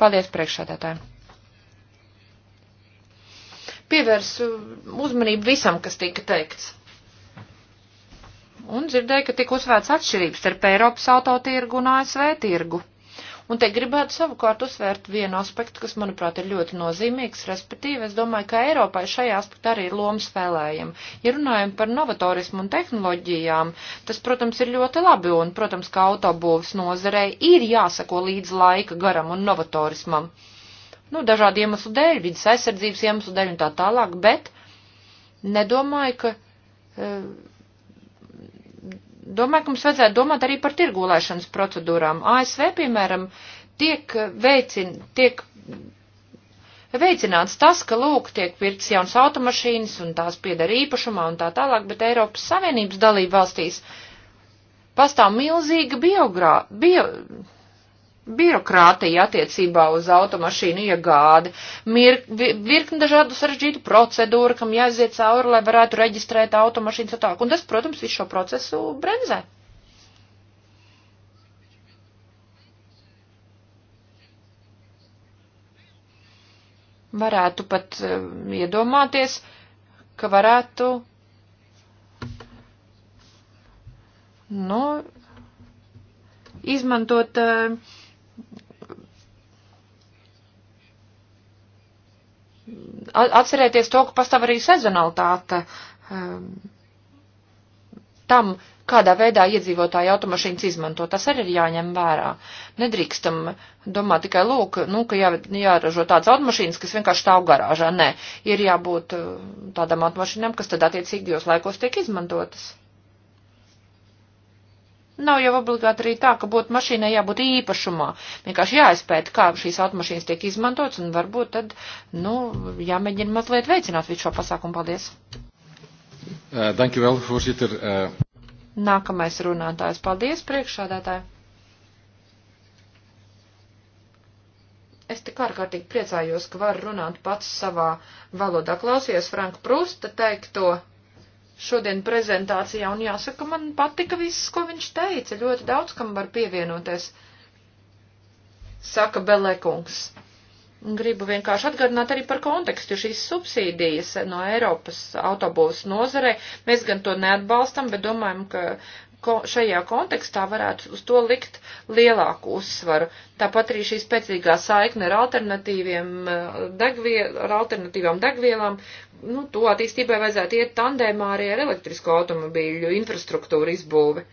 Paldies, priekšsādātāji. Pievērsu uzmanību visam, kas tika teikts un dzirdēju, ka tika uzsvērts atšķirības starp Eiropas autotirgu un ASV tirgu. Un te gribētu savukārt uzsvērt vienu aspektu, kas, manuprāt, ir ļoti nozīmīgs, respektīvi, es domāju, ka Eiropai šajā aspektā arī ir loma spēlējama. Ja runājam par novatorismu un tehnoloģijām, tas, protams, ir ļoti labi, un, protams, ka autobūvas nozarei ir jāsako līdz laika garam un novatorismam. Nu, dažādu iemeslu dēļ, vidas aizsardzības iemeslu dēļ un tā tālāk, bet nedomāju, ka eh, domāju, ka mums vajadzētu domāt arī par tirgulēšanas procedūrām. ASV, piemēram, tiek, veicin, tiek veicināts tas, ka, lūk, tiek pirkts jauns automašīnas un tās piedara īpašumā un tā tālāk, bet Eiropas Savienības dalība valstīs pastāv milzīga biogrā, bio, birokrātija attiecībā uz automašīnu iegādi, mir, virkni dažādu sarežģītu procedūru, kam jāiziet cauri, lai varētu reģistrēt automašīnu satāku. Un tas, protams, visu šo procesu bremzē. Varētu pat eh, iedomāties, ka varētu, nu, izmantot uh, Atcerēties to, ka pastāv arī sezonalitāte um, tam, kādā veidā iedzīvotāji automašīnas izmanto. Tas arī ir jāņem vērā. Nedrīkstam domāt tikai, lūk, nu, ka jā, jāražo tādas automašīnas, kas vienkārši stāv garāžā. Nē, ir jābūt uh, tādām automašīnām, kas tad attiecīgajos laikos tiek izmantotas. Nav jau obligāti arī tā, ka būtu mašīnai jābūt īpašumā. Vienkārši jāizpēta, kā šīs automašīnas tiek izmantotas, un varbūt tad, nu, jāmēģina mazliet veicināt visu šo pasākumu. Paldies! Uh, eh, thank you well, voorzitter. Uh... Nākamais runātājs. Paldies, priekšādātāji! Es tik ārkārtīgi priecājos, ka varu runāt pats savā valodā. Klausies Franka Prusta teikto šodien prezentācijā, un jāsaka, man patika viss, ko viņš teica, ļoti daudz, kam var pievienoties, saka Belekungs. Gribu vienkārši atgādināt arī par kontekstu, jo šīs subsīdijas no Eiropas autobūsu nozarei mēs gan to neatbalstam, bet domājam, ka ko, šajā kontekstā varētu uz to likt lielāku uzsvaru. Tāpat arī šī spēcīgā saikne ar alternatīviem eh, degviel, ar alternatīvām degvielām, nu, to attīstībai vajadzētu iet tandēmā arī ar elektrisko automobīļu infrastruktūru izbūvi.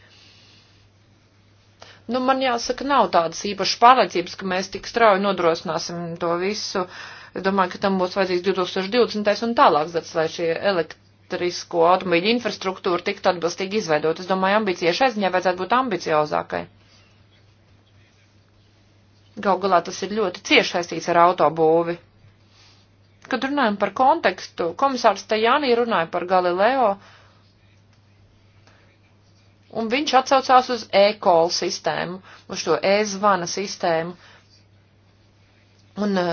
Nu, man jāsaka, nav tādas īpašas pārliecības, ka mēs tik strauji nodrosināsim to visu. Es domāju, ka tam būs vajadzīgs 2020. un tālāks gads, lai šie elektriski elektrisko automobīļu infrastruktūru tiktu atbilstīgi izveidot. Es domāju, ambīcija šai ziņā vajadzētu būt ambiciozākai. Gal galā tas ir ļoti cieši saistīts ar autobūvi. Kad runājam par kontekstu, komisārs Tajānī runāja par Galileo, un viņš atsaucās uz e-call sistēmu, uz šo e-zvana sistēmu. Un eh,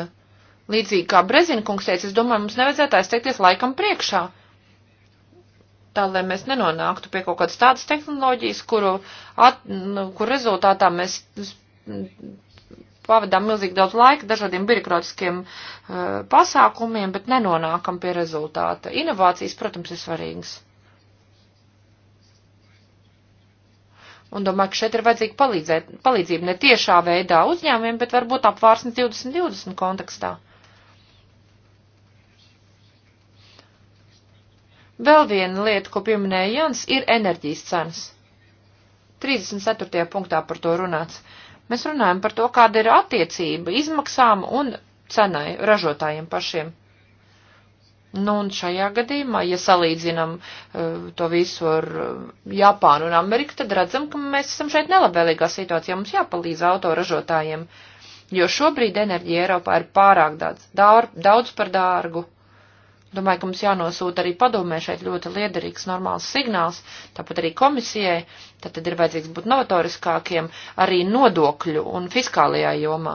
līdzīgi kā Brezinkungs teica, es domāju, mums nevajadzētu aizteikties laikam priekšā tā lai mēs nenonāktu pie kaut kādas tādas tehnoloģijas, kuru, at, nu, kur rezultātā mēs pavadām milzīgi daudz laika dažādiem birokrātiskiem uh, pasākumiem, bet nenonākam pie rezultāta. Inovācijas, protams, ir svarīgas. Un domāju, ka šeit ir vajadzīga palīdzēt, palīdzība ne tiešā veidā uzņēmumiem, bet varbūt apvārsni 2020 kontekstā. Uh, Vēl viena lieta, ko pieminēja Jans, ir enerģijas cenas. 34. punktā par to runāts. Mēs runājam par to, kāda ir attiecība izmaksām un cenai ražotājiem pašiem. Nu, un šajā gadījumā, ja salīdzinam uh, to visu ar uh, Japānu un Ameriku, tad redzam, ka mēs esam šeit nelabvēlīgā situācijā. Mums jāpalīdz autoražotājiem, jo šobrīd enerģija Eiropā ir pārāk daudz, dār, daudz par dārgu. Domāju, ka mums jānosūta arī padomē šeit ļoti liederīgs, normāls signāls, tāpat arī komisijai, tad, tad ir vajadzīgs būt novatoriskākiem arī nodokļu un fiskālajā jomā.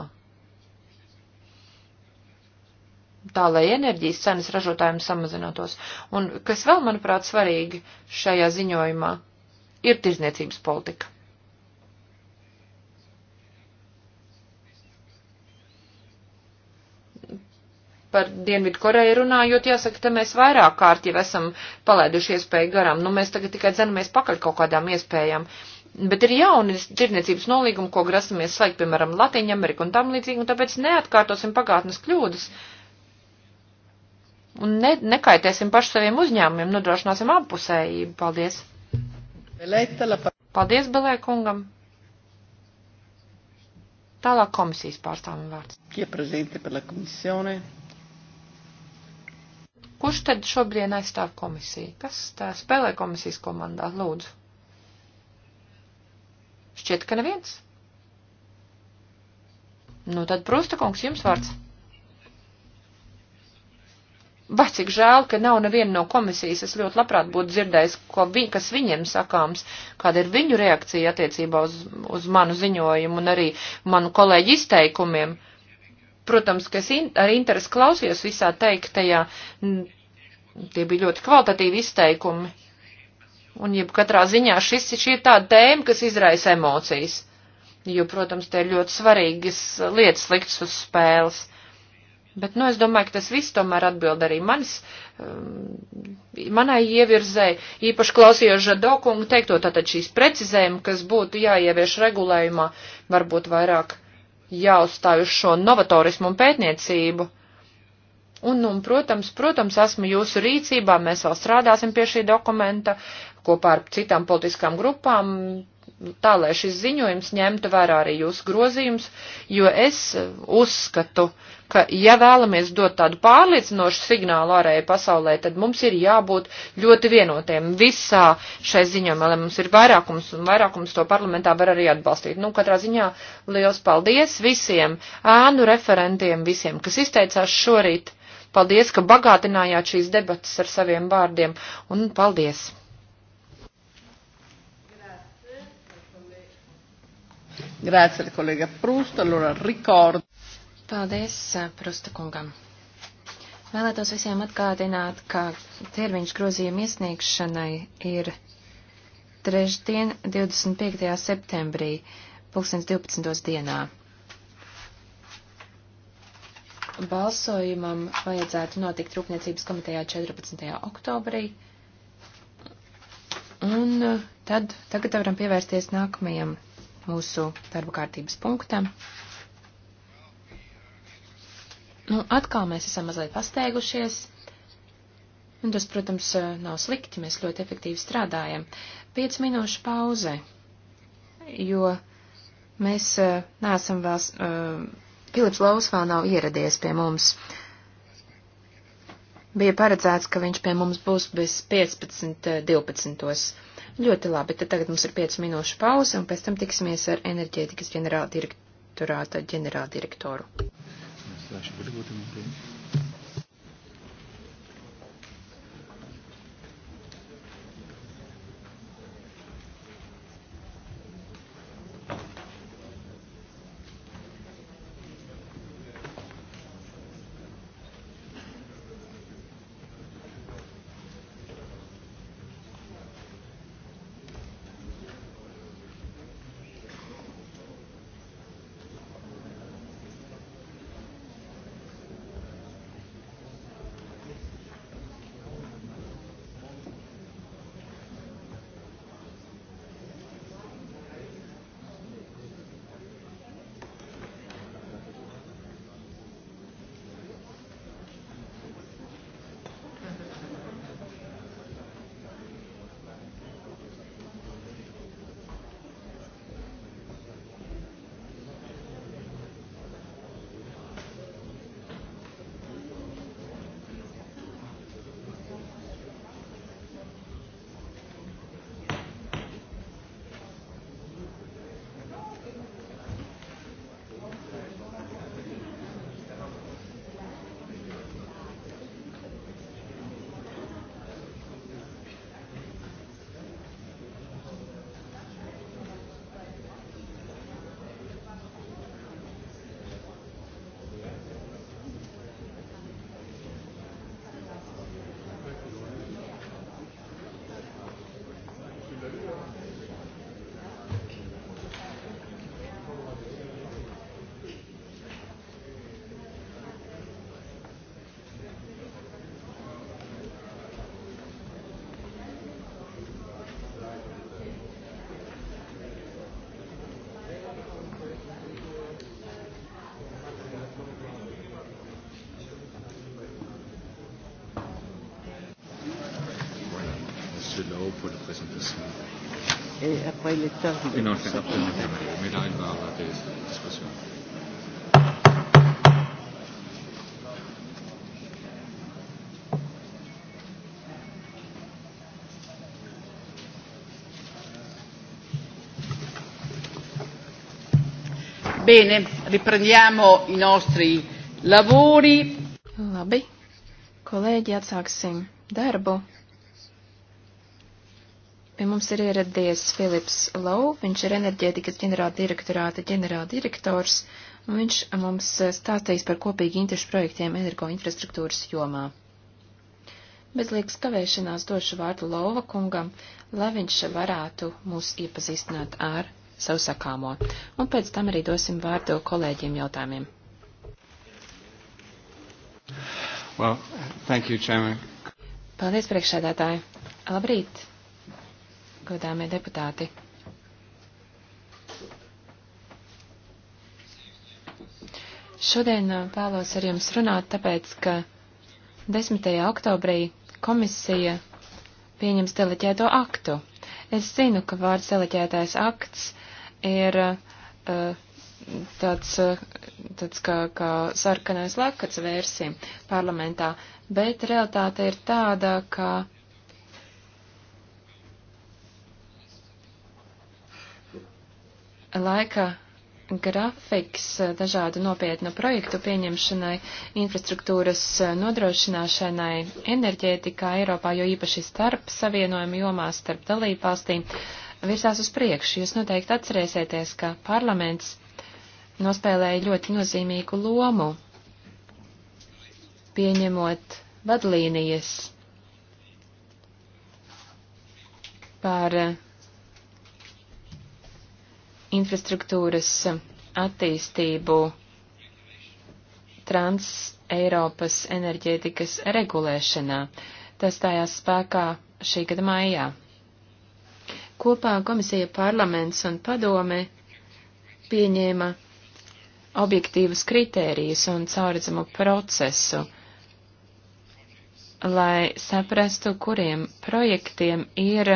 Tā, lai enerģijas cenas ražotājiem samazinātos. Un kas vēl, manuprāt, svarīgi šajā ziņojumā, ir tirzniecības politika. par Dienvidu Koreju runājot, jāsaka, te mēs vairāk kārt jau esam palaiduši iespēju garām. Nu, mēs tagad tikai dzenamies pakaļ kaut kādām iespējām. Bet ir jauni tirniecības nolīgumi, ko grasamies slēgt, piemēram, Latīņa Amerika un tam līdzīgi, un tāpēc neatkārtosim pagātnes kļūdas. Un ne, nekaitēsim pašu saviem uzņēmumiem, nodrošināsim apusējību. Paldies! Paldies, Belē kungam! Tālāk komisijas pārstāvim vārds. Iepazīstināti par la komisione. Kurš tad šobrīd aizstāv komisiju? Kas tā spēlē komisijas komandā? Lūdzu. Šķiet, ka neviens. Nu tad, Prūsta kungs, jums vārds. Vai cik žēl, ka nav neviena no komisijas, es ļoti labprāt būtu dzirdējis, ko vi, kas viņiem sakāms, kāda ir viņu reakcija attiecībā uz, uz manu ziņojumu un arī manu kolēģi izteikumiem. Uh, Protams, ka es in ar interesi klausījos visā teiktajā. Tie bija ļoti kvalitatīvi izteikumi. Un, ja katrā ziņā šis, šī ir tā tēma, kas izraisa emocijas. Jo, protams, te ir ļoti svarīgas lietas liktas uz spēles. Bet, nu, es domāju, ka tas viss tomēr atbild arī manis, um, manai ievirzēji, īpaši klausījos Žadokungu teikto, tātad šīs precizējumi, kas būtu jāievieš regulējumā, varbūt vairāk jāuzstāj uz šo novatorismu un pētniecību. Un, nu, un, protams, protams, esmu jūsu rīcībā, mēs vēl strādāsim pie šī dokumenta kopā ar citām politiskām grupām, tā, lai šis ziņojums ņemtu vērā arī jūsu grozījums, jo es eh, uzskatu, ka, ja vēlamies dot tādu pārliecinošu signālu ārējai pasaulē, tad mums ir jābūt ļoti vienotiem visā šai ziņojumā, lai mums ir vairākums, un vairākums to parlamentā var arī atbalstīt. Nu, katrā ziņā liels paldies visiem ēnu referentiem, visiem, kas izteicās šorīt. Paldies, ka bagātinājāt šīs debatas ar saviem vārdiem, un paldies! Grāci ar kolēģa Prūstu, Lora Rikordu. Paldies eh, Prusta kungam. Vēlētos visiem atgādināt, ka termiņš grozījuma iesniegšanai ir trešdien, 25. septembrī, 2012. dienā. Balsojumam vajadzētu notikt Rūpniecības komitejā 14. oktobrī. Un eh, tad tagad varam pievērsties nākamajam mūsu darba kārtības punktam. Nu, atkal mēs esam mazliet pasteigušies. Un tas, protams, nav slikti, mēs ļoti efektīvi strādājam. 5 minūšu pauze, jo mēs eh, neesam vēl, uh, Filips Laus vēl nav ieradies pie mums. Bija paredzēts, ka viņš pie mums būs bez 15.12. Ļoti labi, tad tagad mums ir 5 minūšu pauze, un pēc tam tiksimies ar enerģētikas ģenerāldirektorāta ģenerāldirektoru. Slash, aber il est tard. Non, c'est absolument terminé. Mais là, il va avoir des discussions. Bene, riprendiamo i nostri lavori. Labi, kolēģi, atsāksim darbu. Pie mums ir ieradies Filips Lau, viņš ir enerģētikas ģenerāla direktorāta ģenerāla direktors, un viņš mums stāstīs par kopīgi interešu projektiem energoinfrastruktūras jomā. Bez liekas kavēšanās došu vārdu Lova kungam, lai viņš varētu mūs iepazīstināt ar savu sakāmo, un pēc tam arī dosim vārdu kolēģiem jautājumiem. Well, thank you, Chairman. Paldies, priekšsēdētāji. Labrīt! godāmie deputāti. Šodien uh, vēlos ar jums runāt, tāpēc, ka 10. oktobrī komisija pieņems deleģēto aktu. Es zinu, ka vārds deleģētais akts ir uh, tāds, uh, tāds kā, kā sarkanais lakats vērsi parlamentā, bet realitāte ir tāda, ka laika grafiks eh, dažādu nopietnu projektu pieņemšanai, infrastruktūras eh, nodrošināšanai, enerģētikā Eiropā, jo īpaši starp savienojumu jomās, starp dalību valstīm, virsās uz priekšu. Jūs noteikti atcerēsieties, ka parlaments nospēlēja ļoti nozīmīgu lomu, pieņemot vadlīnijas par eh, infrastruktūras attīstību Trans-Eiropas enerģētikas regulēšanā. Tas stājās spēkā šī gada maijā. Kopā komisija parlaments un padome pieņēma objektīvus kritērijus un cauredzamu procesu, lai saprastu, kuriem projektiem ir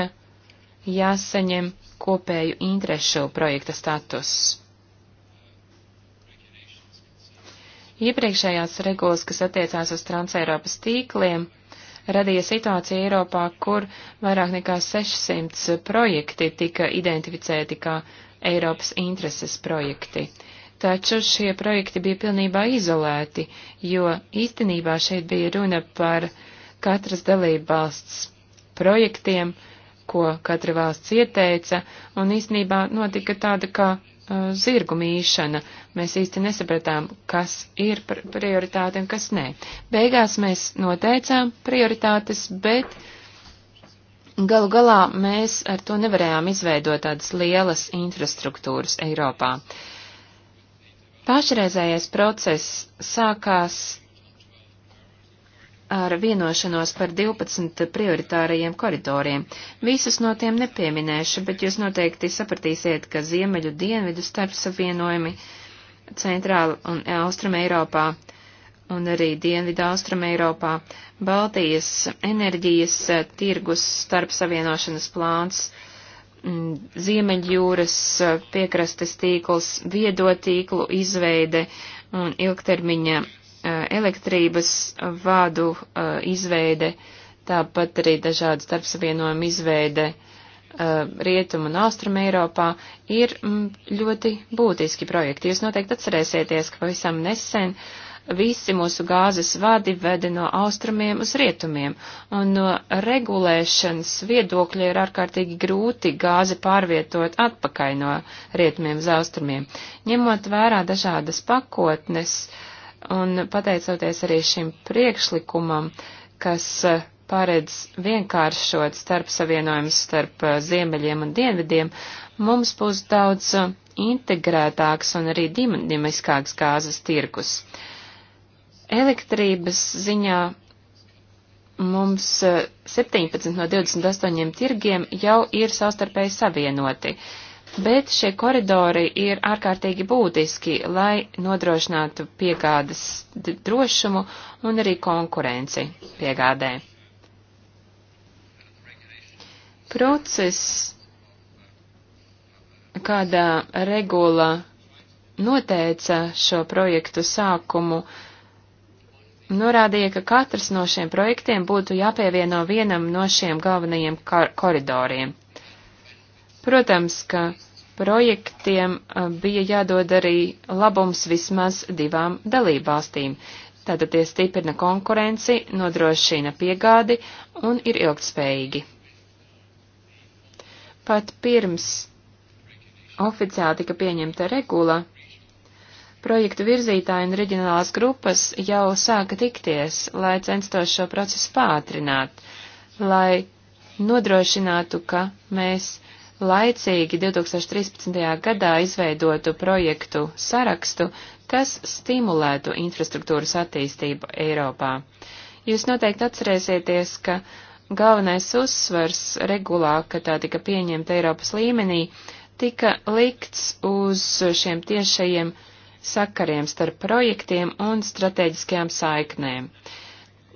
jāsaņem kopēju interešu projekta status. Iepriekšējās regulas, kas attiecās uz transeiropas tīkliem, radīja situāciju Eiropā, kur vairāk nekā 600 projekti tika identificēti kā Eiropas intereses projekti. Taču šie projekti bija pilnībā izolēti, jo īstenībā šeit bija runa par katras dalībvalsts projektiem, uh, ko katra valsts ieteica, un īstenībā notika tāda kā uh, zirgu mīšana. Mēs īsti nesapratām, kas ir pr prioritāte un kas nē. Beigās mēs noteicām prioritātes, bet galu galā mēs ar to nevarējām izveidot tādas lielas infrastruktūras Eiropā. Pašreizējais process sākās ar vienošanos par 12 prioritārajiem koridoriem. Visus no tiem nepieminēšu, bet jūs noteikti sapratīsiet, ka ziemeļu dienvidu starp savienojumi centrāla un austrama Eiropā un arī dienvidu austrama Eiropā, Baltijas enerģijas eh, tirgus starp savienošanas plāns, mm, Ziemeļjūras eh, piekrastes tīkls, viedotīklu izveide un ilgtermiņa Eh, elektrības vādu eh, izveide, tāpat arī dažādu starpsavienojumu izveide eh, rietumu un austrumu Eiropā ir mm, ļoti būtiski projekti. Jūs noteikti atcerēsieties, ka pavisam nesen visi mūsu gāzes vadi veda no austrumiem uz rietumiem, un no regulēšanas viedokļa ir ārkārtīgi grūti gāzi pārvietot atpakaļ no rietumiem uz austrumiem. Ņemot vērā dažādas pakotnes, uh, Un pateicoties arī šim priekšlikumam, kas e, paredz vienkāršot starp savienojumus starp ziemeļiem un dienvidiem, mums būs daudz e, integrētāks un arī dinamiskāks gāzes tirkus. Elektrības ziņā mums 17 e, no 28 tirgiem jau ir savstarpēji savienoti. Uh, bet šie koridori ir ārkārtīgi būtiski, lai nodrošinātu piegādes drošumu un arī konkurenci piegādē. Process, kādā regula noteica šo projektu sākumu, norādīja, ka katrs no šiem projektiem būtu jāpievieno vienam no šiem galvenajiem koridoriem. Protams, ka projektiem bija jādod arī labums vismaz divām dalībvalstīm. Tātad tie stiprina konkurenci, nodrošina piegādi un ir ilgtspējīgi. Pat pirms oficiāli tika pieņemta regula, projektu virzītāji un reģionālās grupas jau sāka tikties, lai censtos šo procesu pātrināt, lai nodrošinātu, ka mēs laicīgi 2013. gadā izveidotu projektu sarakstu, kas stimulētu infrastruktūras attīstību Eiropā. Jūs noteikti atcerēsieties, ka galvenais uzsvers regulā, kad tā tika pieņemta Eiropas līmenī, tika likts uz šiem tiešajiem sakariem starp projektiem un strateģiskajām saiknēm.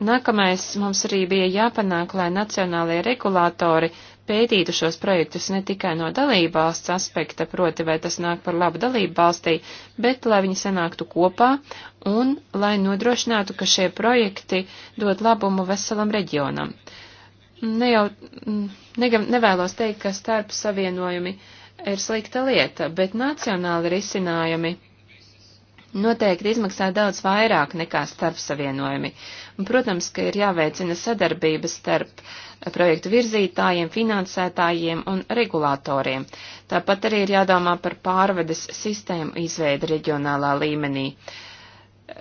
Nākamais mums arī bija jāpanāk, lai nacionālajie regulātori pētītu šos projektus ne tikai no dalībvalsts aspekta, proti, vai tas nāk par labu dalībvalstī, bet lai viņi sanāktu kopā un lai nodrošinātu, ka šie projekti dod labumu veselam reģionam. Ne jau, mm, negam, nevēlos teikt, ka starp savienojumi ir slikta lieta, bet nacionāli risinājumi noteikti izmaksā daudz vairāk nekā starpsavienojumi. Un, protams, ka ir jāveicina sadarbības starp projektu virzītājiem, finansētājiem un regulātoriem. Tāpat arī ir jādomā par pārvedes sistēmu izveidu reģionālā līmenī.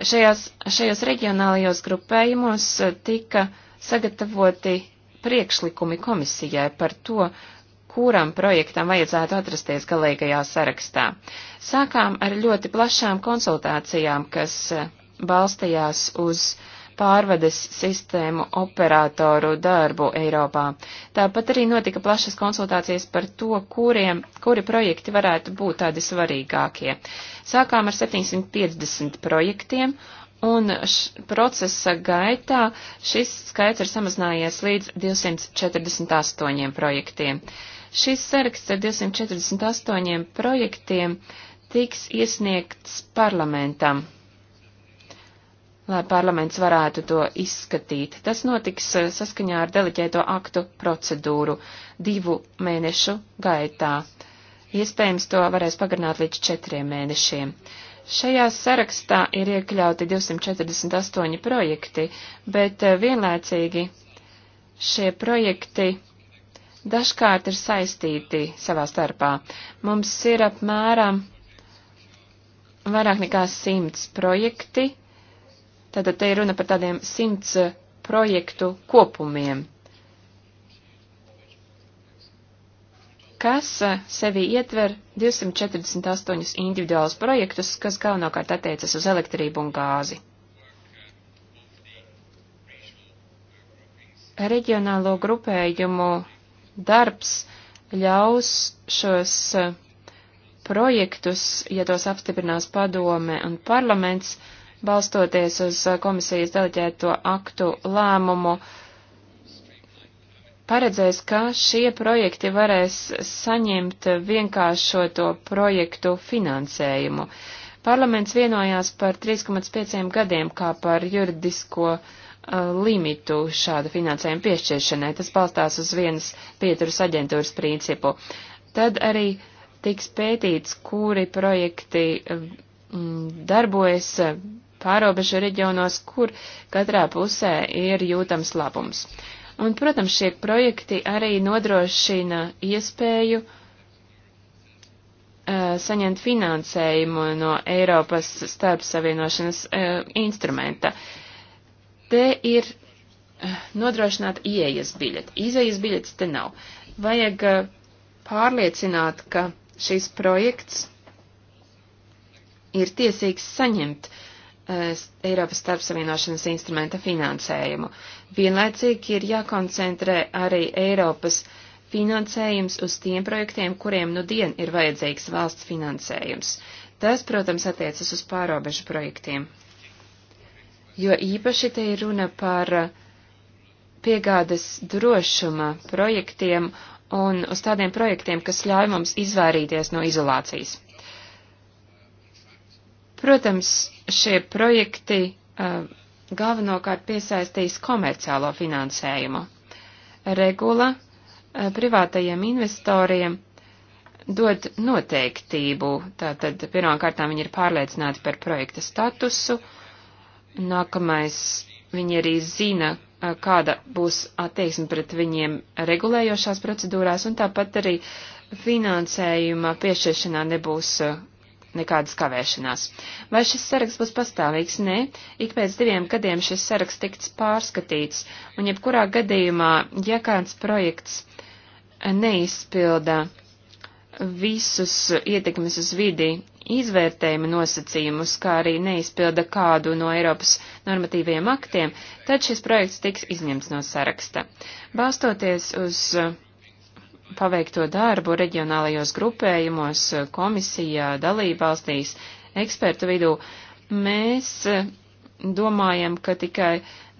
Šajās, šajos reģionālajos grupējumos tika sagatavoti priekšlikumi komisijai par to, uh, kuram projektam vajadzētu atrasties galīgajā sarakstā. Sākām ar ļoti plašām konsultācijām, kas eh, balstījās uz pārvades sistēmu operatoru darbu Eiropā. Tāpat arī notika plašas konsultācijas par to, kuriem, kuri projekti varētu būt tādi svarīgākie. Sākām ar 750 projektiem, un š, procesa gaitā šis skaits ir samazinājies līdz 248 projektiem. Uh, Šis saraksts ar 248 projektiem tiks iesniegts parlamentam, lai parlaments varētu to izskatīt. Tas notiks eh, saskaņā ar deleģēto aktu procedūru divu mēnešu gaitā. Iespējams, to varēs pagarināt līdz četriem mēnešiem. Šajā sarakstā ir iekļauti 248 projekti, bet eh, vienlaicīgi šie projekti dažkārt ir saistīti savā starpā. Mums ir apmēram vairāk nekā simts projekti, tātad te ir runa par tādiem simts eh, projektu kopumiem, kas eh, sevi ietver 248 individuālus projektus, kas galvenokārt attiecas uz elektrību un gāzi. Reģionālo grupējumu darbs ļaus šos e, projektus, ja tos apstiprinās padome un parlaments, balstoties uz e, komisijas deleģēto aktu lēmumu, paredzēs, ka šie projekti varēs saņemt vienkāršoto projektu finansējumu. Parlaments vienojās par 3,5 gadiem kā par juridisko uh, Uh, limitu šāda finansējuma piešķiršanai. Tas balstās uz vienas pieturas aģentūras principu. Tad arī tiks pētīts, kuri projekti uh, darbojas uh, pārobežu reģionos, kur katrā pusē ir jūtams labums. Un, protams, šie projekti arī nodrošina iespēju uh, saņemt finansējumu no Eiropas starpsavienošanas uh, instrumenta. Uh, Te ir eh, nodrošināta ieejas biļete. Izejas biļetes te nav. Vajag eh, pārliecināt, ka šis projekts ir tiesīgs saņemt uh, Eiropas starpsavienošanas instrumenta finansējumu. Vienlaicīgi ir jākoncentrē arī Eiropas finansējums uz tiem projektiem, kuriem nu dien ir vajadzīgs valsts finansējums. Tas, protams, attiecas uz pārobežu projektiem jo īpaši te ir runa par piegādes drošuma projektiem un uz tādiem projektiem, kas ļauj mums izvairīties no izolācijas. Protams, šie projekti uh, galvenokārt piesaistīs komerciālo finansējumu. Regula uh, privātajiem investoriem dod noteiktību, tātad pirmkārtām viņi ir pārliecināti par projekta statusu, Nākamais, viņi arī zina, kāda būs attieksme pret viņiem regulējošās procedūrās, un tāpat arī finansējuma piešķiršanā nebūs nekādas kavēšanās. Vai šis saraksts būs pastāvīgs? Nē, ik pēc diviem gadiem šis saraksts tiks pārskatīts, un jebkurā gadījumā, ja kāds projekts neizpilda visus ietekmes uz vidi izvērtējuma nosacījumus, kā arī neizpilda kādu no Eiropas normatīviem aktiem, tad šis projekts tiks izņemts no saraksta. Balstoties uz uh, paveikto darbu reģionālajos grupējumos, uh, komisijā, dalībvalstīs, ekspertu vidū, mēs uh, domājam, ka tikai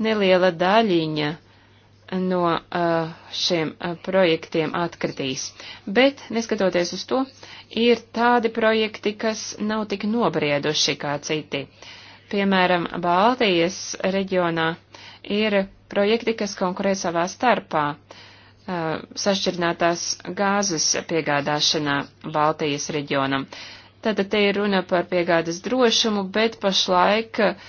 neliela daļiņa no uh, šiem uh, projektiem atkritīs. Bet, neskatoties uz to, ir tādi projekti, kas nav tik nobrieduši kā citi. Piemēram, Baltijas reģionā ir projekti, kas konkurē savā starpā uh, sašķirinātās gāzes piegādāšanā Baltijas reģionam. Tātad te ir runa par piegādes drošumu, bet pašlaik uh,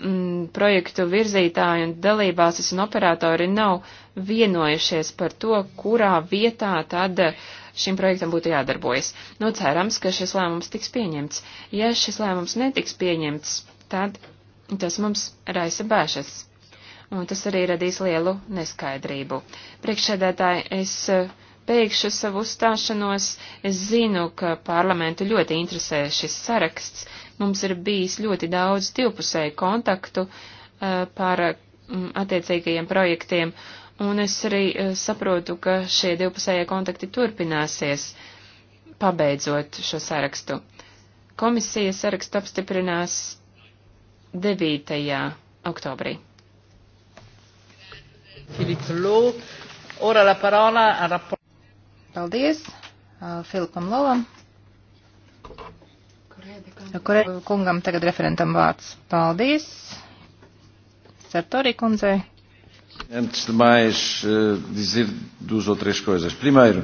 mm, projektu virzītāji un dalībāsis un operatori nav vienojušies par to, kurā vietā tad eh, šim projektam būtu jādarbojas. Nu, cerams, ka šis lēmums tiks pieņemts. Ja šis lēmums netiks pieņemts, tad tas mums raisa bēšas. Un tas arī radīs lielu neskaidrību. Priekšsēdētāji, es eh, beigšu savu uzstāšanos. Es zinu, ka parlamentu ļoti interesē šis saraksts Mums ir bijis ļoti daudz divpusēju kontaktu eh, par mm, attiecīgajiem projektiem, un es arī eh, saprotu, ka šie divpusējie kontakti turpināsies, pabeidzot šo sarakstu. Komisija sarakstu apstiprinās 9. oktobrī. Paldies uh, Filipam Lolam. Kore, kungam tagad referentam vārds. Paldies. Sartori kundzei. Antes de mais uh, dizer duas ou três coisas. Primeiro,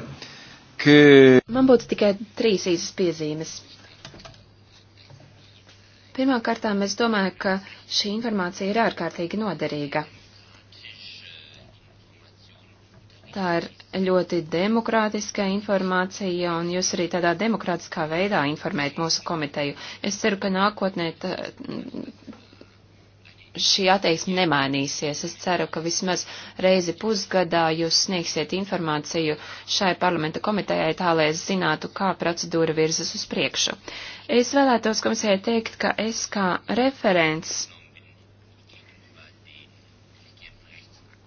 que. Man būtu tikai trīs īsas piezīmes. Pirmkārt, es domāju, ka šī informācija ir ārkārtīgi noderīga. Tā ir ļoti demokrātiskā informācija, un jūs arī tādā demokrātiskā veidā informējat mūsu komiteju. Es ceru, ka nākotnē tā, šī attieksme nemainīsies. Es ceru, ka vismaz reizi pusgadā jūs sniegsiet informāciju šai parlamenta komitejai tā, lai es zinātu, kā procedūra virzas uz priekšu. Es vēlētos komisijai teikt, ka es kā referents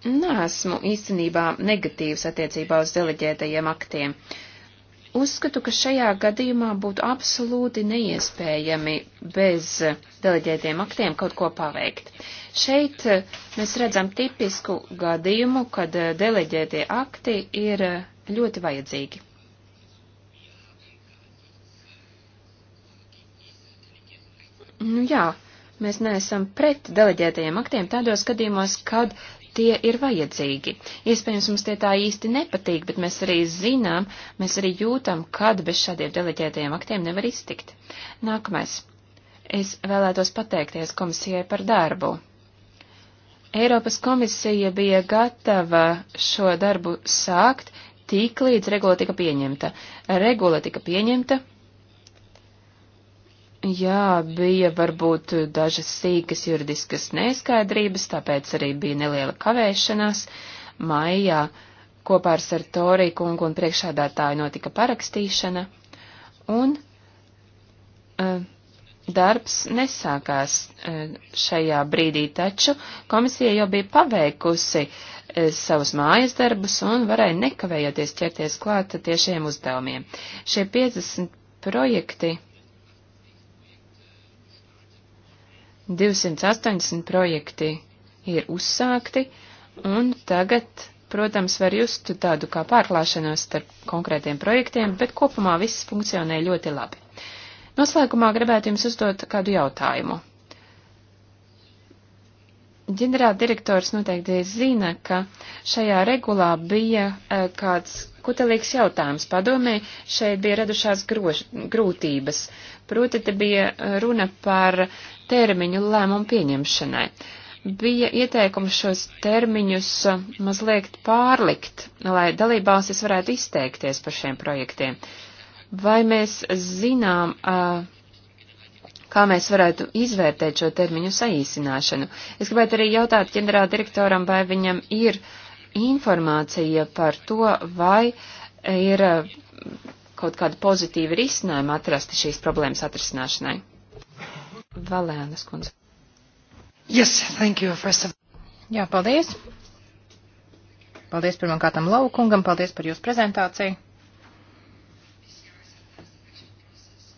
Nāsmu īstenībā negatīvs attiecībā uz deleģētajiem aktiem. Uzskatu, ka šajā gadījumā būtu absolūti neiespējami bez deleģētiem aktiem kaut ko paveikt. Šeit eh, mēs redzam tipisku gadījumu, kad eh, deleģētie akti ir eh, ļoti vajadzīgi. Nu jā, mēs neesam pret deleģētajiem aktiem tādos gadījumos, kad tie ir vajadzīgi. Iespējams, mums tie tā īsti nepatīk, bet mēs arī zinām, mēs arī jūtam, kad bez šādiem deleģētajiem aktiem nevar iztikt. Nākamais. Es vēlētos pateikties komisijai par darbu. Eiropas komisija bija gatava šo darbu sākt, tik līdz regula tika pieņemta. Regula tika pieņemta, Jā, bija varbūt dažas sīkas juridiskas neskaidrības, tāpēc arī bija neliela kavēšanās. Maijā kopā ar Sartori kungu un priekšādātāju notika parakstīšana, un uh, darbs nesākās uh, šajā brīdī, taču komisija jau bija paveikusi uh, savus mājas darbus un varēja nekavējoties ķerties klāt tiešiem uzdevumiem. Šie 50 projekti 280 projekti ir uzsākti, un tagad, protams, var just tādu kā pārklāšanos starp konkrētiem projektiem, bet kopumā viss funkcionē ļoti labi. Noslēgumā gribētu jums uzdot kādu jautājumu ģenerāldirektors noteikti zina, ka šajā regulā bija uh, kāds kutelīgs jautājums. Padomē, šeit bija radušās grož, grūtības. Proti, te bija runa par termiņu lēmumu pieņemšanai. Bija ieteikums šos termiņus e, mazliet pārlikt, lai dalībvalstis varētu izteikties par šiem projektiem. Vai mēs zinām, uh, kā mēs varētu izvērtēt šo termiņu saīsināšanu. Es gribētu arī jautāt ģenerāldirektoram, vai viņam ir informācija par to, vai ir eh, kaut kāda pozitīva risinājuma atrasti šīs problēmas atrisināšanai. Valēnas kundze. Yes, thank you, first of... Jā, paldies. Paldies pirmkārtam Laukungam, paldies par jūsu prezentāciju.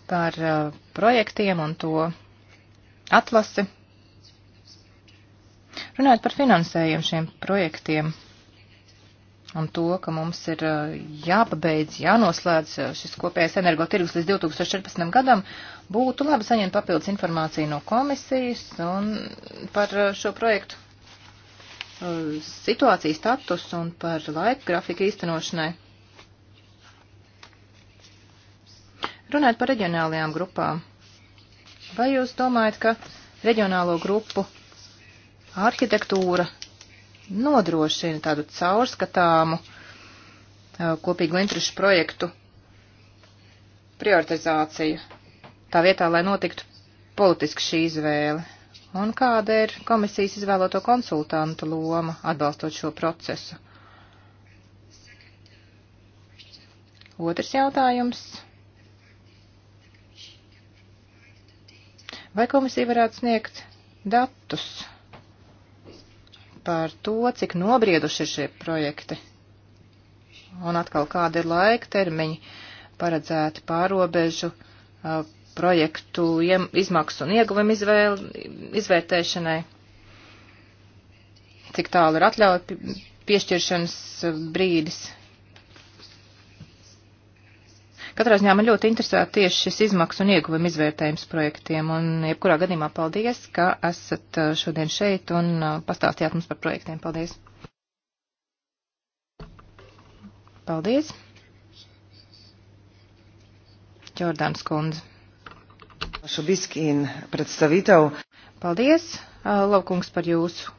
par uh, projektiem un to atlasi. Runājot par finansējumu šiem projektiem un to, ka mums ir uh, jāpabeidz, jānoslēdz uh, šis kopējais energotirgus līdz 2014. gadam, būtu labi saņemt papildus informāciju no komisijas un par šo projektu situāciju status un par laika grafiku īstenošanai. Runājot par reģionālajām grupām, vai jūs domājat, ka reģionālo grupu arhitektūra nodrošina tādu caurskatāmu kopīgu interešu projektu prioritizāciju, tā vietā, lai notiktu politiski šī izvēle? Un kāda ir komisijas izvēloto konsultantu loma atbalstot šo procesu? Otrs jautājums Vai komisija varētu sniegt datus par to, cik nobrieduši ir šie projekti? Un atkal, kāda ir laika termiņi paredzēti pārobežu uh, projektu izmaksu un ieguvumu izvērtēšanai? Cik tālu ir atļauja piešķiršanas brīdis Katrā ziņā man ļoti interesē tieši šis izmaksu un ieguvuma izvērtējums projektiem, un jebkurā gadījumā paldies, ka esat uh, šodien šeit un uh, pastāstījāt mums par projektiem. Paldies! Paldies! Jordāns Kundze. Šo biskīnu predstavītavu. Paldies, uh, Laukungs, par jūsu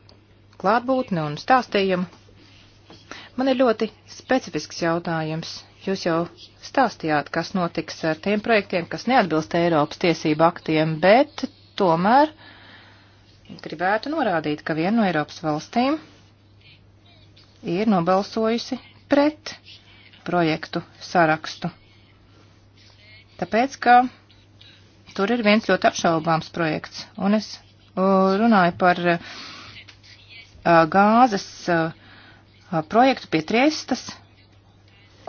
klātbūtni un stāstījumu. Man ir ļoti specifisks jautājums, Jūs jau stāstījāt, kas notiks ar tiem projektiem, kas neatbilst Eiropas tiesību aktiem, bet tomēr gribētu norādīt, ka viena no Eiropas valstīm ir nobalsojusi pret projektu sarakstu. Tāpēc, ka tur ir viens ļoti apšaubāms projekts, un es runāju par gāzes projektu pie Triestas,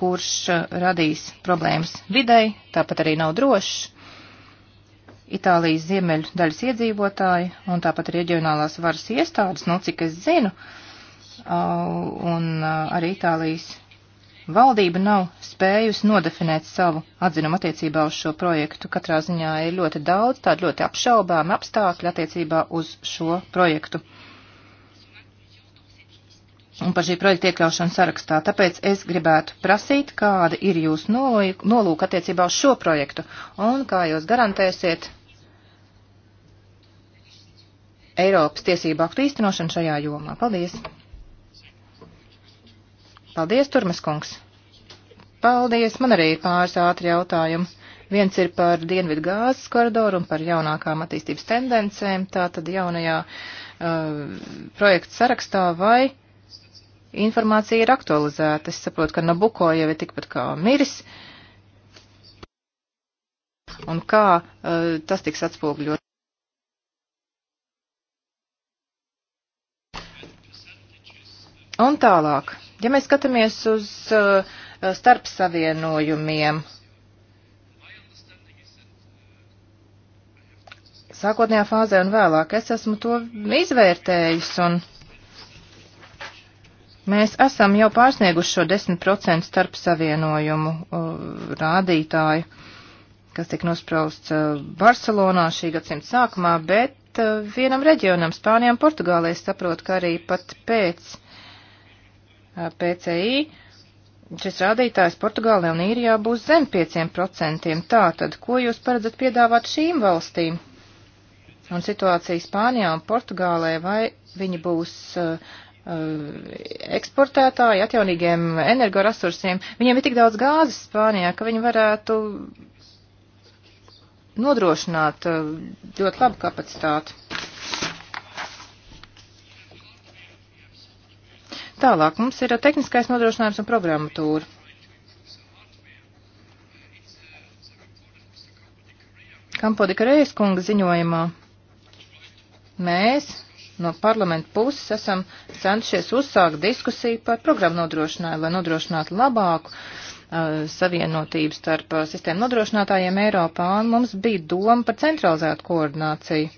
kurš eh, radīs problēmas videi, tāpat arī nav drošs. Itālijas ziemeļu daļas iedzīvotāji un tāpat reģionālās varas iestādes, nu, cik es zinu, eh, un eh, arī Itālijas valdība nav spējusi nodefinēt savu atzinumu attiecībā uz šo projektu. Katrā ziņā ir ļoti daudz tādu ļoti apšaubāmu apstākļu attiecībā uz šo projektu. Uh, un par šī projekta iekļaušanu sarakstā. Tāpēc es gribētu prasīt, kāda ir jūsu nolūka nolūk attiecībā uz šo projektu un kā jūs garantēsiet Eiropas tiesību aktu īstenošanu šajā jomā. Paldies! Paldies, Turmes kungs! Paldies! Man arī pāris ātri jautājumi. Viens ir par dienvidu gāzes koridoru un par jaunākām attīstības tendencēm, tā tad jaunajā uh, projekta sarakstā vai uh, informācija ir aktualizēta. Es saprotu, ka Nabuko jau ir tikpat kā miris. Un kā uh, tas tiks atspūgļot? Un tālāk, ja mēs skatāmies uz uh, starpsavienojumiem, sākotnējā fāzē un vēlāk, es esmu to izvērtējis un. Mēs esam jau pārsnieguši šo 10% starp savienojumu uh, rādītāju, kas tika nosprausts uh, Barcelonā šī gadsimta sākumā, bet uh, vienam reģionam, Spānijā un Portugālē, saprot, ka arī pat pēc uh, PCI šis rādītājs Portugālē un Īrijā būs zem 5%. Tātad, ko jūs paredzat piedāvāt šīm valstīm? Un situācija Spānijā un Portugālē, vai viņi būs uh, Uh, eksportētāji atjaunīgiem energoresursiem, viņiem ir tik daudz gāzes Spānijā, ka viņi varētu nodrošināt uh, ļoti labu kapacitāti. Tālāk mums ir tehniskais nodrošinājums un programmatūra. Kampodika Reiskunga ziņojumā mēs no parlamenta puses esam centušies uzsākt diskusiju par programmu nodrošinājumu, lai nodrošinātu labāku uh, savienotību starp uh, sistēmu nodrošinātājiem Eiropā, un mums bija doma par centralizētu koordināciju,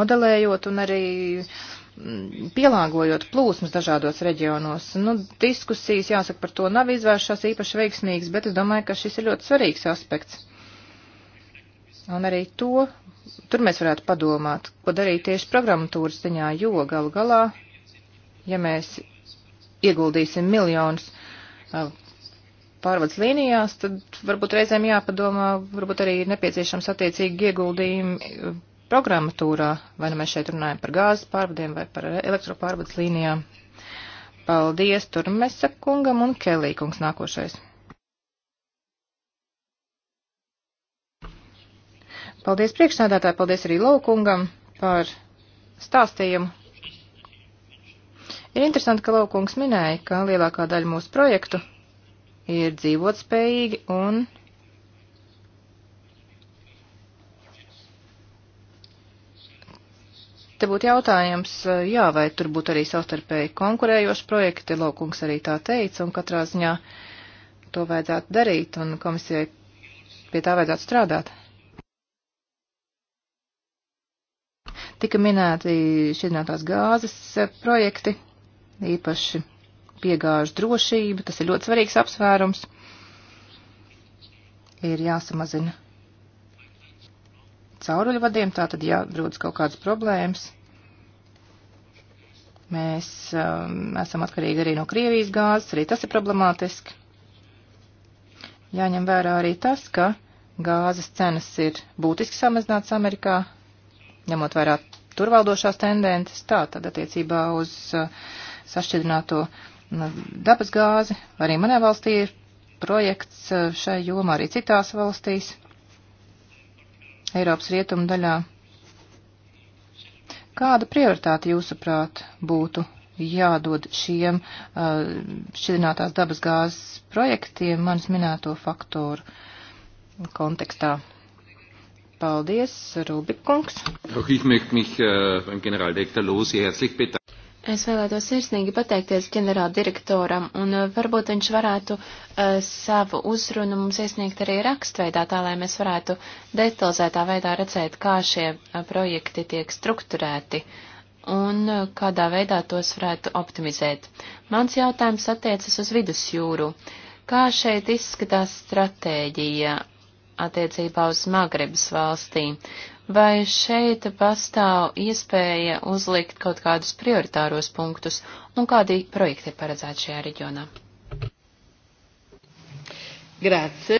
modelējot un arī mm, pielāgojot plūsmas dažādos reģionos. Nu, diskusijas, jāsaka, par to nav izvēršās īpaši veiksmīgas, bet es domāju, ka šis ir ļoti svarīgs aspekts. Un arī to, tur mēs varētu padomāt, ko darīt tieši programmatūras ziņā, jo galu galā, ja mēs ieguldīsim miljonus uh, pārvads līnijās, tad varbūt reizēm jāpadomā, varbūt arī ir nepieciešams attiecīgi ieguldījumi uh, programmatūrā, vai nu mēs šeit runājam par gāzes pārvadiem vai par elektropārvades līnijām. Paldies, Turmesa kungam un Kelī kungs nākošais. Paldies priekšsēdētāji, paldies arī Laukungam par stāstījumu. Ir interesanti, ka Laukungs minēja, ka lielākā daļa mūsu projektu ir dzīvotspējīgi un Te būtu jautājums, jā, vai tur būtu arī savstarpēji konkurējoši projekti, Laukungs arī tā teica, un katrā ziņā to vajadzētu darīt, un komisijai pie tā vajadzētu strādāt. Tika minēti šķidrinātās gāzes eh, projekti, īpaši piegāžu drošība, tas ir ļoti svarīgs apsvērums. Ir jāsamazina cauruļvadiem, tā tad jābrūdz kaut kādas problēmas. Mēs um, esam atkarīgi arī no Krievijas gāzes, arī tas ir problemātiski. Jāņem vērā arī tas, ka gāzes cenas ir būtiski samazināts Amerikā, ņemot vairāk turvaldošās tendences, tā tad attiecībā uz uh, sašķidrināto mm, dabas gāzi. Arī manā valstī ir projekts uh, šai jomā, arī citās valstīs, Eiropas rietumu daļā. Kāda prioritāte jūsuprāt būtu jādod šiem uh, šķidrinātās dabas gāzes projektiem manis minēto faktoru kontekstā? Paldies, Rubikungs. Äh, es vēlētos sirsnīgi pateikties ģenerāldirektoram, un uh, varbūt viņš varētu uh, savu uzrunu mums iesniegt arī rakstveidā, tā lai mēs varētu detalizētā veidā redzēt, kā šie uh, projekti tiek strukturēti un uh, kādā veidā tos varētu optimizēt. Mans jautājums attiecas uz vidusjūru. Kā šeit izskatās stratēģija? attiecībā uz Magrebas valstīm. Vai šeit pastāv iespēja uzlikt kaut kādus prioritāros punktus un kādi projekti ir paredzēti šajā reģionā? Grāci.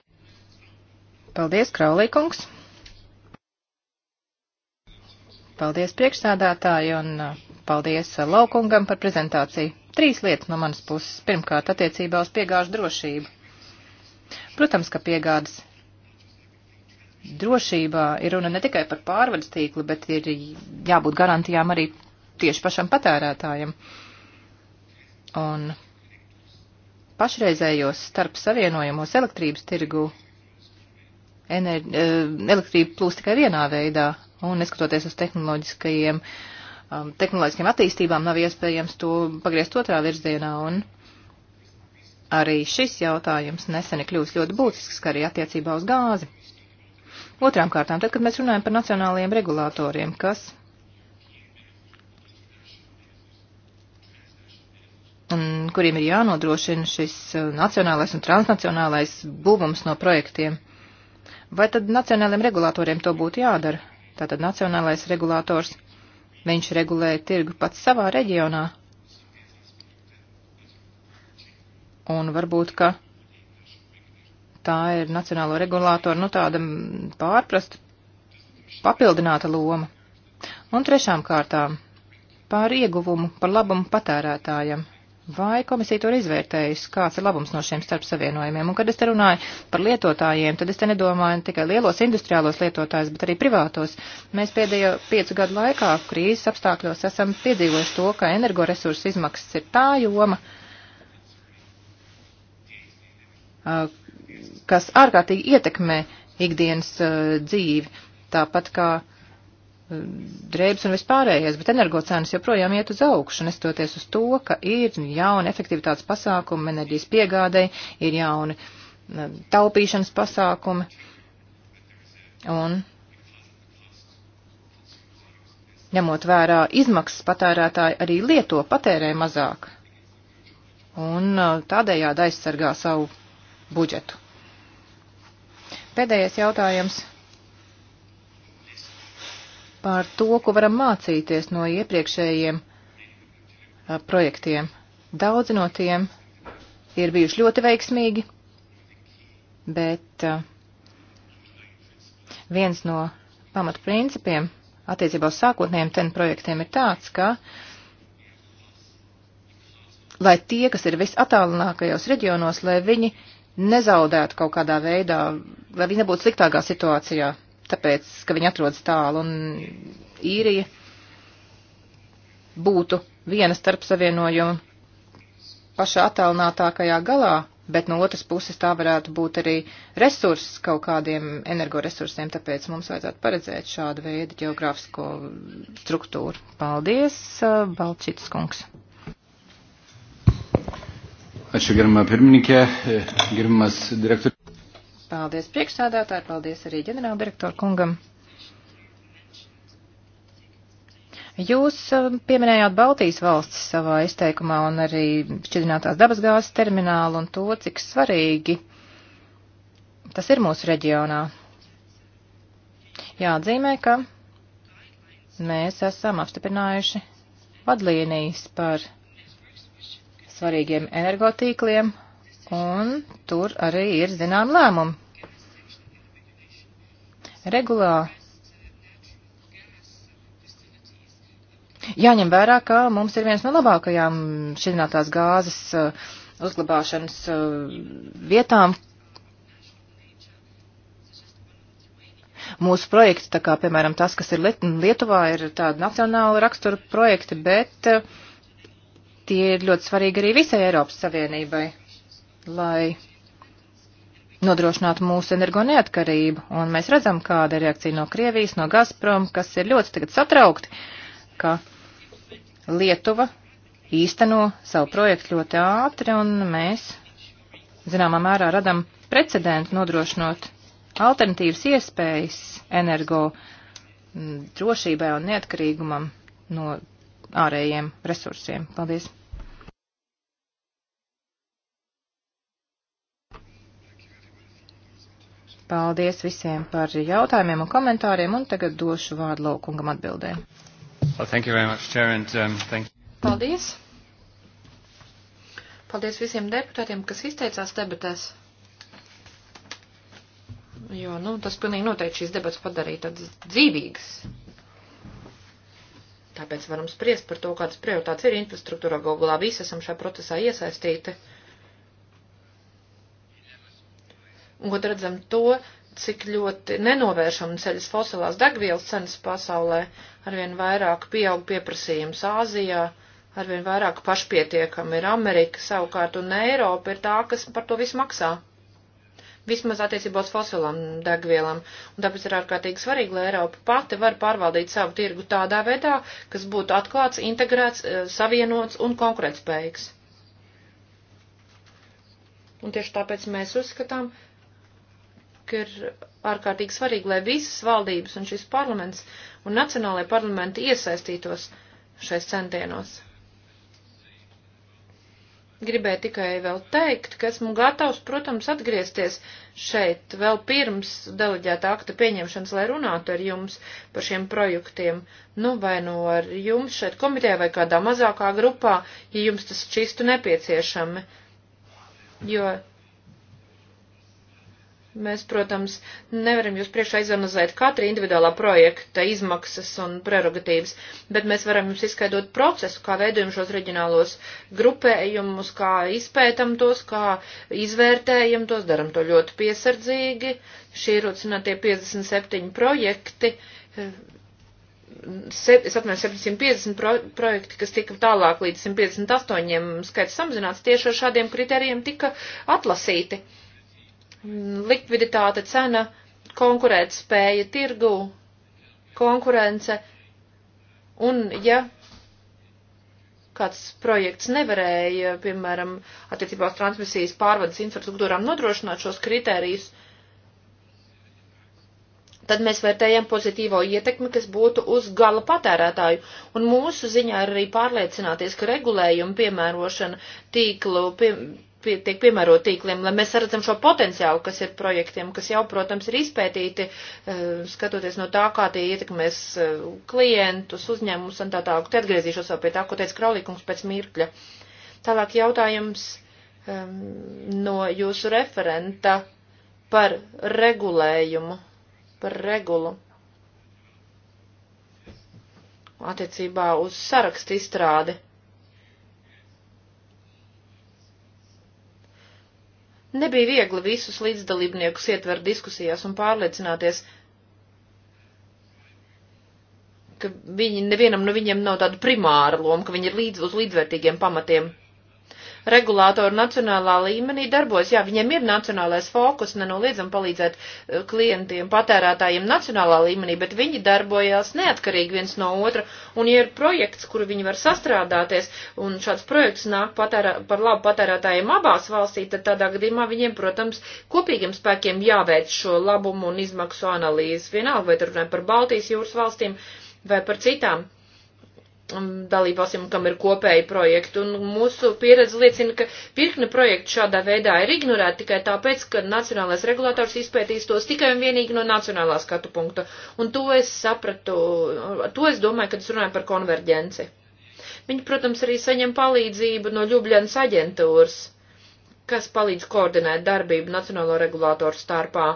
Paldies, Kraulīkungs. Paldies priekšsādātāji un uh, paldies uh, Laukungam par prezentāciju. Trīs lietas no manas puses. Pirmkārt, attiecībā uz piegāžu drošību. Protams, ka piegādes drošībā ir runa ne tikai par pārvades tīklu, bet ir jābūt garantijām arī tieši pašam patērētājam. Un pašreizējos starp savienojamos elektrības tirgu enerģi, eh, elektrība plūst tikai vienā veidā, un neskatoties uz tehnoloģiskajiem, um, tehnoloģiskajiem attīstībām, nav iespējams to pagriezt otrā virzienā, un arī šis jautājums neseni kļūst ļoti būtisks, kā arī attiecībā uz gāzi. Otrām kārtām, tad, kad mēs runājam par nacionālajiem regulātoriem, kas un kuriem ir jānodrošina šis uh, nacionālais un transnacionālais būvums no projektiem. Vai tad nacionāliem regulātoriem to būtu jādara? Tātad nacionālais regulators, viņš regulē tirgu pats savā reģionā. Un varbūt, ka tā ir nacionālo regulātoru, nu tāda pārprasta papildināta loma. Un trešām kārtām pār ieguvumu, par labumu patērētājiem. Vai komisija to ir izvērtējusi, kāds ir labums no šiem starpsavienojumiem? Un, kad es te runāju par lietotājiem, tad es te nedomāju tikai lielos industriālos lietotājus, bet arī privātos. Mēs pēdējo piecu gadu laikā krīzes apstākļos esam piedzīvojuši to, ka energoresursu izmaksas ir tā joma, kas ārkārtīgi ietekmē ikdienas uh, dzīvi, tāpat kā uh, drēbes un vispārējais, bet energocēnas joprojām iet uz augšu, nestoties uz to, ka ir jauni efektivitātes pasākumi enerģijas piegādei, ir jauni uh, taupīšanas pasākumi. Un ņemot vērā izmaksas patērētāji arī lieto patērē mazāk un uh, tādējādi aizsargā savu budžetu pēdējais jautājums par to, ko varam mācīties no iepriekšējiem projektiem. Daudzi no tiem ir bijuši ļoti veiksmīgi, bet viens no pamatprincipiem attiecībā uz sākotnējiem ten projektiem ir tāds, ka lai tie, kas ir visatālinākajos reģionos, lai viņi uh, nezaudētu kaut kādā veidā, lai viņi nebūtu sliktākā situācijā, tāpēc, ka viņi atrodas tālu un īrija būtu viena starp savienojumu pašā attālinātākajā galā, bet no otras puses tā varētu būt arī resurss kaut kādiem energoresursiem, tāpēc mums vajadzētu paredzēt šādu veidu geogrāfisko struktūru. Paldies, Balčītis kungs! Ačiū, gerbama pirmininkė, gerbamas direktorius. Paldies priekšsādātāji, paldies arī ģenerāldirektoru kungam. Jūs uh, pieminējāt Baltijas valsts savā izteikumā un arī šķidrinātās dabasgāzes terminālu un to, cik svarīgi tas ir mūsu reģionā. Jāatzīmē, ka mēs esam apstiprinājuši vadlīnijas par svarīgiem energotīkliem, un tur arī ir zinām lēmumi. Regulā jāņem vērā, ka mums ir viens no labākajām šķidrinātās gāzes uh, uzglabāšanas uh, vietām, mūsu projekti, tā kā, piemēram, tas, kas ir Lietuvā, ir tāda nacionāla rakstura projekti, bet uh, tie ir ļoti svarīgi arī visai Eiropas Savienībai, lai nodrošinātu mūsu energo neatkarību. Un mēs redzam, kāda ir reakcija no Krievijas, no Gazprom, kas ir ļoti tagad satraukti, ka Lietuva īsteno savu projektu ļoti ātri, un mēs, zināmā mērā, radam precedentu nodrošinot alternatīvas iespējas energo mm, drošībai un neatkarīgumam no ārējiem resursiem. Paldies! Paldies visiem par jautājumiem un komentāriem, un tagad došu vārdu laukungam atbildēm. Well, thank you very much, Chair, and, um, thank you. Paldies. Paldies visiem deputātiem, kas izteicās debatēs. Jo, nu, tas pilnīgi noteikti šīs debats padarīja tādas dzīvīgas. Tāpēc varam spriest par to, kādas prioritātes ir infrastruktūrā. Galu galā visi esam šajā procesā iesaistīti. Uh, Un, kad redzam to, cik ļoti nenovēršami ceļas fosilās degvielas cenas pasaulē, arvien vairāk pieaug pieprasījums Āzijā, arvien vairāk pašpietiekami ir Amerika savukārt, un Eiropa ir tā, kas par to visu maksā. Vismaz attiecībā uz fosilām degvielām, un tāpēc ir ārkārtīgi svarīgi, lai Eiropa pati var pārvaldīt savu tirgu tādā veidā, kas būtu atklāts, integrēts, eh, savienots un konkurētspējīgs. Un tieši tāpēc mēs uzskatām, ka ir ārkārtīgi svarīgi, lai visas valdības un šis parlaments un nacionālajie parlamenti iesaistītos šais centienos. Gribēju tikai vēl teikt, ka esmu gatavs, protams, atgriezties šeit vēl pirms deleģēta akta pieņemšanas, lai runātu ar jums par šiem projektiem. Nu, vai nu ar jums šeit komitē vai kādā mazākā grupā, ja jums tas šķistu nepieciešami. Jo Mēs, protams, nevaram jūs priekšā izanalizēt katra individuālā projekta izmaksas un prerogatīvas, bet mēs varam jums izskaidrot procesu, kā veidojam šos reģionālos grupējumus, kā izpētam tos, kā izvērtējam tos, daram to ļoti piesardzīgi. Šī rocinātie 57 projekti, se, es atmēr 750 pro, projekti, kas tika tālāk līdz 158 skaits samazināts, tieši ar šādiem kritērijiem tika atlasīti likviditāte, cena, konkurēt spēja tirgu, konkurence, un ja kāds projekts nevarēja, piemēram, attiecībā uz transmisijas pārvades infrastruktūrām nodrošināt šos kritērijus, tad mēs vērtējam pozitīvo ietekmi, kas būtu uz gala patērētāju. Un mūsu ziņā ir arī pārliecināties, ka regulējuma piemērošana tīklu, pie, pie, tiek piemērot tīkliem, lai mēs redzam šo potenciālu, kas ir projektiem, kas jau, protams, ir izpētīti, eh, skatoties no tā, kā tie ietekmēs eh, klientus, uzņēmumus un tā tālāk. Te atgriezīšos vēl pie tā, ko teica Kraulīkums pēc mirkļa. Tālāk jautājums um, no jūsu referenta par regulējumu, par regulu attiecībā uz sarakstu izstrādi. Nebija viegli visus līdzdalībniekus ietvert diskusijās un pārliecināties, ka viņi, nevienam no viņiem nav tāda primāra loma, ka viņi ir līdz uz līdzvērtīgiem pamatiem regulātori nacionālā līmenī darbojas. Jā, viņiem ir nacionālais fokus, nenoliedzam palīdzēt eh, klientiem, patērētājiem nacionālā līmenī, bet viņi darbojās neatkarīgi viens no otra. Un, ja ir projekts, kuru viņi var sastrādāties, un šāds projekts nāk patērā, par labu patērētājiem abās valstī, tad tādā gadījumā viņiem, protams, kopīgiem spēkiem jāveic šo labumu un izmaksu analīzes. Vienalga, vai tur runājam par Baltijas jūras valstīm vai par citām Mm, dalībvalstīm, kam ir kopēji projekti. Un mūsu pieredze liecina, ka pirkne projektu šādā veidā ir ignorēta tikai tāpēc, ka nacionālais regulators izpētīs tos tikai un vienīgi no nacionālā skatu punkta. Un to es sapratu, to es domāju, kad es runāju par konverģenci. Viņi, protams, arī saņem palīdzību no Ljubļanas aģentūras, kas palīdz koordinēt darbību nacionālo regulātoru starpā.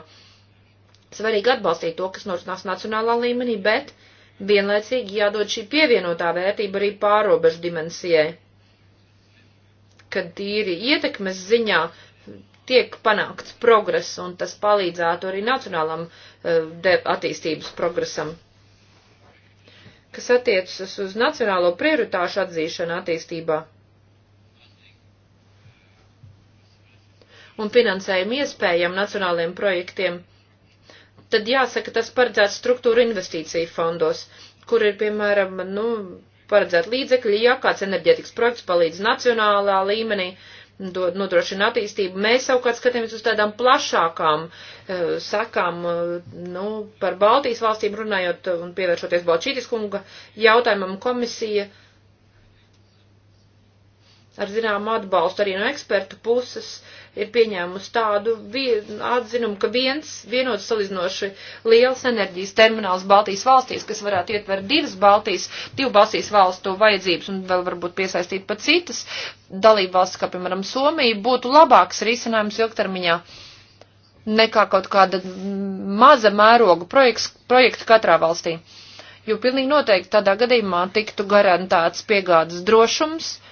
Svarīgi atbalstīt to, kas norisinās nacionālā līmenī, bet vienlaicīgi jādod šī pievienotā vērtība arī pārobežu dimensijai, kad tīri ietekmes ziņā tiek panākts progress un tas palīdzētu arī nacionālam uh, attīstības progresam. Kas attiecas uz nacionālo prioritāšu atzīšanu attīstībā un finansējumu iespējām nacionāliem projektiem tad jāsaka, tas paredzēts struktūra investīciju fondos, kur ir, piemēram, nu, paredzēt līdzekļi, ja kāds enerģētikas projekts palīdz nacionālā līmenī, nodrošina attīstību. Mēs savukārt skatāmies uz tādām plašākām uh, sakām, uh, nu, par Baltijas valstīm runājot un pievēršoties Balčītis kunga jautājumam komisija. Uh, ar zināmu atbalstu arī no ekspertu puses ir pieņēmusi tādu atzinumu, ka viens vienots salīdzinoši liels enerģijas termināls Baltijas valstīs, kas varētu ietvert divas Baltijas, divu Baltijas valstu vajadzības un vēl varbūt piesaistīt pat citas dalību valsts, kā piemēram Somija, būtu labāks risinājums ilgtermiņā nekā kaut kāda maza mēroga projekts, projekta katrā valstī. Jo pilnīgi noteikti tādā gadījumā tiktu garantēts piegādes drošums, uh,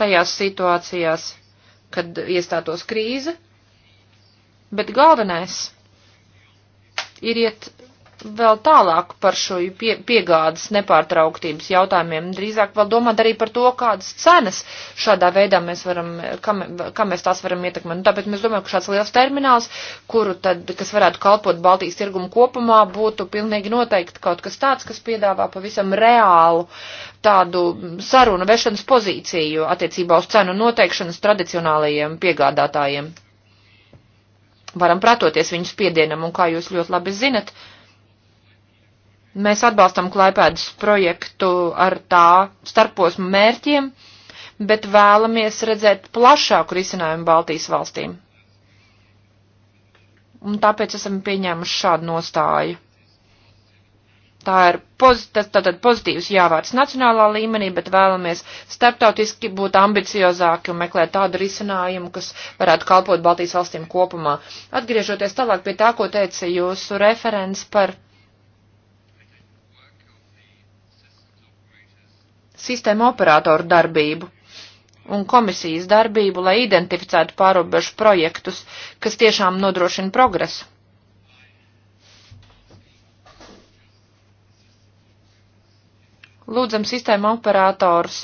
tajās situācijās, kad iestātos krīze, bet galvenais ir iet vēl tālāk par šo pie, piegādes nepārtrauktības jautājumiem, drīzāk vēl domāt arī par to, kādas cenas šādā veidā mēs varam, kā, kā mēs tās varam ietekmēt. Nu, tāpēc mēs domājam, ka šāds liels termināls, kuru tad, kas varētu kalpot Baltijas tirgumu kopumā, būtu pilnīgi noteikti kaut kas tāds, kas piedāvā pavisam reālu tādu sarunu vešanas pozīciju attiecībā uz cenu noteikšanas tradicionālajiem piegādātājiem. Varam pratoties viņu spiedienam, un kā jūs ļoti labi zinat, uh, Mēs atbalstam klaipēdas projektu ar tā starposmu mērķiem, bet vēlamies redzēt plašāku risinājumu Baltijas valstīm. Un tāpēc esam pieņēmuši šādu nostāju. Tā ir pozitīvs, tātad pozitīvs jāvārds nacionālā līmenī, bet vēlamies starptautiski būt ambiciozāki un meklēt tādu risinājumu, kas varētu kalpot Baltijas valstīm kopumā. Atgriežoties tālāk pie tā, ko teica jūsu referents par sistēma operātoru darbību un komisijas darbību, lai identificētu pārobežu projektus, kas tiešām nodrošina progresu. Lūdzam sistēma operātors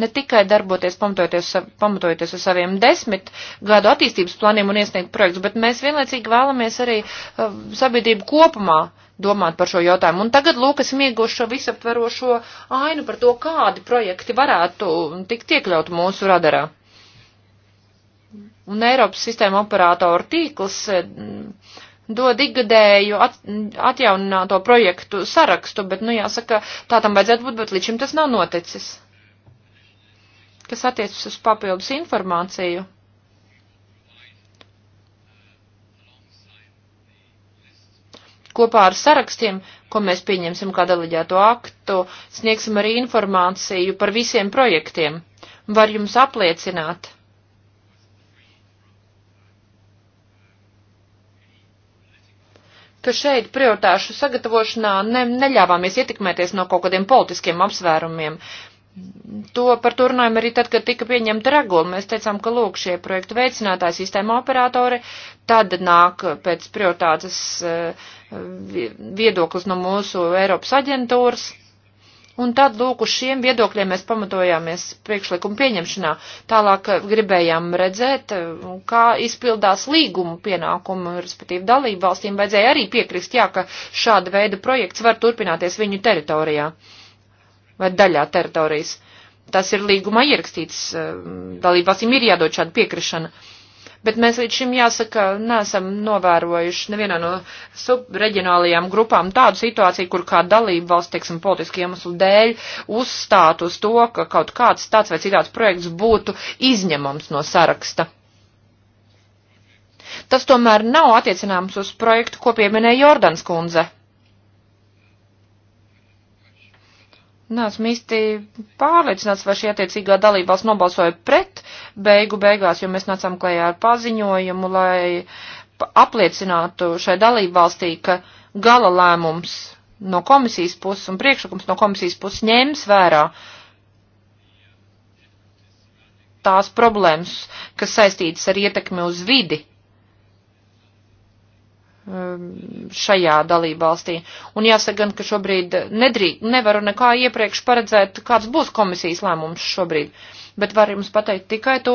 ne tikai darboties pamatojoties, pamatojoties uz saviem desmit gadu attīstības planiem un iesniegt projektus, bet mēs vienlaicīgi vēlamies arī eh, sabiedrību kopumā domāt par šo jautājumu. Un tagad, lūk, esam ieguvuši šo visaptverošo ainu par to, kādi projekti varētu tikt iekļaut mūsu radarā. Un Eiropas sistēma operātoru tīkls mm, dod ikgadēju at, atjaunināto projektu sarakstu, bet, nu, jāsaka, tā tam vajadzētu būt, bet līdz šim tas nav noticis. Kas attiecas uz papildus informāciju? kopā ar sarakstiem, ko mēs pieņemsim kā deleģēto aktu, sniegsim arī informāciju par visiem projektiem. Var jums apliecināt. ka šeit prioritāšu sagatavošanā ne, neļāvāmies ietekmēties no kaut kādiem politiskiem apsvērumiem. To par to runājam arī tad, kad tika pieņemta regula. Mēs teicām, ka lūk, šie projektu veicinātāji, sistēma operatori, tad nāk pēc prioritātes eh, viedoklis no mūsu Eiropas aģentūras. Un tad, lūk, uz šiem viedokļiem mēs pamatojāmies priekšlikumu pieņemšanā. Tālāk gribējām redzēt, eh, kā izpildās līgumu pienākumu, respektīvi dalību valstīm vajadzēja arī piekrist, jā, ka šāda veida projekts var turpināties viņu teritorijā. Uh, vai daļā teritorijas. Tas ir līgumā ierakstīts, eh, dalībvalstīm ir jādod šāda piekrišana. Bet mēs līdz šim, jāsaka, neesam novērojuši nevienā no subreģionālajām grupām tādu situāciju, kur kā dalība valsts, teiksim, politiski iemeslu dēļ uzstātu uz to, ka kaut kāds tāds vai citāds projekts būtu izņemams no saraksta. Tas tomēr nav attiecināms uz projektu, ko pieminēja Jordans kundze Nāsmu īsti pārliecināts, vai šī attiecīgā dalībās nobalsoja pret beigu beigās, jo mēs nācām klējā ar paziņojumu, lai apliecinātu šai dalībvalstī, ka gala lēmums no komisijas puses un priekšlikums no komisijas puses ņems vērā tās problēmas, kas saistītas ar ietekmi uz vidi Um, šajā dalībvalstī. Un jāsaka gan, ka šobrīd nedrī, nevaru nekā iepriekš paredzēt, kāds būs komisijas lēmums šobrīd. Bet varu jums pateikt tikai to,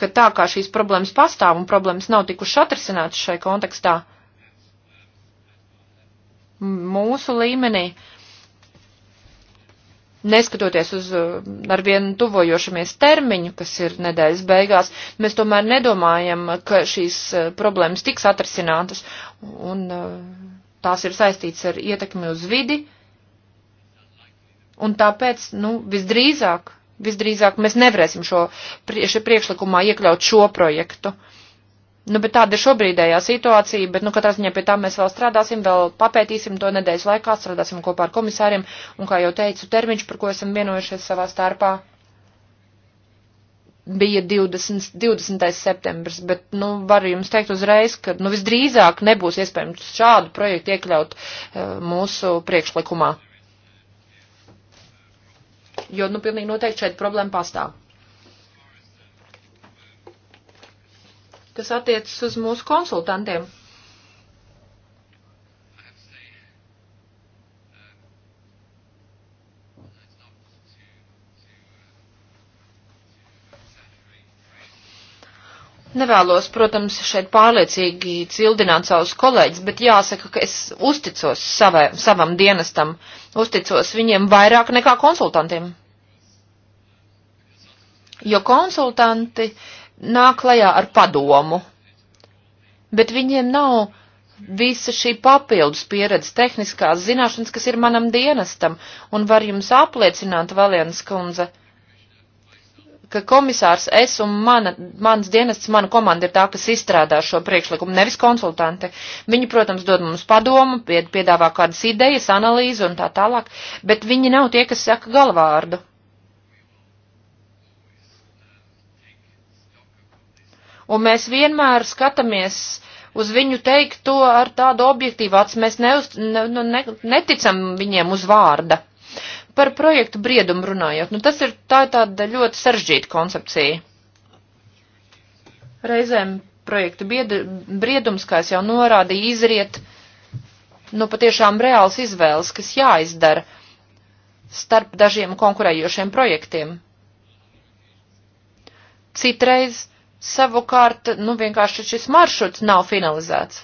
ka tā kā šīs problēmas pastāv un problēmas nav tikušas atrisinātas šai kontekstā, mūsu līmenī uh, neskatoties uz uh, arvien tuvojošamies termiņu, kas ir nedēļas beigās, mēs tomēr nedomājam, ka šīs uh, problēmas tiks atrasinātas, un uh, tās ir saistītas ar ietekmi uz vidi, un tāpēc, nu, visdrīzāk, visdrīzāk mēs nevarēsim šo priekšlikumā iekļaut šo projektu. Uh, Nu, bet tāda ir šobrīdējā situācija, bet, nu, katrā ziņā pie tā mēs vēl strādāsim, vēl papētīsim to nedēļas laikā, strādāsim kopā ar komisāriem, un, kā jau teicu, termiņš, par ko esam vienojušies savā starpā, bija 20, 20. septembris, bet, nu, varu jums teikt uzreiz, ka, nu, visdrīzāk nebūs iespējams šādu projektu iekļaut eh, mūsu priekšlikumā. Jo, nu, pilnīgi noteikti šeit problēma pastāv. kas attiecas uz mūsu konsultantiem. Nevēlos, protams, šeit pārliecīgi cildināt savus kolēģis, bet jāsaka, ka es uzticos savai, savam dienestam, uzticos viņiem vairāk nekā konsultantiem. Jo konsultanti uh, nāk klajā ar padomu, bet viņiem nav visa šī papildus pieredze, tehniskās zināšanas, kas ir manam dienestam, un var jums apliecināt, Valienas kundze, ka komisārs es un mana, mans dienests, mana komanda ir tā, kas izstrādā šo priekšlikumu, nevis konsultanti. Viņi, protams, dod mums padomu, piedāvā kādas idejas, analīzi un tā tālāk, bet viņi nav tie, kas saka galvārdu. un mēs vienmēr skatāmies uz viņu teikto ar tādu objektīvu acu. Mēs neuz, ne, nu, ne, neticam viņiem uz vārda. Par projektu briedumu runājot, nu tas ir tā tāda ļoti saržģīta koncepcija. Reizēm projektu biedri, briedums, kā es jau norādīju, izriet nu patiešām reāls izvēles, kas jāizdara starp dažiem konkurējošiem projektiem. Citreiz Savukārt, nu vienkārši šis maršruts nav finalizēts.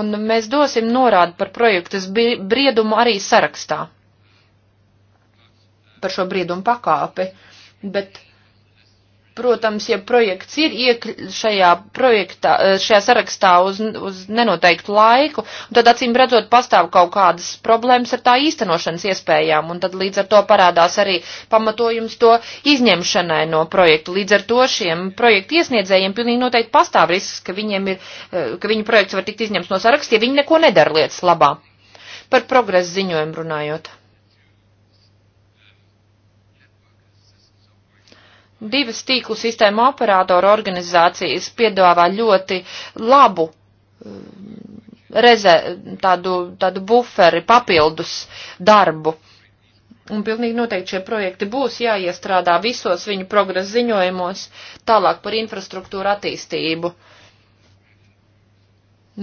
Un mēs dosim norādi par projektas briedumu arī sarakstā. Par šo briedumu pakāpi. Bet Protams, ja projekts ir iekļ šajā projektā, eh, šajā sarakstā uz, uz nenoteiktu laiku, tad acīm redzot pastāv kaut kādas problēmas ar tā īstenošanas iespējām, un tad līdz ar to parādās arī pamatojums to izņemšanai no projekta. Līdz ar to šiem projektu iesniedzējiem pilnīgi noteikti pastāv risks, ka, ir, eh, ka viņu projekts var tikt izņemts no saraksta, ja viņi neko nedara lietas labā. Par progresu ziņojumu runājot. Divas tīklu sistēma operātoru organizācijas piedāvā ļoti labu um, reze, tādu, tādu buferi, papildus darbu. Un pilnīgi noteikti šie projekti būs jāiestrādā visos viņu progresa ziņojumos, tālāk par infrastruktūru attīstību.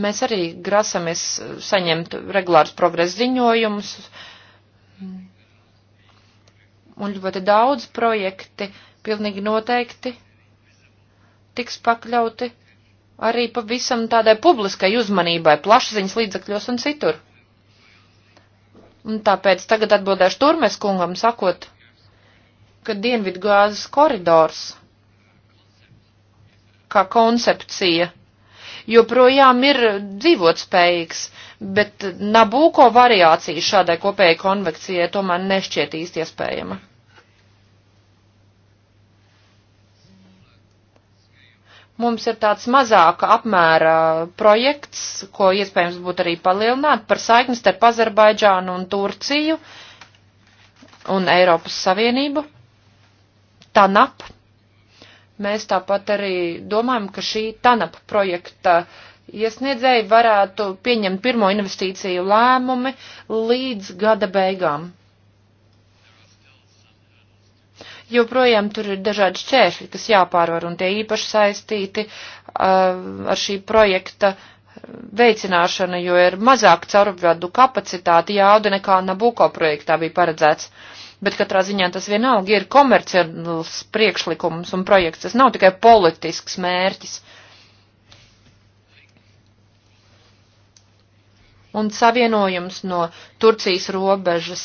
Mēs arī grasamies uh, saņemt regulārus progresa ziņojumus, un ļoti daudz projekti pilnīgi noteikti tiks pakļauti arī pavisam tādai publiskai uzmanībai, plašsaziņas līdzakļos un citur. Un tāpēc tagad atbildēšu Turmes kungam sakot, ka Dienvidgāzes koridors kā koncepcija joprojām ir dzīvotspējīgs, bet Nabūko variācija šādai kopējai konvekcijai tomēr nešķiet īsti iespējama. Mums ir tāds mazāka apmēra projekts, ko iespējams būtu arī palielināt par saiknes starp Azerbaidžānu un Turciju un Eiropas Savienību. TANAP. Mēs tāpat arī domājam, ka šī TANAP projekta iesniedzēji varētu pieņemt pirmo investīciju lēmumi līdz gada beigām. joprojām tur ir dažādi šķēršļi, kas jāpārvar, un tie īpaši saistīti uh, ar šī projekta veicināšanu, jo ir mazāk caurvadu kapacitāti jauda nekā Nabuko projektā bija paredzēts. Bet katrā ziņā tas vienalga ir komerciāls priekšlikums un projekts, tas nav tikai politisks mērķis. Un savienojums no Turcijas robežas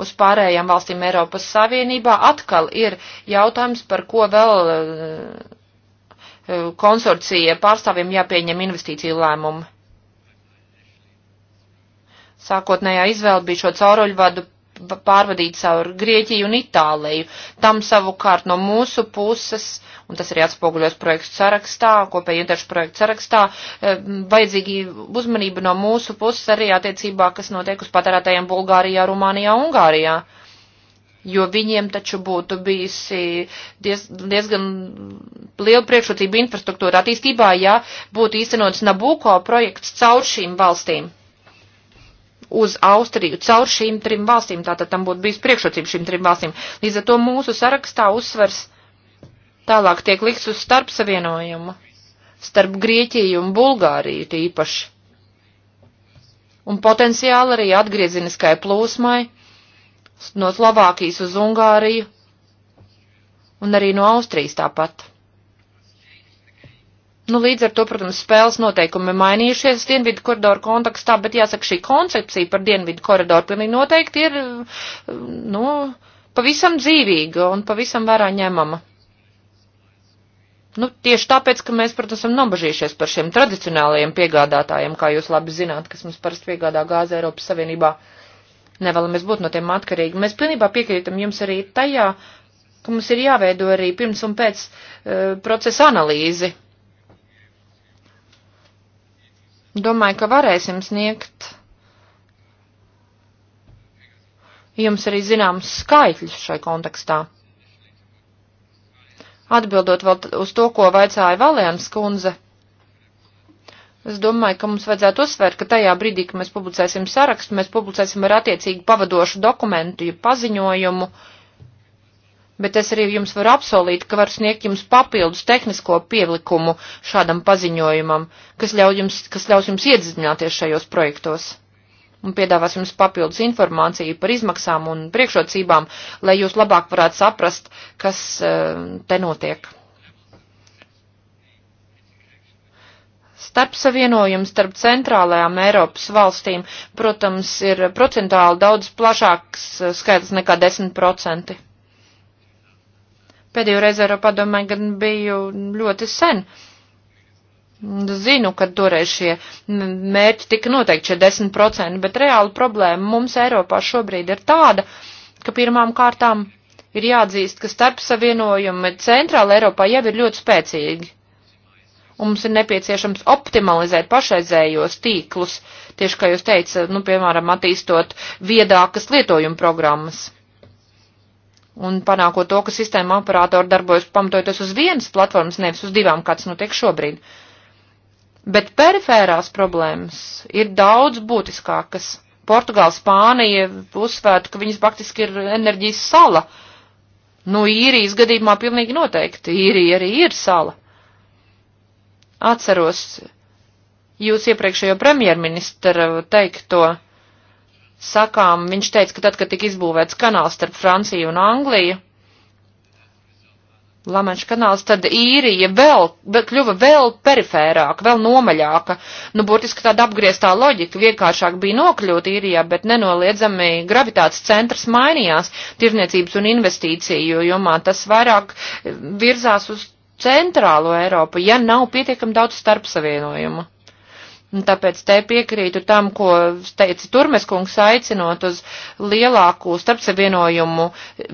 uz pārējām valstīm Eiropas Savienībā atkal ir jautājums, par ko vēl eh, konsorcija pārstāvjiem jāpieņem investīciju lēmumu. Sākotnējā izvēle bija šo cauruļvadu pārvadīt caur Grieķiju un Itāliju. Tam savukārt no mūsu puses, un tas arī atspoguļos projektu sarakstā, kopēji interešu projektu sarakstā, eh, vajadzīgi uzmanība no mūsu puses arī attiecībā, kas notiek uz patērētājiem Bulgārijā, Rumānijā, Ungārijā. Jo viņiem taču būtu bijusi diez, diezgan liela priekšrocība infrastruktūra attīstībā, ja būtu īstenots Nabuko projekts caur šīm valstīm uz Austriju caur šīm trim valstīm, tātad tam būtu bijis priekšrocība šīm trim valstīm. Līdz ar to mūsu sarakstā uzsvers tālāk tiek liks uz starp savienojumu, starp Grieķiju un Bulgāriju tīpaši. Un potenciāli arī atgrieziniskai plūsmai no Slovākijas uz Ungāriju un arī no Austrijas tāpat. Nu, līdz ar to, protams, spēles noteikumi mainījušies dienvidu koridoru kontekstā, bet jāsaka, šī koncepcija par dienvidu koridoru pilnīgi noteikti ir, nu, pavisam dzīvīga un pavisam vērā ņemama. Nu, tieši tāpēc, ka mēs, protams, esam nobažījušies par šiem tradicionālajiem piegādātājiem, kā jūs labi zināt, kas mums parasti piegādā gāzi Eiropas Savienībā. Nevēlamies būt no tiem atkarīgi. Mēs pilnībā piekrītam jums arī tajā, ka mums ir jāveido arī pirms un pēc uh, procesa analīzi Domāju, ka varēsim sniegt jums arī zināms skaitļus šai kontekstā. Atbildot vēl uz to, ko vaicāja Valēns kundze, es domāju, ka mums vajadzētu uzsvērt, ka tajā brīdī, kad mēs publicēsim sarakstu, mēs publicēsim ar attiecīgu pavadošu dokumentu, ja paziņojumu, uh, bet es arī jums varu apsolīt, ka varu sniegt jums papildus tehnisko pielikumu šādam paziņojumam, kas, ļauj jums, kas ļaus jums iedziļināties šajos projektos un piedāvās jums papildus informāciju par izmaksām un priekšrocībām, lai jūs labāk varētu saprast, kas eh, te notiek. Starp savienojums starp centrālajām Eiropas valstīm, protams, ir procentuāli daudz plašāks eh, skaidrs nekā 10%. Pēdējo reizi Eiropā, domāju, gan biju ļoti sen. Zinu, ka toreiz šie mērķi tika noteikti šie 10%, bet reāla problēma mums Eiropā šobrīd ir tāda, ka pirmām kārtām ir jāatzīst, ka starp savienojumi centrāla Eiropā jau ir ļoti spēcīgi. Un mums ir nepieciešams optimalizēt pašreizējos tīklus, tieši kā jūs teicat, nu, piemēram, attīstot viedākas lietojuma programmas un panākot to, ka sistēma operātori darbojas pamatojoties uz vienas platformas, nevis uz divām, kāds notiek šobrīd. Bet perifērās problēmas ir daudz būtiskākas. Portugāla, Spānija uzsvērta, ka viņas faktiski ir enerģijas sala. Nu, īrijas gadījumā pilnīgi noteikti. Īrija arī ir sala. Atceros jūs iepriekšējo premjerministra teikto sakām, viņš teica, ka tad, kad tika izbūvēts kanāls starp Franciju un Angliju, Lamanša kanāls, tad īrija vēl, kļuva vēl perifērāka, vēl nomaļāka. Nu, burtiski tāda apgrieztā loģika vienkāršāk bija nokļūt īrijā, bet nenoliedzami gravitācijas centrs mainījās tirniecības un investīciju jomā. Tas vairāk virzās uz centrālo Eiropu, ja nav pietiekam daudz starpsavienojumu. Un nu, tāpēc te piekrītu tam, ko teica Turmeskungs, aicinot uz lielāku starpsavienojumu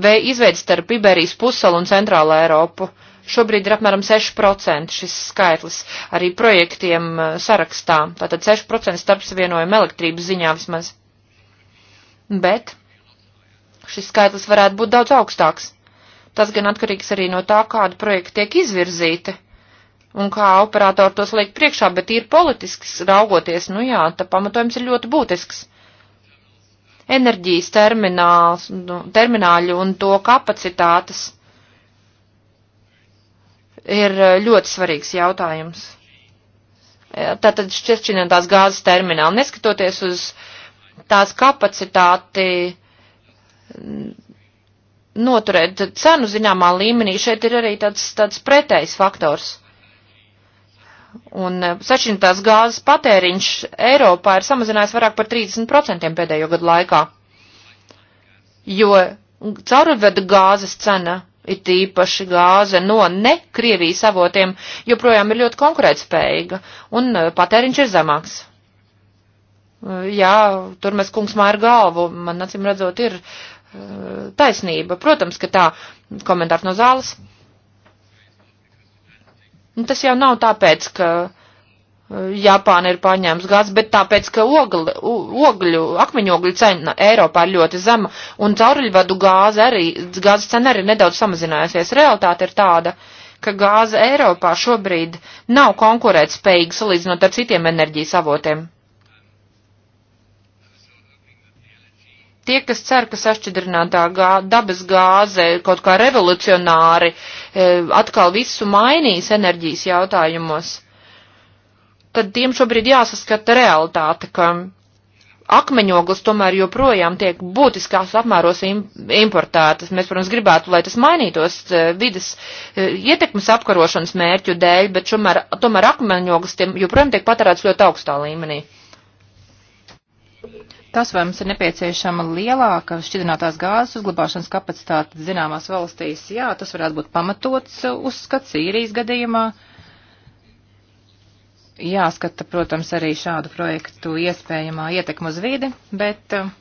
vai izveidu starp Iberijas pusalu un Centrālu Eiropu. Šobrīd ir apmēram 6% šis skaitlis arī projektiem sarakstā. Tātad 6% starpsavienojuma elektrības ziņā vismaz. Bet šis skaitlis varētu būt daudz augstāks. Tas gan atkarīgs arī no tā, kādu projektu tiek izvirzīti un kā operatori tos liek priekšā, bet ir politisks raugoties, nu jā, tā pamatojums ir ļoti būtisks. Enerģijas termināls, nu, termināļu un to kapacitātes ir eh, ļoti svarīgs jautājums. E, tātad šķiršķinotās gāzes termināli, neskatoties uz tās kapacitāti noturēt cenu zināmā līmenī, šeit ir arī tāds, tāds pretējs faktors Un e, sašķintās gāzes patēriņš Eiropā ir samazinājies vairāk par 30% pēdējo gadu laikā, jo caurveda gāzes cena ir tīpaši gāze no ne Krievijas avotiem, joprojām ir ļoti konkurētspējīga un e, patēriņš ir zemāks. E, jā, tur mēs kungs māra galvu, man acīm redzot ir taisnība. Protams, ka tā komentārs no zāles. Un nu, tas jau nav tāpēc, ka uh, Japāna ir paņēmusi gāzi, bet tāpēc, ka ogli, ogļu, akmeņogļu cena Eiropā ir ļoti zema un cauruļvadu gāze arī, gāzes cena arī nedaudz samazinājusies. Realtāte ir tāda, ka gāze Eiropā šobrīd nav konkurētspējīga salīdzinot ar citiem enerģijas avotiem. Tie, kas cer, ka sašķidrinātā gā, dabas gāze kaut kā revolucionāri e, atkal visu mainīs enerģijas jautājumos, tad tiem šobrīd jāsaskata realitāte, ka akmeņoglis tomēr joprojām tiek būtiskās apmēros importētas. Mēs, protams, gribētu, lai tas mainītos e, vidas e, ietekmes apkarošanas mērķu dēļ, bet šomēr, tomēr akmeņoglis joprojām tiek patērēts ļoti augstā līmenī. Tas, vai mums ir nepieciešama lielāka šķidrinātās gāzes uzglabāšanas kapacitāte zināmās valstīs, jā, tas varētu būt pamatots uzskats īrijas gadījumā. Jāskata, protams, arī šādu projektu iespējamā ietekma uz vidi, bet eh,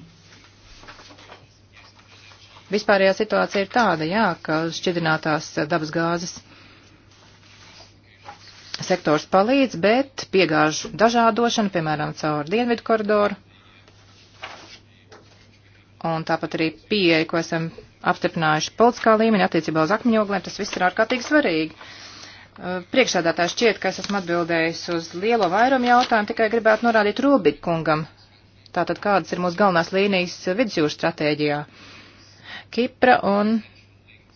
vispārējā situācija ir tāda, jā, ka šķidrinātās dabas gāzes sektors palīdz, bet piegāžu dažādošana, piemēram, caur dienvidu koridoru, un tāpat arī pieeja, ko esam apstiprinājuši politiskā līmenī attiecībā uz akmeņogliem, tas viss ir ārkārtīgi svarīgi. Uh, priekšsēdētājs šķiet, ka es esmu atbildējis uz lielo vairumu jautājumu, tikai gribētu norādīt Rubikungam. Tātad kādas ir mūsu galvenās līnijas vidusjūras stratēģijā? Kipra un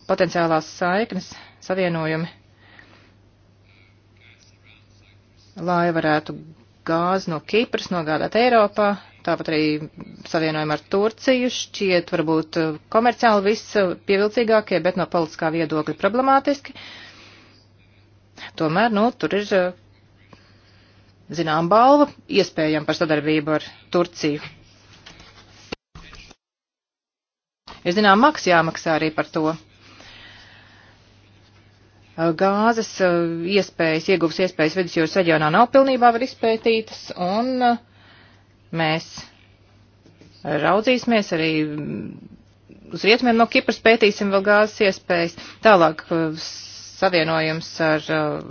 potenciālās saiknes savienojumi, lai varētu gāzi no Kipras nogādāt Eiropā, tāpat arī savienojumu ar Turciju šķiet varbūt uh, komerciāli viss pievilcīgākie, bet no politiskā viedokļa problemātiski. Tomēr, nu, tur ir uh, zinām balva iespējama par sadarbību ar Turciju. Ir zinām maks jāmaksā arī par to uh, gāzes iespējas, ieguvas iespējas vidusjūras reģionā nav pilnībā var izpētītas, un Mēs raudzīsimies arī uz rietumiem no Kipras, pētīsim vēl gāzes iespējas. Tālāk uh, savienojums ar uh,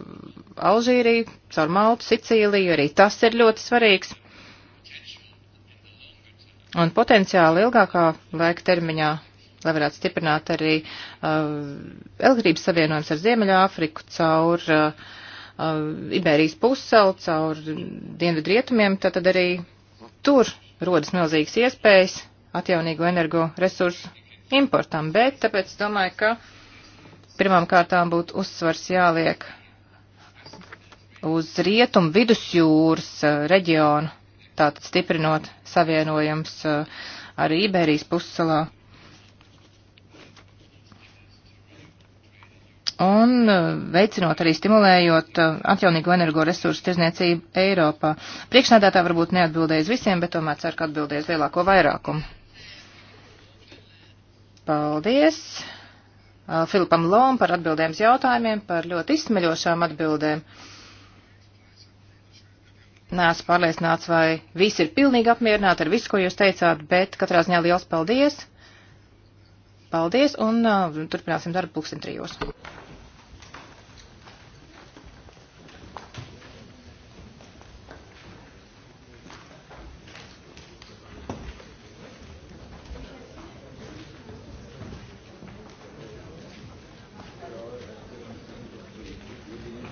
Alžīriju, caur Maltu, Sicīliju, arī tas ir ļoti svarīgs. Un potenciāli ilgākā laika termiņā, lai varētu stiprināt arī uh, elektrības savienojums ar Ziemeļāfriku caur uh, uh Iberijas pussalu, caur dienvidrietumiem, tad arī tur rodas milzīgas iespējas atjaunīgo energo resursu importam, bet tāpēc domāju, ka pirmām kārtām būtu uzsvars jāliek uz rietumu vidusjūras uh, reģionu, tātad stiprinot savienojums uh, arī Iberijas pussalā. un uh, veicinot arī stimulējot uh, atjaunīgo energoresursu tirzniecību Eiropā. Priekšnādātā varbūt neatbildēja uz visiem, bet tomēr ceru, ka atbildēja uz lielāko vairākumu. Paldies uh, Filipam Lom par atbildēm uz jautājumiem, par ļoti izsmeļošām atbildēm. Nēs pārliecināts, vai visi ir pilnīgi apmierināti ar visu, ko jūs teicāt, bet katrā ziņā liels paldies! Paldies un uh, turpināsim darbu pulksten trijos.